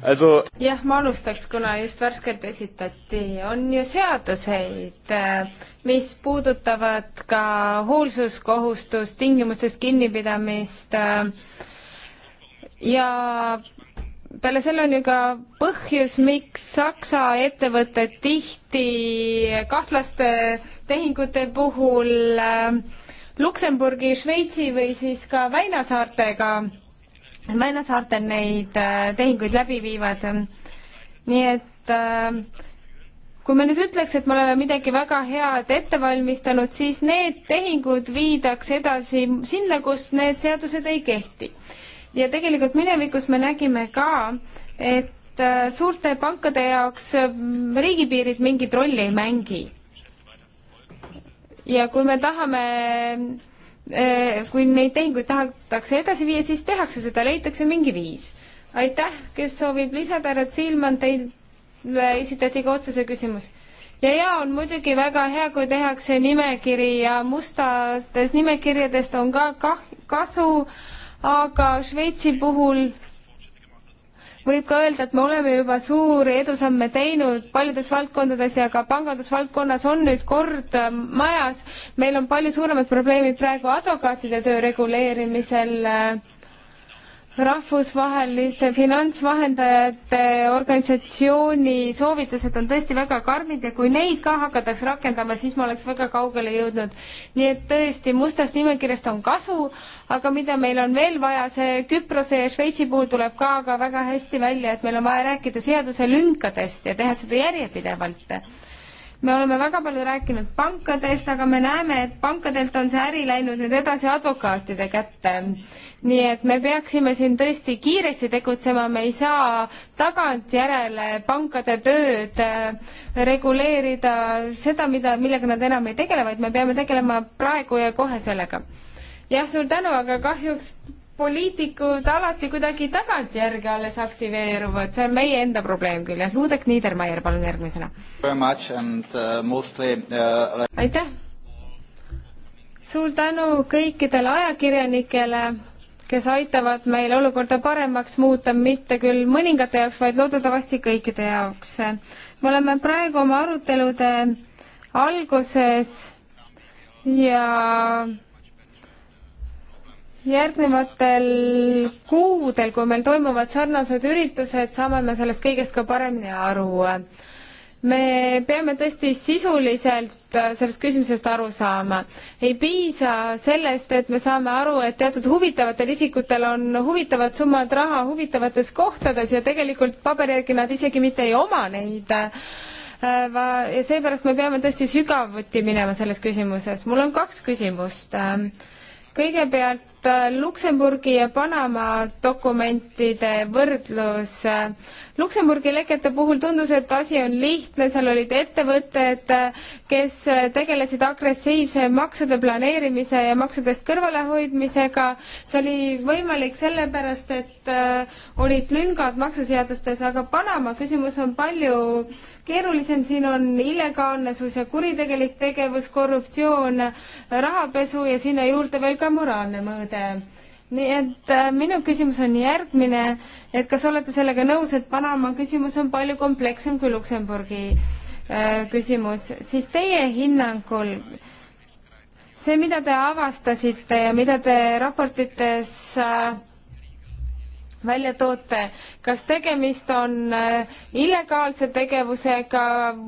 Also... jah, ma alustaks, kuna just värskelt esitati, on ju seaduseid, eh, mis puudutavad ka hoolsuskohustust, tingimustest kinnipidamist eh, ja peale selle on ju ka põhjus, miks Saksa ettevõtted tihti kahtlaste tehingute puhul äh, Luksemburgi, Šveitsi või siis ka väinasaartega, väinasaartel neid äh, tehinguid läbi viivad. nii et äh, kui me nüüd ütleks, et me oleme midagi väga head ette valmistanud, siis need tehingud viidaks edasi sinna, kus need seadused ei kehti ja tegelikult minevikus me nägime ka, et äh, suurte pankade jaoks äh, riigipiirid mingit rolli ei mängi. ja kui me tahame, äh, kui neid tehinguid tahetakse edasi viia, siis tehakse seda, leitakse mingi viis. aitäh, kes soovib lisada, härra Ziilmann, teile esitati ka otsese küsimus. ja jaa, on muidugi väga hea, kui tehakse nimekiri ja mustades nimekirjadest on ka kah-, kasu, aga Šveitsi puhul võib ka öelda, et me oleme juba suuri edusamme teinud paljudes valdkondades ja ka pangandusvaldkonnas on nüüd kord äh, majas. meil on palju suuremad probleemid praegu advokaatide töö reguleerimisel äh, rahvusvaheliste finantsvahendajate organisatsiooni soovitused on tõesti väga karmid ja kui neid ka hakataks rakendama, siis ma oleks väga kaugele jõudnud. nii et tõesti, mustast nimekirjast on kasu, aga mida meil on veel vaja, see Küprose ja Šveitsi puhul tuleb ka aga väga hästi välja, et meil on vaja rääkida seaduselünkadest ja teha seda järjepidevalt me oleme väga palju rääkinud pankadest, aga me näeme, et pankadelt on see äri läinud nüüd edasi advokaatide kätte. nii et me peaksime siin tõesti kiiresti tegutsema, me ei saa tagantjärele pankade tööd äh, reguleerida, seda, mida, millega nad enam ei tegele, vaid me peame tegelema praegu ja kohe sellega jah, suur tänu, aga kahjuks poliitikud alati kuidagi tagantjärgi alles aktiveeruvad, see on meie enda probleem küll, jah. Luudek Niedermayer, palun järgmisena. Uh, uh, aitäh! suur tänu kõikidele ajakirjanikele, kes aitavad meil olukorda paremaks muuta, mitte küll mõningate jaoks, vaid loodetavasti kõikide jaoks. me oleme praegu oma arutelude alguses ja järgnevatel kuudel, kui meil toimuvad sarnased üritused, saame me sellest kõigest ka paremini aru. me peame tõesti sisuliselt sellest küsimusest aru saama. ei piisa sellest, et me saame aru, et teatud huvitavatel isikutel on huvitavad summad raha huvitavates kohtades ja tegelikult paberi järgi nad isegi mitte ei oma neid va-, ja seepärast me peame tõesti sügavuti minema selles küsimuses. mul on kaks küsimust. kõigepealt puudutab äh, Luksemburgi ja Panama dokumentide võrdlus. Äh, Luksemburgi lekete puhul tundus, et asi on lihtne, seal olid ettevõtted, äh, kes tegelesid agressiivse maksude planeerimise ja maksudest kõrvalehoidmisega. see oli võimalik sellepärast, et olid lüngad maksuseadustes, aga Panama küsimus on palju keerulisem siin on illegaalne suisa kuritegelik tegevus, korruptsioon, rahapesu ja sinna juurde veel ka moraalne mõõde. nii et äh, minu küsimus on järgmine, et kas olete sellega nõus, et Panama küsimus on palju komplekssem kui Luksemburgi äh, küsimus, siis teie hinnangul see, mida te avastasite ja mida te raportites äh, välja toote, kas tegemist on äh, illegaalse tegevusega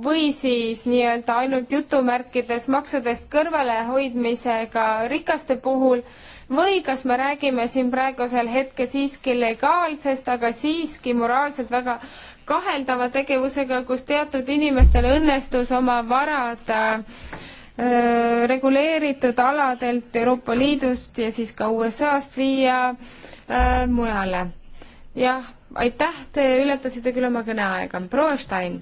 või siis nii-öelda ainult jutumärkides maksudest kõrvalehoidmisega rikaste puhul või kas me räägime siin praegusel hetkel siiski legaalsest, aga siiski moraalselt väga kaheldava tegevusega, kus teatud inimestel õnnestus oma varad äh, äh reguleeritud aladelt Euroopa Liidust ja siis ka USA-st viia äh, mujale jah, aitäh, te ületasite küll oma kõneaega. proua Stein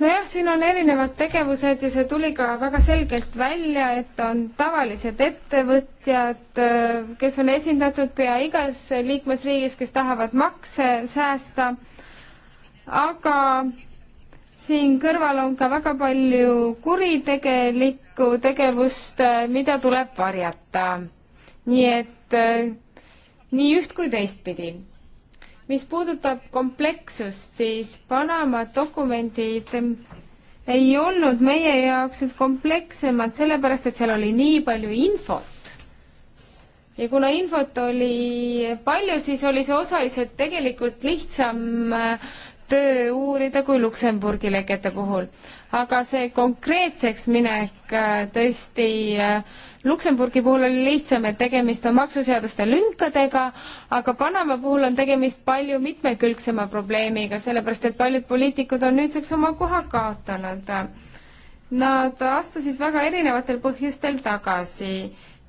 nojah, siin on erinevad tegevused ja see tuli ka väga selgelt välja, et on tavalised ettevõtjad, äh, kes on esindatud pea igas liikmesriigis, kes tahavad makse säästa, aga siin kõrval on ka väga palju kuritegelikku tegevust, äh, mida tuleb varjata. nii et äh, nii üht kui teistpidi mis puudutab komplekssust, siis Panama dokumendid ei olnud meie jaoks nüüd komplekssemad, sellepärast et seal oli nii palju infot. ja kuna infot oli palju, siis oli see osaliselt tegelikult lihtsam äh, töö uurida kui Luksemburgi lekete puhul. aga see konkreetseks minek äh, tõesti äh, Luksemburgi puhul oli lihtsam, et tegemist on maksuseaduste lünkadega, aga Panama puhul on tegemist palju mitmekülgsema probleemiga, sellepärast et paljud poliitikud on nüüdseks oma koha kaotanud. Nad astusid väga erinevatel põhjustel tagasi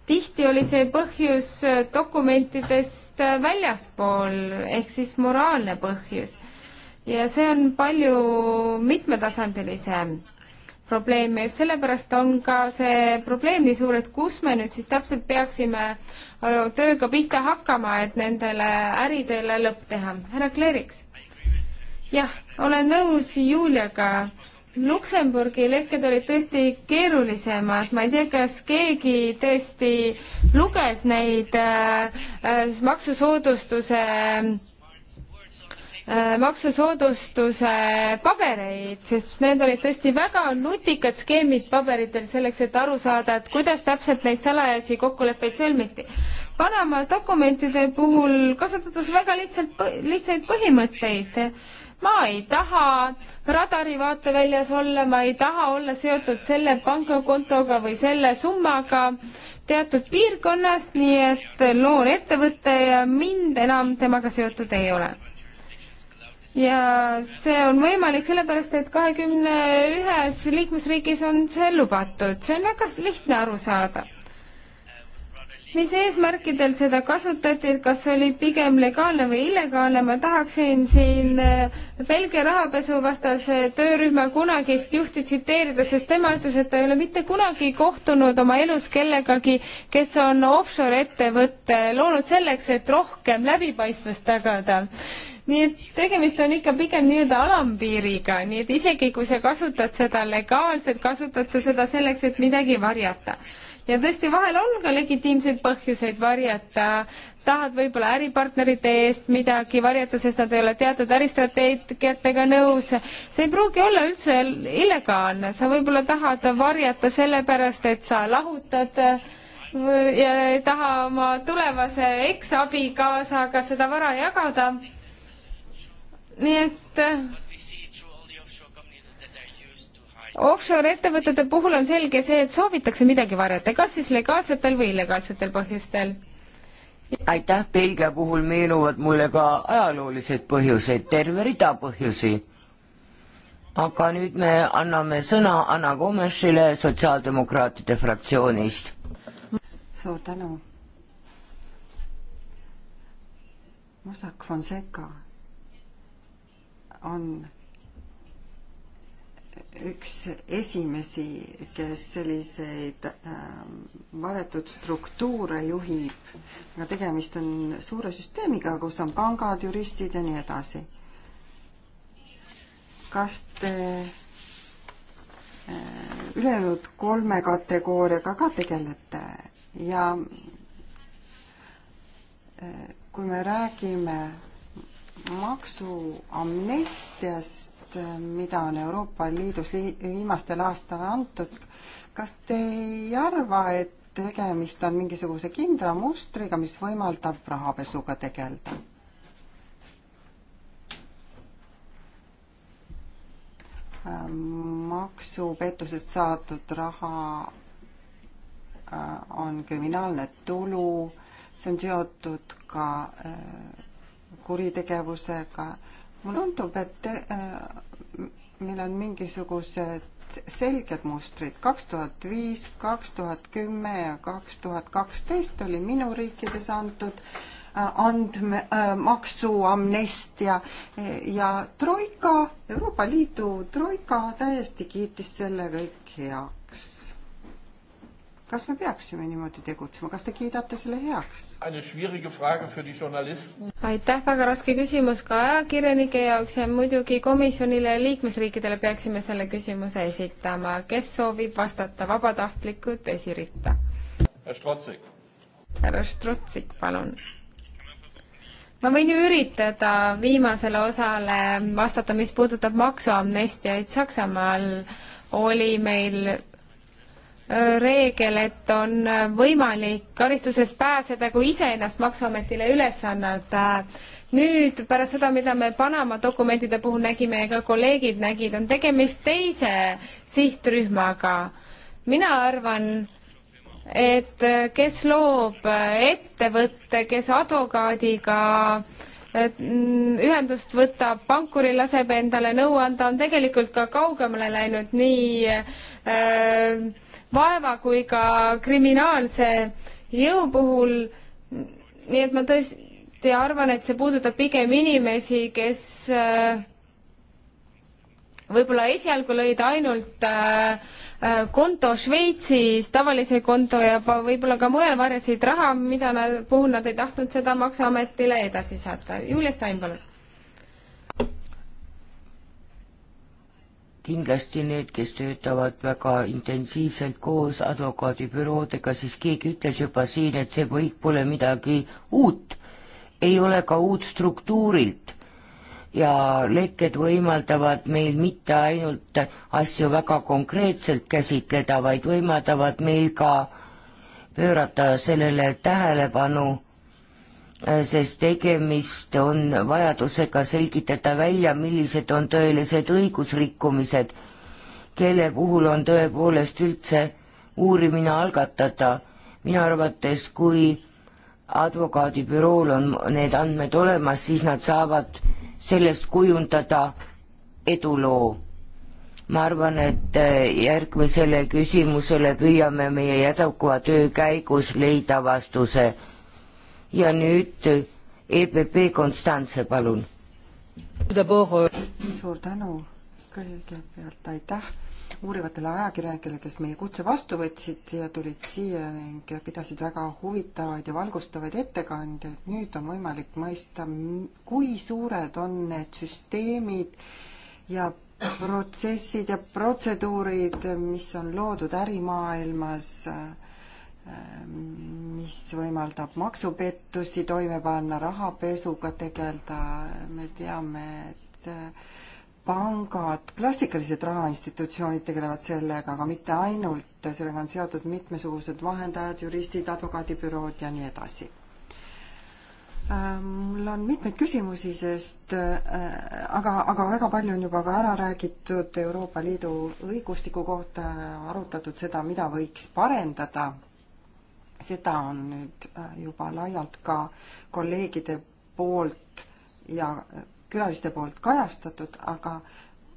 tihti oli see põhjus dokumentidest väljaspool ehk siis moraalne põhjus ja see on palju mitmetasandilisem probleem ja just sellepärast on ka see probleem nii suur, et kus me nüüd siis täpselt peaksime äh, tööga pihta hakkama, et nendele äridele lõpp teha. härra Kleriks? jah, olen nõus Juliaga. Luksemburgi lekked olid tõesti keerulisemad, ma ei tea, kas keegi tõesti luges neid äh, äh maksusoodustuse äh, Äh, maksusoodustuse pabereid, sest need olid tõesti väga nutikad skeemid paberitel selleks, et aru saada, et kuidas täpselt neid salajasi kokkuleppeid sõlmiti. Panama dokumentide puhul kasutades väga lihtsalt, lihtsaid põhimõtteid. ma ei taha radari vaateväljas olla, ma ei taha olla seotud selle pangakontoga või selle summaga teatud piirkonnast, nii et loon ettevõtte ja mind enam temaga seotud ei ole ja see on võimalik sellepärast, et kahekümne ühes liikmesriigis on see lubatud, see on väga lihtne aru saada. mis eesmärkidel seda kasutati, et kas oli pigem legaalne või illegaalne, ma tahaksin siin äh, Belgia rahapesuvastase töörühma kunagist juhti tsiteerida, sest tema ütles, et ta ei ole mitte kunagi kohtunud oma elus kellegagi, kes on offshore ettevõtte loonud selleks, et rohkem läbipaistvust tagada nii et tegemist on ikka pigem nii-öelda alampiiriga, nii et isegi kui sa kasutad seda legaalselt, kasutad sa seda selleks, et midagi varjata ja tõesti, vahel on ka legitiimseid põhjuseid varjata, tahad võib-olla äripartnerite eest midagi varjata, sest nad ei ole teatud äristrateegiatega nõus. see ei pruugi olla üldse illegaalne, sa võib-olla tahad varjata sellepärast, et sa lahutad ja ei taha oma tulevase eksabikaasaga seda vara jagada nii et äh, offshore-ettevõtete puhul on selge see, et soovitakse midagi varjata, kas siis legaalsetel või illegaalsetel põhjustel. aitäh, Belgia puhul meenuvad mulle ka ajaloolised põhjused, terve rida põhjusi. aga nüüd me anname sõna Anna Komešile Sotsiaaldemokraatide fraktsioonist. suur tänu. Mossack Fonseca on üks esimesi, kes selliseid ähm, varjatud struktuure juhib, aga tegemist on suure süsteemiga, kus on pangad, juristid ja nii edasi. kas te äh, ülejäänud kolme kategooriaga ka tegelete ja äh, kui me räägime maksuamnestiast, mida on Euroopa Liidus viimastel aastal antud, kas te ei arva, et tegemist on mingisuguse kindla mustriga, mis võimaldab rahapesuga tegeleda? maksupettusest saadud raha äh, on kriminaalne tulu, see on seotud ka äh, kuritegevusega. mulle tundub, et te, äh, meil on mingisugused selged mustrid. kaks tuhat viis, kaks tuhat kümme ja kaks tuhat kaksteist oli minu riikides antud äh, andme, äh, maksuamnestia ja Troika, Euroopa Liidu Troika täiesti kiitis selle kõik heaks kas me peaksime niimoodi tegutsema, kas te kiidate selle heaks? aitäh, väga raske küsimus ka ajakirjanike jaoks ja muidugi komisjonile ja liikmesriikidele peaksime selle küsimuse esitama. kes soovib vastata, vabatahtlikud esiritta? härra Strutsik, palun. ma võin ju üritada viimasele osale vastata, mis puudutab maksuamnestiaid Saksamaal oli meil reegel, et on võimalik karistusest pääseda, kui ise ennast Maksuametile üles annad. nüüd pärast seda, mida me Panama dokumentide puhul nägime ja ka kolleegid nägid, on tegemist teise sihtrühmaga. mina arvan, et kes loob ettevõtte, kes advokaadiga mm, ühendust võtab, pankuril laseb endale nõu anda, on tegelikult ka kaugemale läinud nii äh, vaeva kui ka kriminaalse jõu puhul. nii et ma tõesti arvan, et see puudutab pigem inimesi, kes äh, võib-olla esialgu lõid ainult äh, äh, konto Šveitsis, tavalise konto ja võib-olla ka mujal varjasid raha, mida nad, puhul nad ei tahtnud seda Maksuametile edasi saata. Julia Stein, palun kindlasti need, kes töötavad väga intensiivselt koos advokaadibüroodega, siis keegi ütles juba siin, et see kõik pole midagi uut. ei ole ka uut struktuurilt ja lekked võimaldavad meil mitte ainult asju väga konkreetselt käsitleda, vaid võimaldavad meil ka pöörata sellele tähelepanu Äh, sest tegemist on vajadusega selgitada välja, millised on tõelised õigusrikkumised, kelle puhul on tõepoolest üldse uurimine algatada. minu arvates, kui advokaadibürool on need andmed olemas, siis nad saavad sellest kujundada eduloo. ma arvan, et äh, järgmisele küsimusele püüame meie jätkuva töö käigus leida vastuse ja nüüd EPP eh, e Konstantse, palun. Euh, suur tänu, kõigepealt aitäh uurivatele ajakirjanikele, kes meie kutse vastu võtsid ja tulid siia ning pidasid väga huvitavaid ja valgustavaid ettekandeid. nüüd on võimalik mõista, kui suured on need süsteemid ja protsessid ja protseduurid, mis on loodud ärimaailmas äh, Ähm, mis võimaldab maksupettusi toime panna, rahapesuga tegeleda, me teame, et äh, pangad, klassikalised rahainstitutsioonid tegelevad sellega, aga mitte ainult, sellega on seotud mitmesugused vahendajad, juristid, advokaadibürood ja nii edasi ähm, mul on mitmeid küsimusi, sest äh, aga, aga väga palju on juba ka ära räägitud Euroopa Liidu õigustiku kohta, arutatud seda, mida võiks parendada seda on nüüd äh, juba laialt ka kolleegide poolt ja äh, külaliste poolt kajastatud, aga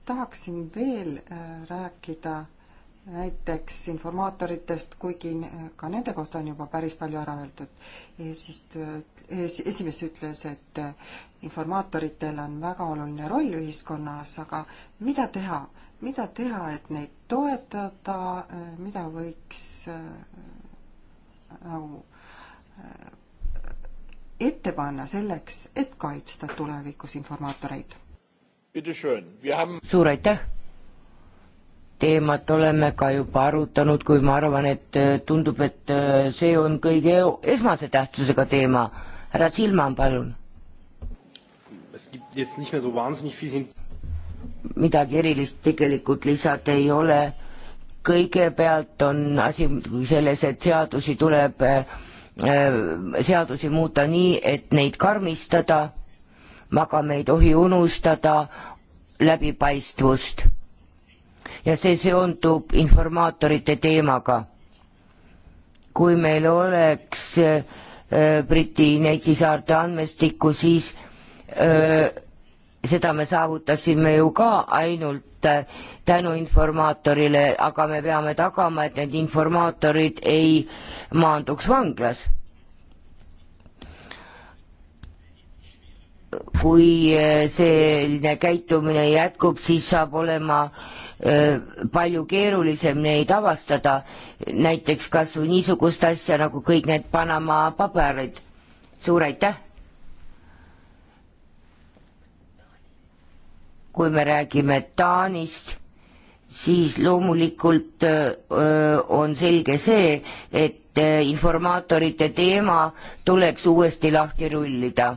tahaksin veel äh, rääkida näiteks informaatoritest, kuigi ka nende kohta on juba päris palju ära öeldud. eesistuja, esimees ütles, et informaatoritel on väga oluline roll ühiskonnas, aga mida teha, mida teha, et neid toetada, mida võiks nagu ette panna selleks, et kaitsta tulevikus informaatoreid. suur aitäh! teemat oleme ka juba arutanud, kuid ma arvan, et äh, tundub, et äh, see on kõige esmase tähtsusega teema. härra Silman, palun. midagi erilist tegelikult lisada ei ole kõigepealt on asi selles, et seadusi tuleb, äh, äh, seadusi muuta nii, et neid karmistada, aga me ei tohi unustada läbipaistvust. ja see seondub informaatorite teemaga. kui meil oleks äh, Briti Neitsi saarte andmestikku, siis öö, seda me saavutasime ju ka ainult äh, tänu informaatorile, aga me peame tagama, et need informaatorid ei maanduks vanglas. kui äh, selline käitumine jätkub, siis saab olema äh, palju keerulisem neid avastada, näiteks kas või niisugust asja nagu kõik need Panama paberid. suur aitäh! kui me räägime Taanist, siis loomulikult öö, on selge see, et informaatorite teema tuleks uuesti lahti rullida.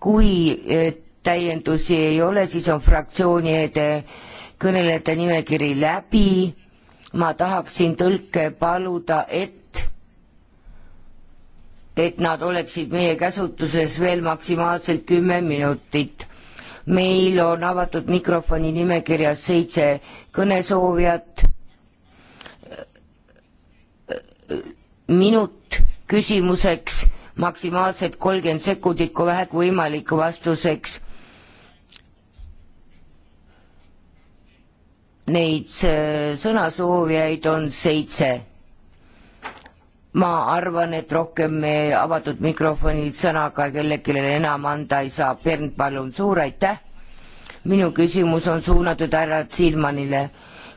kui öö, täiendusi ei ole, siis on fraktsioonide kõnelejate nimekiri läbi. ma tahaksin tõlke paluda, et, et nad oleksid meie käsutuses veel maksimaalselt kümme minutit meil on avatud mikrofoni nimekirjas seitse kõnesoovijat. minut küsimuseks, maksimaalselt kolmkümmend sekundit, kui vähegi võimalik, vastuseks neid äh, sõnasoovijaid on seitse ma arvan, et rohkem me avatud mikrofonid sõnaga kellelegi enam anda ei saa. Bernd, palun, suur aitäh. minu küsimus on suunatud härra Zilmanile.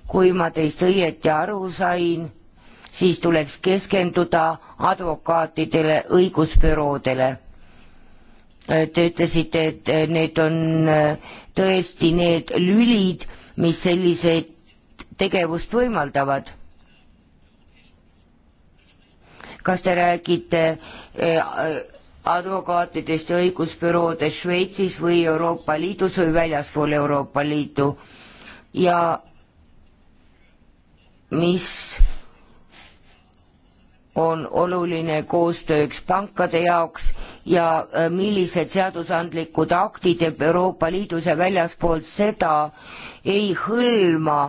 kui ma teist õieti aru sain, siis tuleks keskenduda advokaatidele, õigusbüroodele. Te ütlesite, et need on äh, tõesti need lülid, mis selliseid tegevust võimaldavad kas te räägite eh, advokaatidest ja õigusbüroodes Šveitsis või Euroopa Liidus või väljaspool Euroopa Liitu ja mis on oluline koostööks pankade jaoks ja eh, millised seadusandlikud aktid Euroopa Liidus ja väljaspoolt seda ei hõlma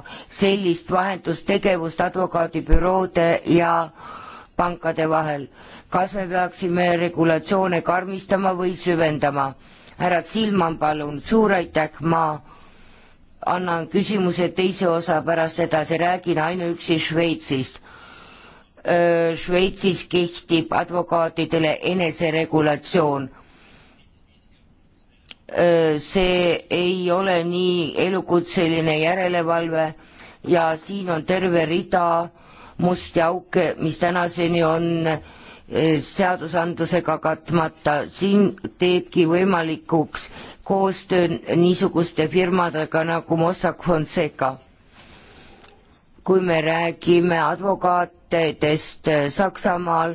sellist vahendustegevust advokaadibüroode ja äh, pankade vahel. kas me peaksime regulatsioone karmistama või süvendama? härra Silman, palun, suur aitäh, ma annan küsimuse teise osa pärast edasi, räägin ainuüksi Šveitsist. Šveitsis kehtib advokaatidele eneseregulatsioon see ei ole nii elukutseline järelevalve ja siin on terve rida musti auke, mis tänaseni on eh, seadusandlusega katmata, siin teebki võimalikuks koostöö niisuguste firmadega nagu Mossack Fonseca. kui me räägime advokaatidest eh, Saksamaal,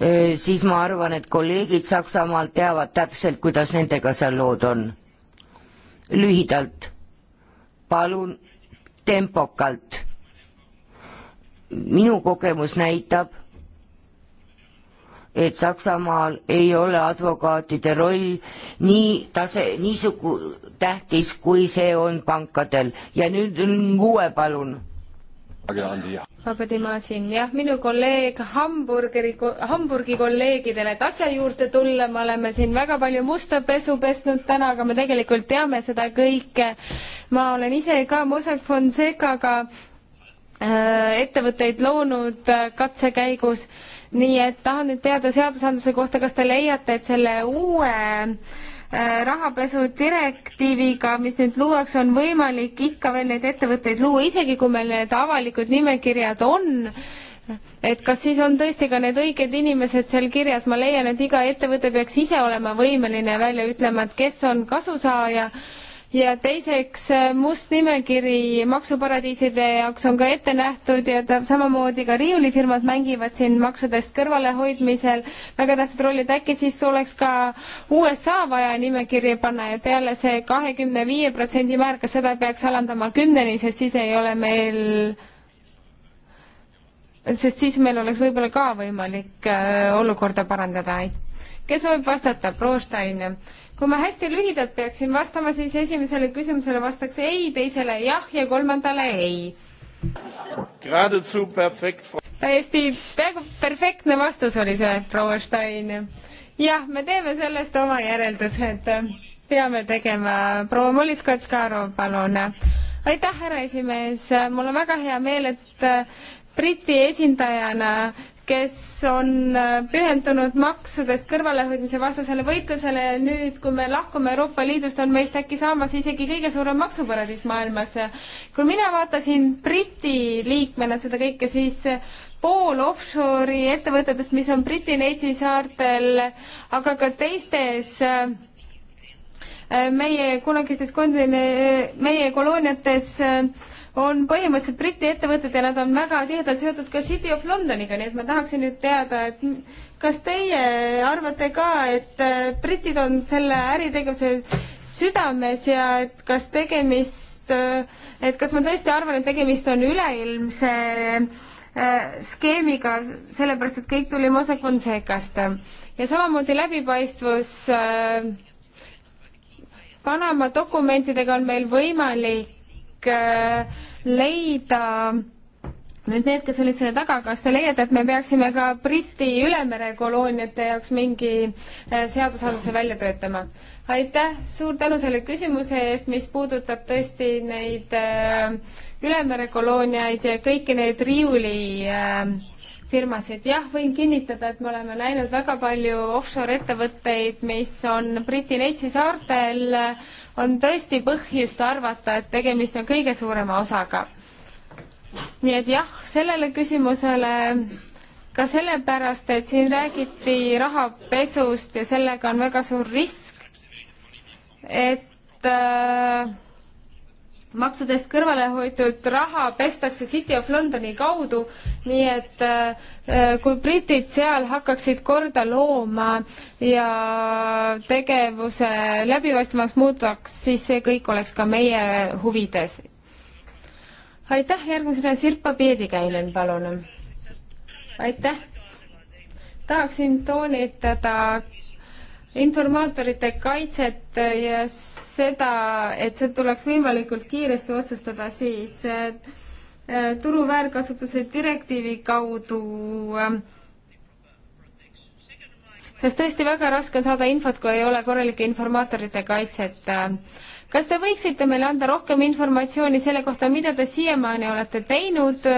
eh, siis ma arvan, et kolleegid Saksamaal teavad täpselt, kuidas nendega seal lood on. lühidalt, palun tempokalt minu kogemus näitab, et Saksamaal ei ole advokaatide roll nii tase, niisugu-, tähtis, kui see on pankadel ja nüüd uue palun Vabadimaa siin, jah, minu kolleeg Hamburgeri, Hamburgi kolleegidele, et asja juurde tulla, me oleme siin väga palju musta pesu pesnud täna, aga me tegelikult teame seda kõike. ma olen ise ka Mosek Fonsecaga Äh, ettevõtteid loonud äh, katse käigus. nii et tahan nüüd teada seadusandluse kohta, kas te leiate, et selle uue äh, rahapesu direktiiviga, mis nüüd luuakse, on võimalik ikka veel neid ettevõtteid luua, isegi kui meil need avalikud nimekirjad on, et kas siis on tõesti ka need õiged inimesed seal kirjas, ma leian, et iga ettevõte peaks ise olema võimeline välja ütlema, et kes on kasusaaja ja teiseks äh, must nimekiri maksuparadiiside jaoks on ka ette nähtud ja ta, samamoodi ka riiulifirmad mängivad siin maksudest kõrvalehoidmisel väga tähtsat rolli, et äkki siis oleks ka USA vaja nimekirja panna ja peale see kahekümne viie protsendi määr, kas seda peaks alandama kümneni, sest siis ei ole meil sest siis meil oleks võib-olla ka võimalik äh, olukorda parandada. kes soovib vastata, proua Stein? kui ma hästi lühidalt peaksin vastama, siis esimesele küsimusele vastaks ei, teisele jah ja kolmandale ei. täiesti peaaegu perfektne vastus oli see, proua Stein. jah, me teeme sellest oma järeldused. peame tegema. proua Molis-Kotkaro, palun. aitäh, härra esimees, mul on väga hea meel, et Briti esindajana kes on äh, pühendunud maksudest kõrvalehoidmise vastasele võitlusele ja nüüd, kui me lahkume Euroopa Liidust, on meist äkki saamas isegi kõige suurem maksuparadiis maailmas. kui mina vaatasin Briti liikmena seda kõike, siis pool offshore'i ettevõtetest, mis on Briti Neitsi saartel, aga ka teistes äh, meie kunagistes kondine, meie kolooniates äh, on põhimõtteliselt Briti ettevõtted ja nad on väga tihedalt seotud ka City of Londoniga, nii et ma tahaksin nüüd teada, et kas teie arvate ka, et äh, britid on selle äritegevuse südames ja et kas tegemist, äh, et kas ma tõesti arvan, et tegemist on üleilmse äh, skeemiga, sellepärast et kõik tuli Mossack Fonsecast ja samamoodi läbipaistvus. Panama dokumentidega on meil võimalik Äh, leida nüüd need, kes olid selle taga, kas te leiate, et me peaksime ka Briti ülemere kolooniate jaoks mingi äh, seadusandluse välja töötama? aitäh, suur tänu selle küsimuse eest, mis puudutab tõesti neid äh, ülemere kolooniaid ja kõiki neid riiuli äh, firmasid. jah, võin kinnitada, et me oleme näinud väga palju offshore-ettevõtteid, mis on Briti Neitsi saartel, on tõesti põhjust arvata, et tegemist on kõige suurema osaga. nii et jah, sellele küsimusele ka sellepärast, et siin räägiti rahapesust ja sellega on väga suur risk, et äh, maksudest kõrvalehoitud raha pestakse City of Londoni kaudu, nii et äh, äh, kui britid seal hakkaksid korda looma ja tegevuse läbipaistvamaks muutaks, siis see kõik oleks ka meie huvides. aitäh, järgmisena Sirpa Piedikäinen, palun. aitäh. tahaksin toonitada informaatorite kaitset ja yes seda, et see tuleks võimalikult kiiresti otsustada, siis äh, turu väärkasutuse direktiivi kaudu ähm, sest tõesti väga raske on saada infot, kui ei ole korralike informaatorite kaitset. kas te võiksite meile anda rohkem informatsiooni selle kohta, mida te siiamaani olete teinud?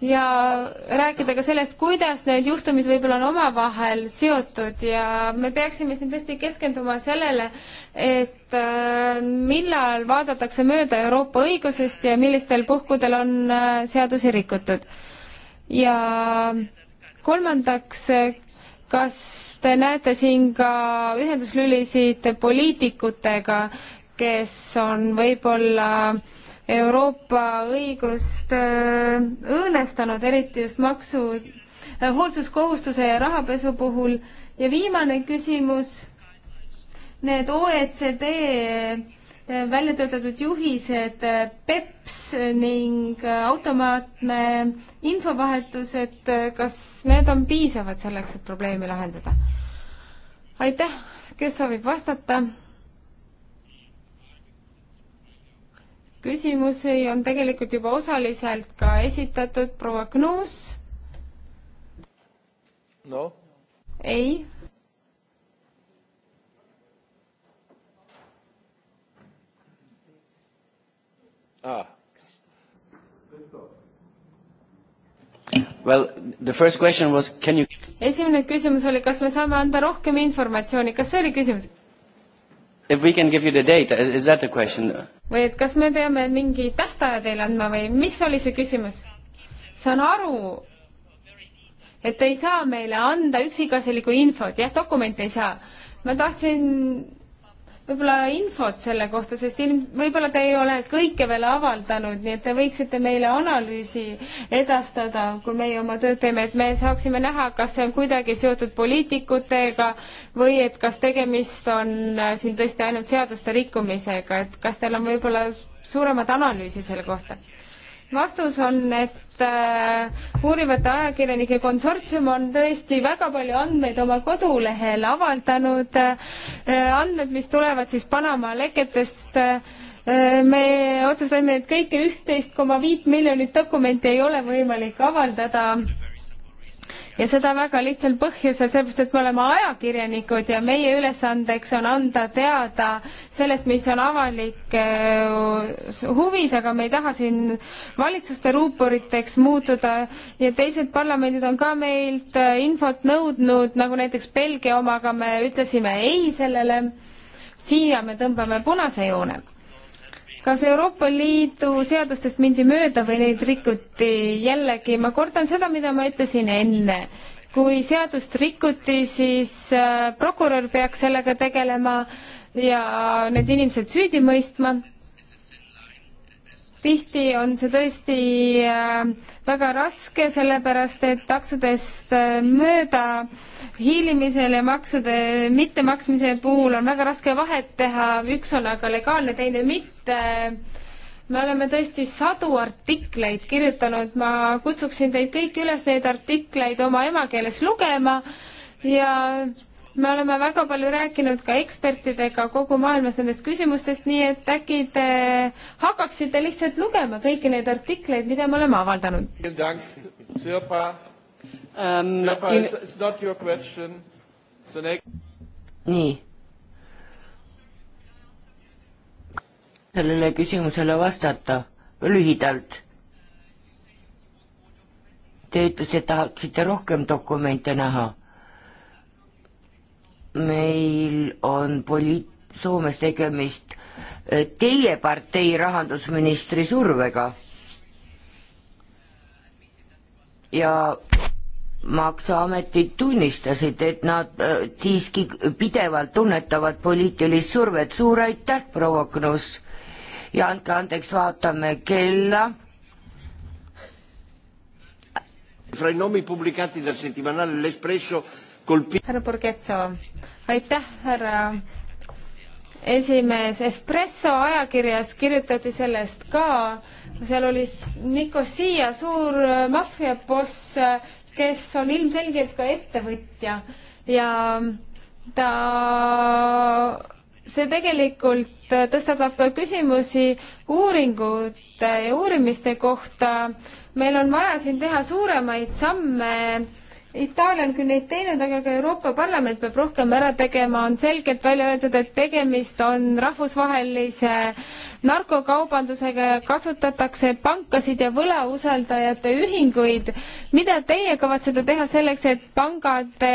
ja rääkida ka sellest, kuidas need juhtumid võib-olla on omavahel seotud ja me peaksime siin tõesti keskenduma sellele, et äh, millal vaadatakse mööda Euroopa õigusest ja millistel puhkudel on äh, seadusi rikutud. ja kolmandaks, kas te näete siin ka ühenduslülisid poliitikutega, kes on võib-olla äh, Euroopa õigust äh, õõnestanud, eriti just maksu, äh, hoolsuskohustuse ja rahapesu puhul. ja viimane küsimus, need OECD äh, välja töötatud juhised PEPS ning automaatne infovahetus, et kas need on piisavad selleks, et probleemi lahendada? aitäh, kes soovib vastata? küsimusi on tegelikult juba osaliselt ka esitatud, proua Gnus? noh? ei. Ah. Well, the first question was, can you esimene küsimus oli, kas me saame anda rohkem informatsiooni, kas see oli küsimus? If we can give you the date, is, is that the question? või et kas me peame mingi tähtaja teile andma või mis oli see küsimus? saan aru, et ei saa meile anda üksikasjalikku infot, jah, dokumente ei saa. ma tahtsin võib-olla infot selle kohta, sest ilm-, võib-olla te ei ole kõike veel avaldanud, nii et te võiksite meile analüüsi edastada, kui meie oma tööd teeme, et me saaksime näha, kas see on kuidagi seotud poliitikutega või et kas tegemist on äh, siin tõesti ainult seaduste rikkumisega, et kas teil on võib-olla suuremat analüüsi selle kohta? vastus on, et äh, uurivate ajakirjanike konsortsium on tõesti väga palju andmeid oma kodulehel avaldanud äh,, andmed, mis tulevad siis Panama leketest äh, me otsustasime, et kõike üht-teist koma viit miljonit dokumenti ei ole võimalik avaldada äh, ja seda väga lihtsal põhjusel, sellepärast et me oleme ajakirjanikud ja meie ülesandeks on anda teada sellest, mis on avalikes äh, huvis, aga me ei taha siin valitsuste ruuporiteks muutuda ja teised parlamendid on ka meilt äh, infot nõudnud, nagu näiteks Belgia omaga me ütlesime ei sellele, siia me tõmbame punase joone kas Euroopa Liidu seadustest mindi mööda või neid rikuti? jällegi, ma kordan seda, mida ma ütlesin enne. kui seadust rikuti, siis äh, prokurör peaks sellega tegelema ja need inimesed süüdi mõistma tihti on see tõesti äh, väga raske, sellepärast et taksodest äh, mööda hiilimisel ja maksude mittemaksmise puhul on väga raske vahet teha, üks on aga legaalne, teine mitte. me oleme tõesti sadu artikleid kirjutanud, ma kutsuksin teid kõiki üles neid artikleid oma emakeeles lugema ja me oleme väga palju rääkinud ka ekspertidega kogu maailmas nendest küsimustest, nii et äkki te hakkaksite lihtsalt lugema kõiki neid artikleid, mida me oleme avaldanud. Ähm, nii. sellele küsimusele vastata lühidalt. Te ütlesite, tahaksite rohkem dokumente näha meil on poliit-, Soomes tegemist eh, teie partei rahandusministri survega. ja maksuametid tunnistasid, et nad äh, siiski pidevalt tunnetavad poliitilist survet, suur aitäh, proua Knus! ja andke andeks, vaatame kella fra i nomi pubblicati dal settimanale L'Espresso härra Borgetso, aitäh, härra esimees, Espresso ajakirjas kirjutati sellest ka, seal oli Nicosia suur äh, maffiaboss, äh, kes on ilmselgelt ka ettevõtja ja ta, see tegelikult äh, tõstatab ka küsimusi uuringute ja uurimiste kohta. meil on vaja siin teha suuremaid samme Itaalia on küll neid teinud, aga ka Euroopa Parlament peab rohkem ära tegema, on selgelt välja öeldud, et tegemist on rahvusvahelise narkokaubandusega ja kasutatakse pankasid ja võlausaldajate ühinguid. mida teie kavatsete teha selleks, et pangade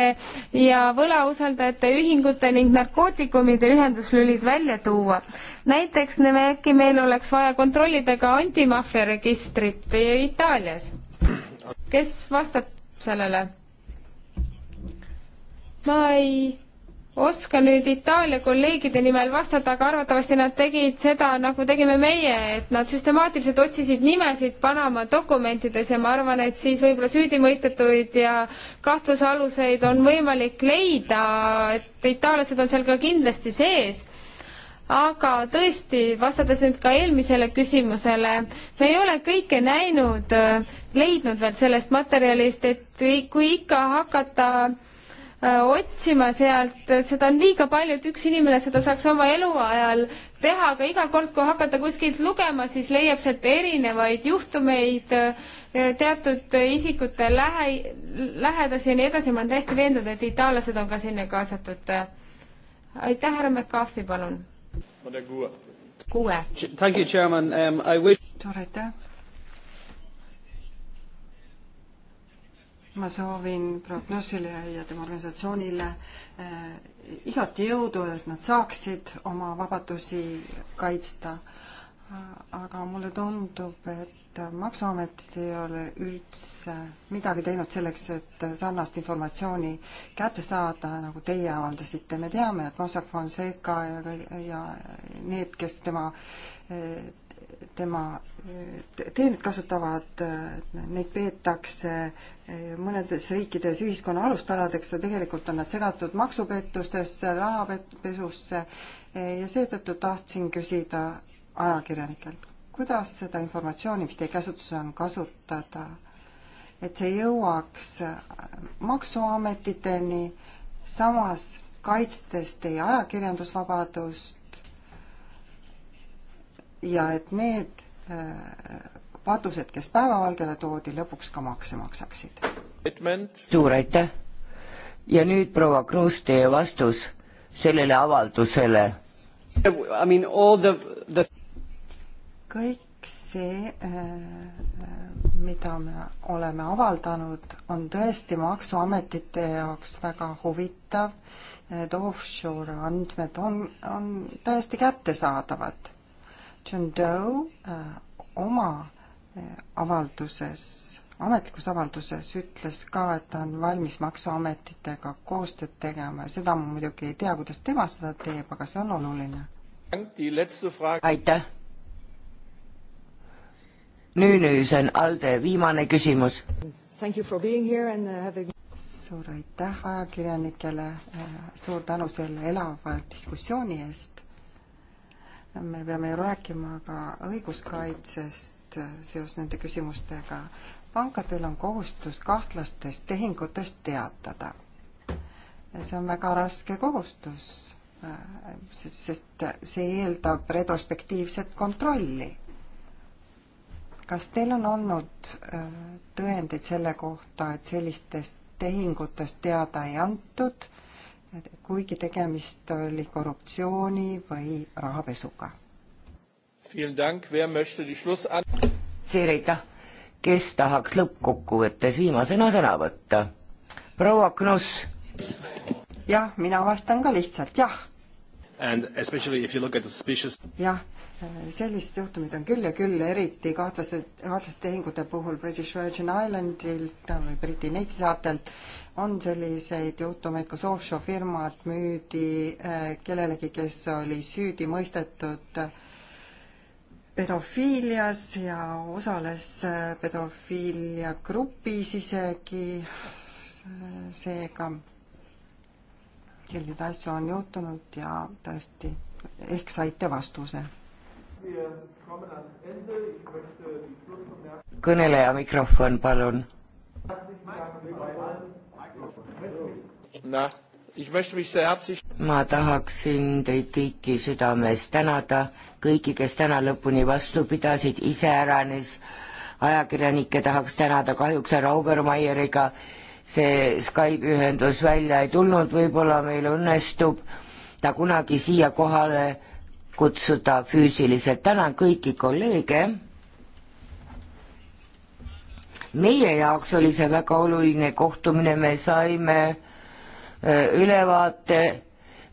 ja võlausaldajate ühingute ning narkootikumide ühenduslülid välja tuua? näiteks äkki meil oleks vaja kontrollida ka antimaffia registrit Itaalias. kes vastab sellele? ma ei oska nüüd Itaalia kolleegide nimel vastata, aga arvatavasti nad tegid seda, nagu tegime meie, et nad süstemaatiliselt otsisid nimesid Panama dokumentides ja ma arvan, et siis võib-olla süüdimõistetuid ja kahtlusaluseid on võimalik leida, et itaallased on seal ka kindlasti sees. aga tõesti, vastates nüüd ka eelmisele küsimusele, me ei ole kõike näinud, leidnud veel sellest materjalist, et kui ikka hakata Äh, otsima sealt, seda on liiga palju, et üks inimene seda saaks oma eluajal teha, aga iga kord, kui hakata kuskilt lugema, siis leiab sealt erinevaid juhtumeid äh, teatud isikute lähe, lähedasi ja nii edasi, ma olen täiesti veendunud, et itaallased on ka sinna kaasatud. aitäh, härra McCarthy, palun. kuue. Um, suur aitäh ma soovin Prognosile ja tema organisatsioonile äh, eh, igati jõudu, et nad saaksid oma vabadusi kaitsta. aga mulle tundub, et Maksuamet ei ole üldse midagi teinud selleks, et sarnast informatsiooni kätte saada, nagu teie avaldasite. me teame, et Mossack Fonseca ja, ja need, kes tema, eh, tema teeneid kasutavad, neid peetakse mõnedes riikides ühiskonna alustaladeks ja tegelikult on nad segatud maksupettustesse, rahapesusse ja seetõttu tahtsin küsida ajakirjanikelt, kuidas seda informatsiooni, mis teie käsutuses on, kasutada, et see jõuaks maksuametiteni, samas kaitstes teie ajakirjandusvabadust ja et need patused, äh, kes päevavalgele toodi, lõpuks ka makse maksaksid. suur aitäh! ja nüüd proua Kruus, teie vastus sellele avaldusele? I mean all the, the kõik see, äh, äh, mida me oleme avaldanud, on tõesti Maksuametite jaoks väga huvitav. Need offshore andmed on, on täiesti kättesaadavad John Doe äh, oma äh, avalduses, ametlikus avalduses ütles ka, et ta on valmis maksuametitega koostööd tegema ja seda ma muidugi ei tea, kuidas tema seda teeb, aga see on oluline. aitäh. Nüüsen Alde, viimane küsimus. Uh, having... suur aitäh ajakirjanikele, äh, suur tänu selle elava diskussiooni eest me peame ju rääkima ka õiguskaitsest seoses nende küsimustega. pankadel on kohustus kahtlastest tehingutest teatada. see on väga raske kohustus, sest, sest see eeldab retrospektiivset kontrolli. kas teil on olnud äh, tõendeid selle kohta, et sellistest tehingutest teada ei antud kuigi tegemist oli korruptsiooni või rahapesuga. seega aitäh, kes tahaks lõppkokkuvõttes viimasena sõna võtta? proua Knus. jah, mina vastan ka lihtsalt jah. jah, selliseid juhtumeid on küll ja küll, eriti kahtlased, kahtlaste tehingute puhul British Virgin Islandilt või Briti Neitsi saartelt on selliseid juhtumeid, kus offshore firmad müüdi äh, kellelegi, kes oli süüdi mõistetud äh, pedofiilias ja osales äh, pedofiilia grupis isegi, seega selliseid asju on juhtunud ja tõesti, ehk saite vastuse. kõneleja mikrofon, palun ma tahaksin teid kõiki südames tänada, kõiki, kes täna lõpuni vastu pidasid, iseäranis ajakirjanikke tahaks tänada, kahjuks härra Obermeieriga see Skype'i ühendus välja ei tulnud, võib-olla meil õnnestub ta kunagi siia kohale kutsuda füüsiliselt. tänan kõiki kolleege. meie jaoks oli see väga oluline kohtumine, me saime ülevaate,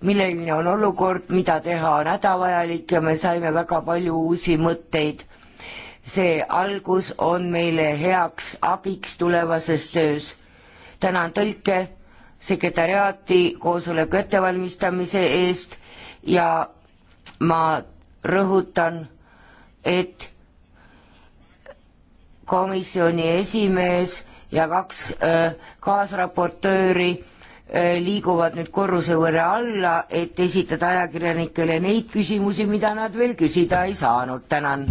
milline on olukord, mida teha on hädavajalik ja me saime väga palju uusi mõtteid. see algus on meile heaks abiks tulevases töös. tänan tõlke, sekretäriaati koosoleku ettevalmistamise eest ja ma rõhutan, et komisjoni esimees ja kaks öö, äh, kaasraportööri Äh, liiguvad nüüd korruse võrra alla, et esitada ajakirjanikele neid küsimusi, mida nad veel küsida ei saanud, tänan.